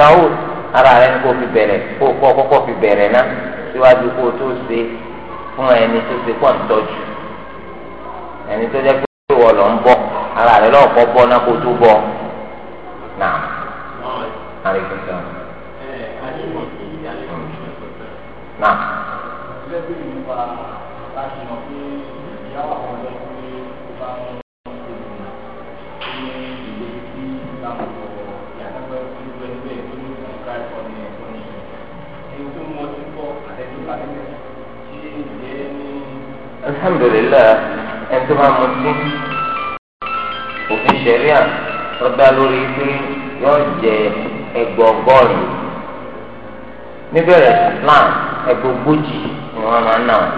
ó ara rẹ ní kó fi bẹ̀rẹ̀ kó kọ́ kọ́kọ́ fi bẹ̀rẹ̀ ná síwájú kó o tó ṣe fún ẹni tó ṣe pọ̀ ń tọ́jú ẹni tó jẹ́ pé wọ́n lọ ń bọ̀ ara rẹ lọ́ọ̀ kọ́ bọ́ ná kó o tó bọ̀ náà. Nah. alhamdulilayi ẹni tó bá mu sí òfin ṣẹ̀ríà ó dá lórí pé yóò jẹ ẹgbọ̀gbọ́ọ̀lù níbẹ̀rẹ̀ Islam ẹgbọ̀gbọ́jì ni wọ́n máa ń nà wọ́n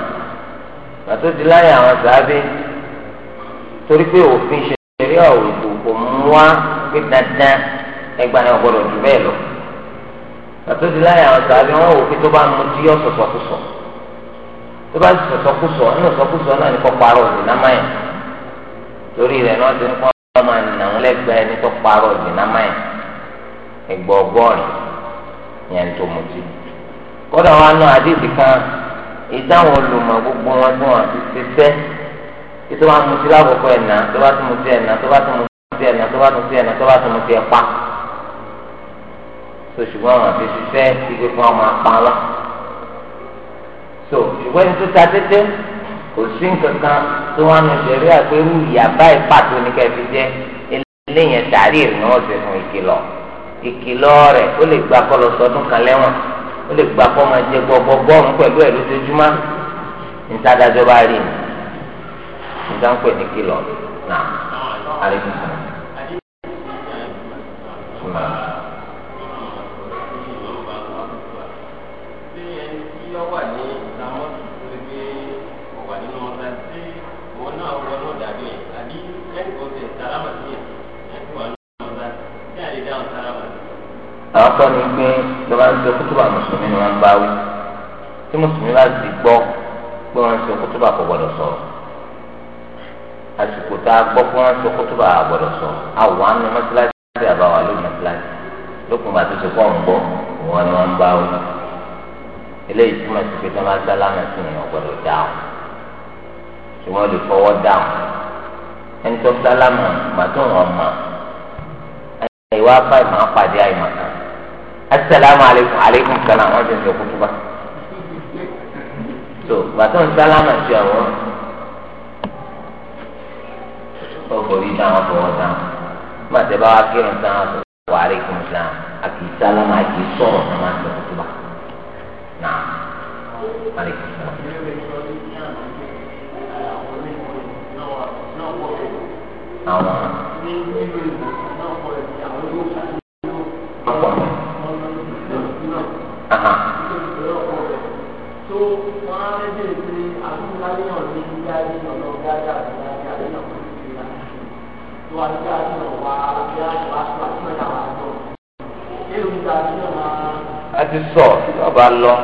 pàtó di láyé àwọn sàábé torí pé òfin ṣẹ̀ríà òòlù kò mú wá pé dandan ẹgbà yẹn gbọdọ̀ jù bẹ́ẹ̀ lọ pàtó di láyé àwọn sàábé wọn ò fi tó bá mu sí ọ̀sọ̀sọ̀ tó sọ̀rọ̀. tó bá sì sọ̀sọ́kùsọ nínú sọ̀kùsọ náà ní kọ́ parọ́ ìdìnnámáyà torí rẹ̀ náà ti ń pọ́n ọmọ ànàwọn lẹ́gbẹ̀ẹ́ ẹni tó parọ́ ìdìnnámáyà ẹgbẹ́ ọgọ́rin ní ẹni tó mutí. kódà wọn nú kan ìdáhùn olùmọ̀ gbogbo wọn wọn ti ti fẹ́ kí tó bá lákòókò ẹ̀nà tó ìwé ní tó ta tètè kò sí nǹkankan tó wà nù sẹ̀rí àpérú ìyàbá ìpàtó ní kẹfì jẹ eléyẹn tàrí ìrìn wọn sì fún ìkìlọ̀ ìkìlọ̀ rẹ̀ ó lè gba kọlọ sọdún kan lẹ́wọ̀n ó lè gba kọ́ máa jẹ gbọgbọgbọrún pẹ̀lú ẹ̀ lójoojúmọ́ nítàdájọ́ bá rí ni nígbà ní kìlọ̀ náà àríkùsọ̀. àwọn kọ́ ni pé ló máa ń ṣe kútùbà mùsùlùmí ni wọ́n ń bá wí tí mùsùlùmí bá ti gbọ́ pé wọ́n ń ṣe kútùbà kò gbọ́dọ̀ sọ̀rọ̀ àsìkò tá a gbọ́ pé wọ́n ń ṣe kútùbà à gbọ́dọ̀ sọ̀rọ̀ àwọn àmì mọ́tíláṣí àbáwá ló mọ́tíláṣí lókun bá tó ṣe pọ̀ ń gbọ́ wọn ni wọ́n ń bá wí eléyìí túmọ̀ sí pé tó máa sálámà sí ìyẹn ọ̀gbọ́dọ̀ dáhùn ṣùgbọ́n lè fọwọ́ dáhùn ẹni tó sálámà màtó wọn mọ̀ ẹ̀yìn wá báyìí máa asalaamu aleykum aleykum salaam wọn ti ń sọ kutuba so bàtà ń sálámà sí àwọn ọkọ̀rí táwọn fọwọ́ táwọn gbàtẹ́ bá wá kírun táwọn sọ wà aleykum salaam àti sálámà àti sọ̀rọ̀ náà máa ń sọ kutuba náà aleykum salaam. àwọn. a ti sọ ọba lọ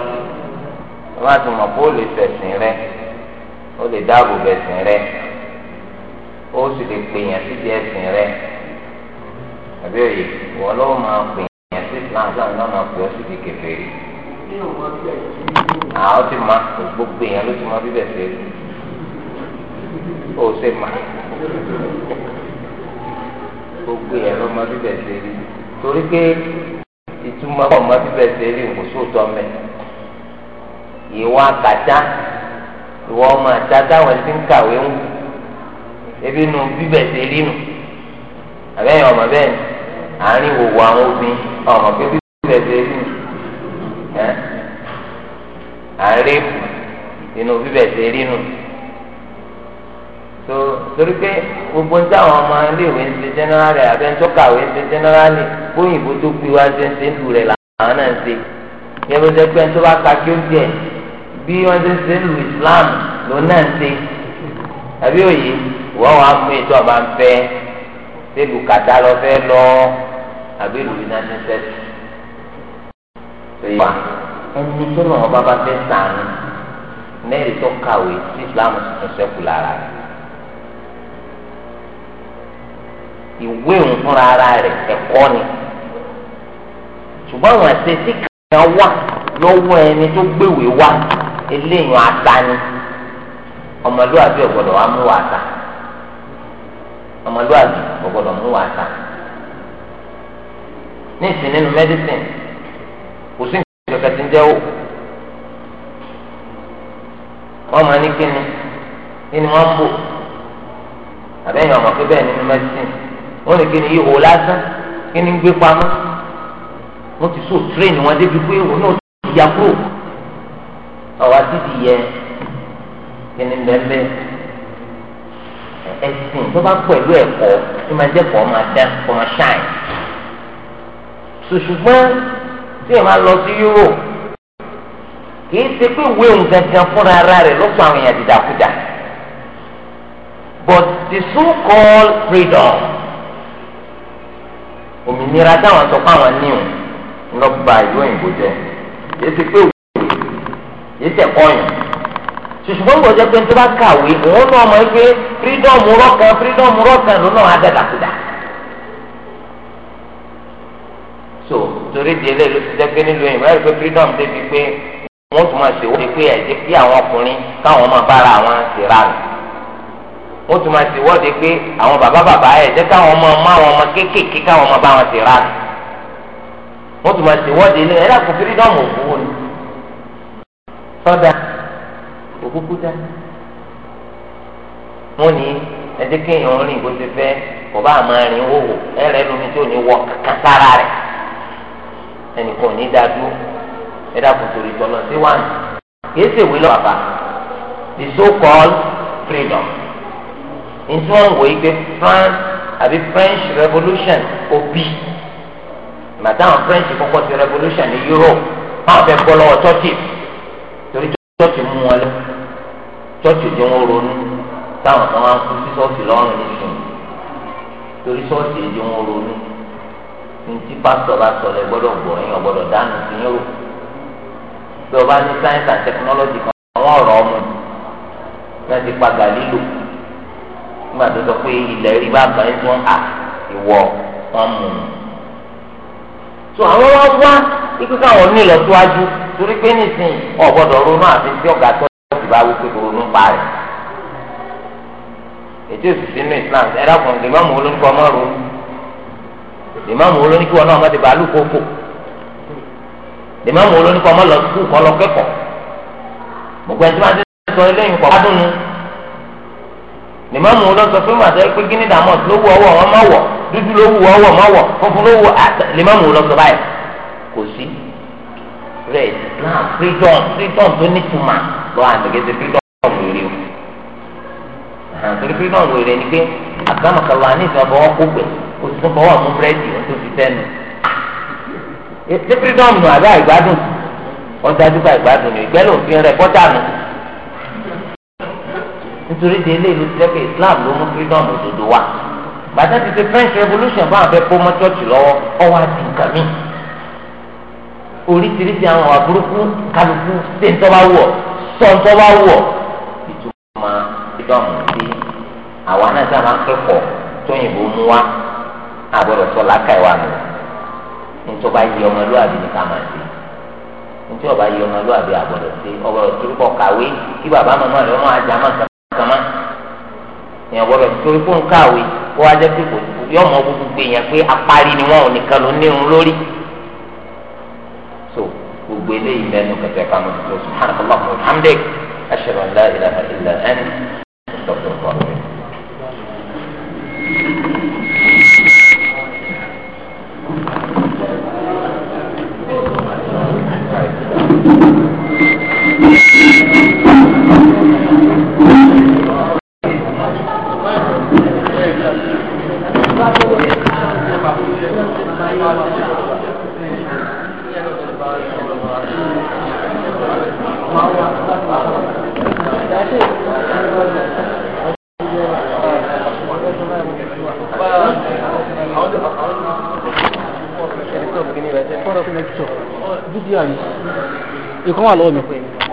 ọba tó mọ bó lè fẹsìn rẹ ó lè dáàbò bẹsìn rẹ ó sì lè pèèyàn síbi ẹsìn rẹ àbí òye wọn lọ máa pèèyàn sí islam sáà náà máa pè ọ síbi kẹfẹ àwọn ti mọ gbogbo èèyàn ló ti mọ bíbẹ sí ó ṣe gbogbo ma bíbẹ̀ ṣe rí torí pé ìtumọ̀ ma bíbẹ̀ ṣe rí kò sóòtọ́ mẹ́ ìwà kàtá ọmọ àtá táwọn ẹni ń kàwé ń ebi nu bíbẹ̀ ṣe rí nù àbẹ́yẹn ọmọ bẹ́ẹ̀ àárín òwò àwọn obìnrin ọmọ ṣe So, torí pé gbogbo ń táwọn ọmọ iléèwé ń ṣe jẹ́nẹ́rálì abẹ́ńtọ́ kàwé ń ṣe jẹ́nẹ́rálì bóyìnbó tó gbé wá ṣe ń ṣe lù rẹ̀ làwọn náà ń ṣe yẹ́n bó ṣe pé ń tó bá ka kí ó jẹ́ bí wọ́n ṣe ń ṣe lù Islam lòun náà ń ṣe àbí òye wọ́n wàá mú ètò ọba ń fẹ́ ṣé bùkátà lọ fẹ́ lọ àbí lù iná ní sẹ́sì. ẹni tó náà ọba bá fẹ́ sàn ní ẹ̀rí tó kàwé Islam tuntun ṣẹ́kù lára rẹ̀. ìwé òun fúnra ara rẹ̀ ẹ̀kọ́ ni ṣùgbọ́n àwọn ẹ̀sẹ̀ tí kàkà wà lọ́wọ́ tó gbéwè wá ni ọmọlúwàbí wa mú wa ta ọmọlúwàbí ọ̀gbọ́dọ̀ mú wa ta ní ìsìn nínú mẹ́dísìn kò sí nǹkan tí ń jẹ́ wọ́n máa ní kíni kíni wọ́n ń bò àbẹ́yìn ọmọ nínú ó ní kí ni ihò lásán kí ni gbé pamọ́ wọ́n ti so tírèènì wọn débi pé ihò náà ti ya kúrò ọ̀wá sì ti yẹ kí ni bẹ́ẹ̀ ẹ̀sìn tó bá pẹ̀lú ẹ̀kọ́ tó máa jẹ́ kọ́ máa dán kọ́ máa ṣáìn ṣùṣùgbọ́n tí èèyàn máa lọ sí Europe kì í ṣe pé ìwé òun fúnra ara rẹ̀ lọ́pọ̀ àwọn èèyàn dìdàkudà but the so called freedom òmìnira táwọn sọ pé àwọn níwò lọ ba ìlú òyìnbó jẹ yìí ti pé òwe yìí tẹ kọyìn ṣùṣùgbọ́n gbọ́dọ̀ jẹ́ pé tó bá kàwé òun náà mọ̀ pé fírídọ́ọ̀mù rọ́ọ̀kan fírídọ́ọ̀mù rọ́ọ̀kan ló náà á dàdàkúdà. so torí di eléyìí ló ti jẹ́ pé nílùú òyìnbó láti pé fírídọ́ọ̀mù débi pé wọ́n tún máa ṣèwọ́de pé ẹ̀jẹ̀ kí àwọn ọkùnrin káwọn máa bára àwọn ṣèrà ó tún máa ti wọ́de pé àwọn bàbá bàbá ẹ̀ jẹ́ káwọn ọmọ ọmọ àwọn ọmọ kéékèèké káwọn ọmọ bá wọn ti rà nù wọ́n tún máa ti wọ́de ilé ẹ̀rọ àpò fírídọ́ọ̀mù òkúwò ni sọ́dà òkúkú dá wọ́n ní ẹ̀jẹ̀ kéèyàn rìn bó ti fẹ́ kò bá máa rìn wòwò ẹ̀rẹ́ lómi tí ò ní wọ kankan sára rẹ̀ ẹnìkan ò ní dá dúró ẹ̀rọ àpò torí tọ́lọ sí wàhùn kì í ṣèwé lọ́wọ́ bàbá the so called freedom nti wọn wọ igbe France àbí French Revolution obi madam French kọ́kọ́ ti revolution ní Europe wọn fẹ́ bọ́ lọ́wọ́ churches torí churches mú wọn lọ churches jẹ wọn ronú táwọn kan wá ń kú sí ṣọ́ọ̀ṣì lọ́rùn nísìnyí torí ṣọ́ọ̀ṣì jẹ wọn ronú ntí pásítọ̀ bá sọ lẹ gbọ́dọ̀ gbọ́ ẹ̀yìn ọ̀gbọ́dọ̀ dánù sí yín rò bí ọba ní science and technology kan àwọn ọ̀rọ̀ ọmọ náà ti pa Galileo nígbà tó sọ pé ilẹ̀ rí bá kan tó ń à ìwọ wọn mú un. tó àwọn wá wá ikú káwọn ní ìlọsíwájú torí pé nìsín ọ̀gbọ́dọ̀ ronú àti tí ọ̀gá tó ti bá wípé kò ronú pa rẹ̀. ètò ìsìsì inú Islam ẹ̀rọ kan ìmáàmù olóńgbò ọmọ ronú ìmáàmù olóńgbò ọmọ ọmọ ti bàálù kókò ìmáàmù olóńgbò ọmọ lọ sùkúù kọ́ lọ kẹ́kọ̀ọ́ gbogbo ẹni ti sọ eléyìí kọ́ adùnnú nìmọ̀mù lọ́sọ fún màtọ́ pé gíní dàmọ́ ló wù ọwọ́ wọn má wọ̀ dúdú ló wù ọwọ́ má wọ̀ funfun ló wù àtẹ nìmọ̀mù lọ́sọ báyìí kò sí rẹ̀ náà freedom freedom tó nítumà lọ́wọ́ àtẹ̀gẹ́sẹ̀ freedom wèrè o àtẹ̀gẹ́ freedom wèrè ni pé àgbàmọ̀kàlà ní ìfẹ́ bọ́wọ́ kó pẹ̀ kò sí bọ́wọ́ mú búrẹ́dì tó fi sẹ́nu ṣé freedom nù àbẹ́ àìgbádùn ọjà dúpọ̀ àìgbádùn nù ìgbẹ́ nítorí de ilé ìlú ti dẹ́pẹ́ Islam ló mú freedom òdodo wa bàtà ti ṣe French revolution bá àwọn fẹ́ kó mọ́ church lọ́wọ́ ọwọ́ àti nǹkan mi oríṣiríṣi àwọn ọ̀wà burúkú kálukú ṣe ń tọ́ba wọ̀ sọ ń tọ́ba wọ̀ ìtumọ̀ freedom sí àwa náà sábà ń kẹ́kọ̀ọ́ tóyìnbó mú wa àgbọ̀dọ̀ sọ lákàìwá mi nítorí yí ọmọlúwàbí ní ká máa ṣe nítorí ọba yí ọmọlúwàbí àgbọ̀dọ̀ ṣe ọgbọ̀dọ̀ torí kọ kàwé kí bàbá màmá rẹ̀ wọ́n ajá máa sọ kàmá èèyàn gbọ́dọ̀ torí fún káàwé kó wá jẹ́ pé kò yọ ọmọ gbogbo èèyàn pé apárí ni wọn ò nìkan ló nírun lórí so gbogbo eléyìí lẹ́nu kẹtẹ kàmú tó subhanallahi walhamdulillah ashhadu an la ilaha illa anta astaghfiruka Thank you. ìkan wà lọ́wọ́ mi.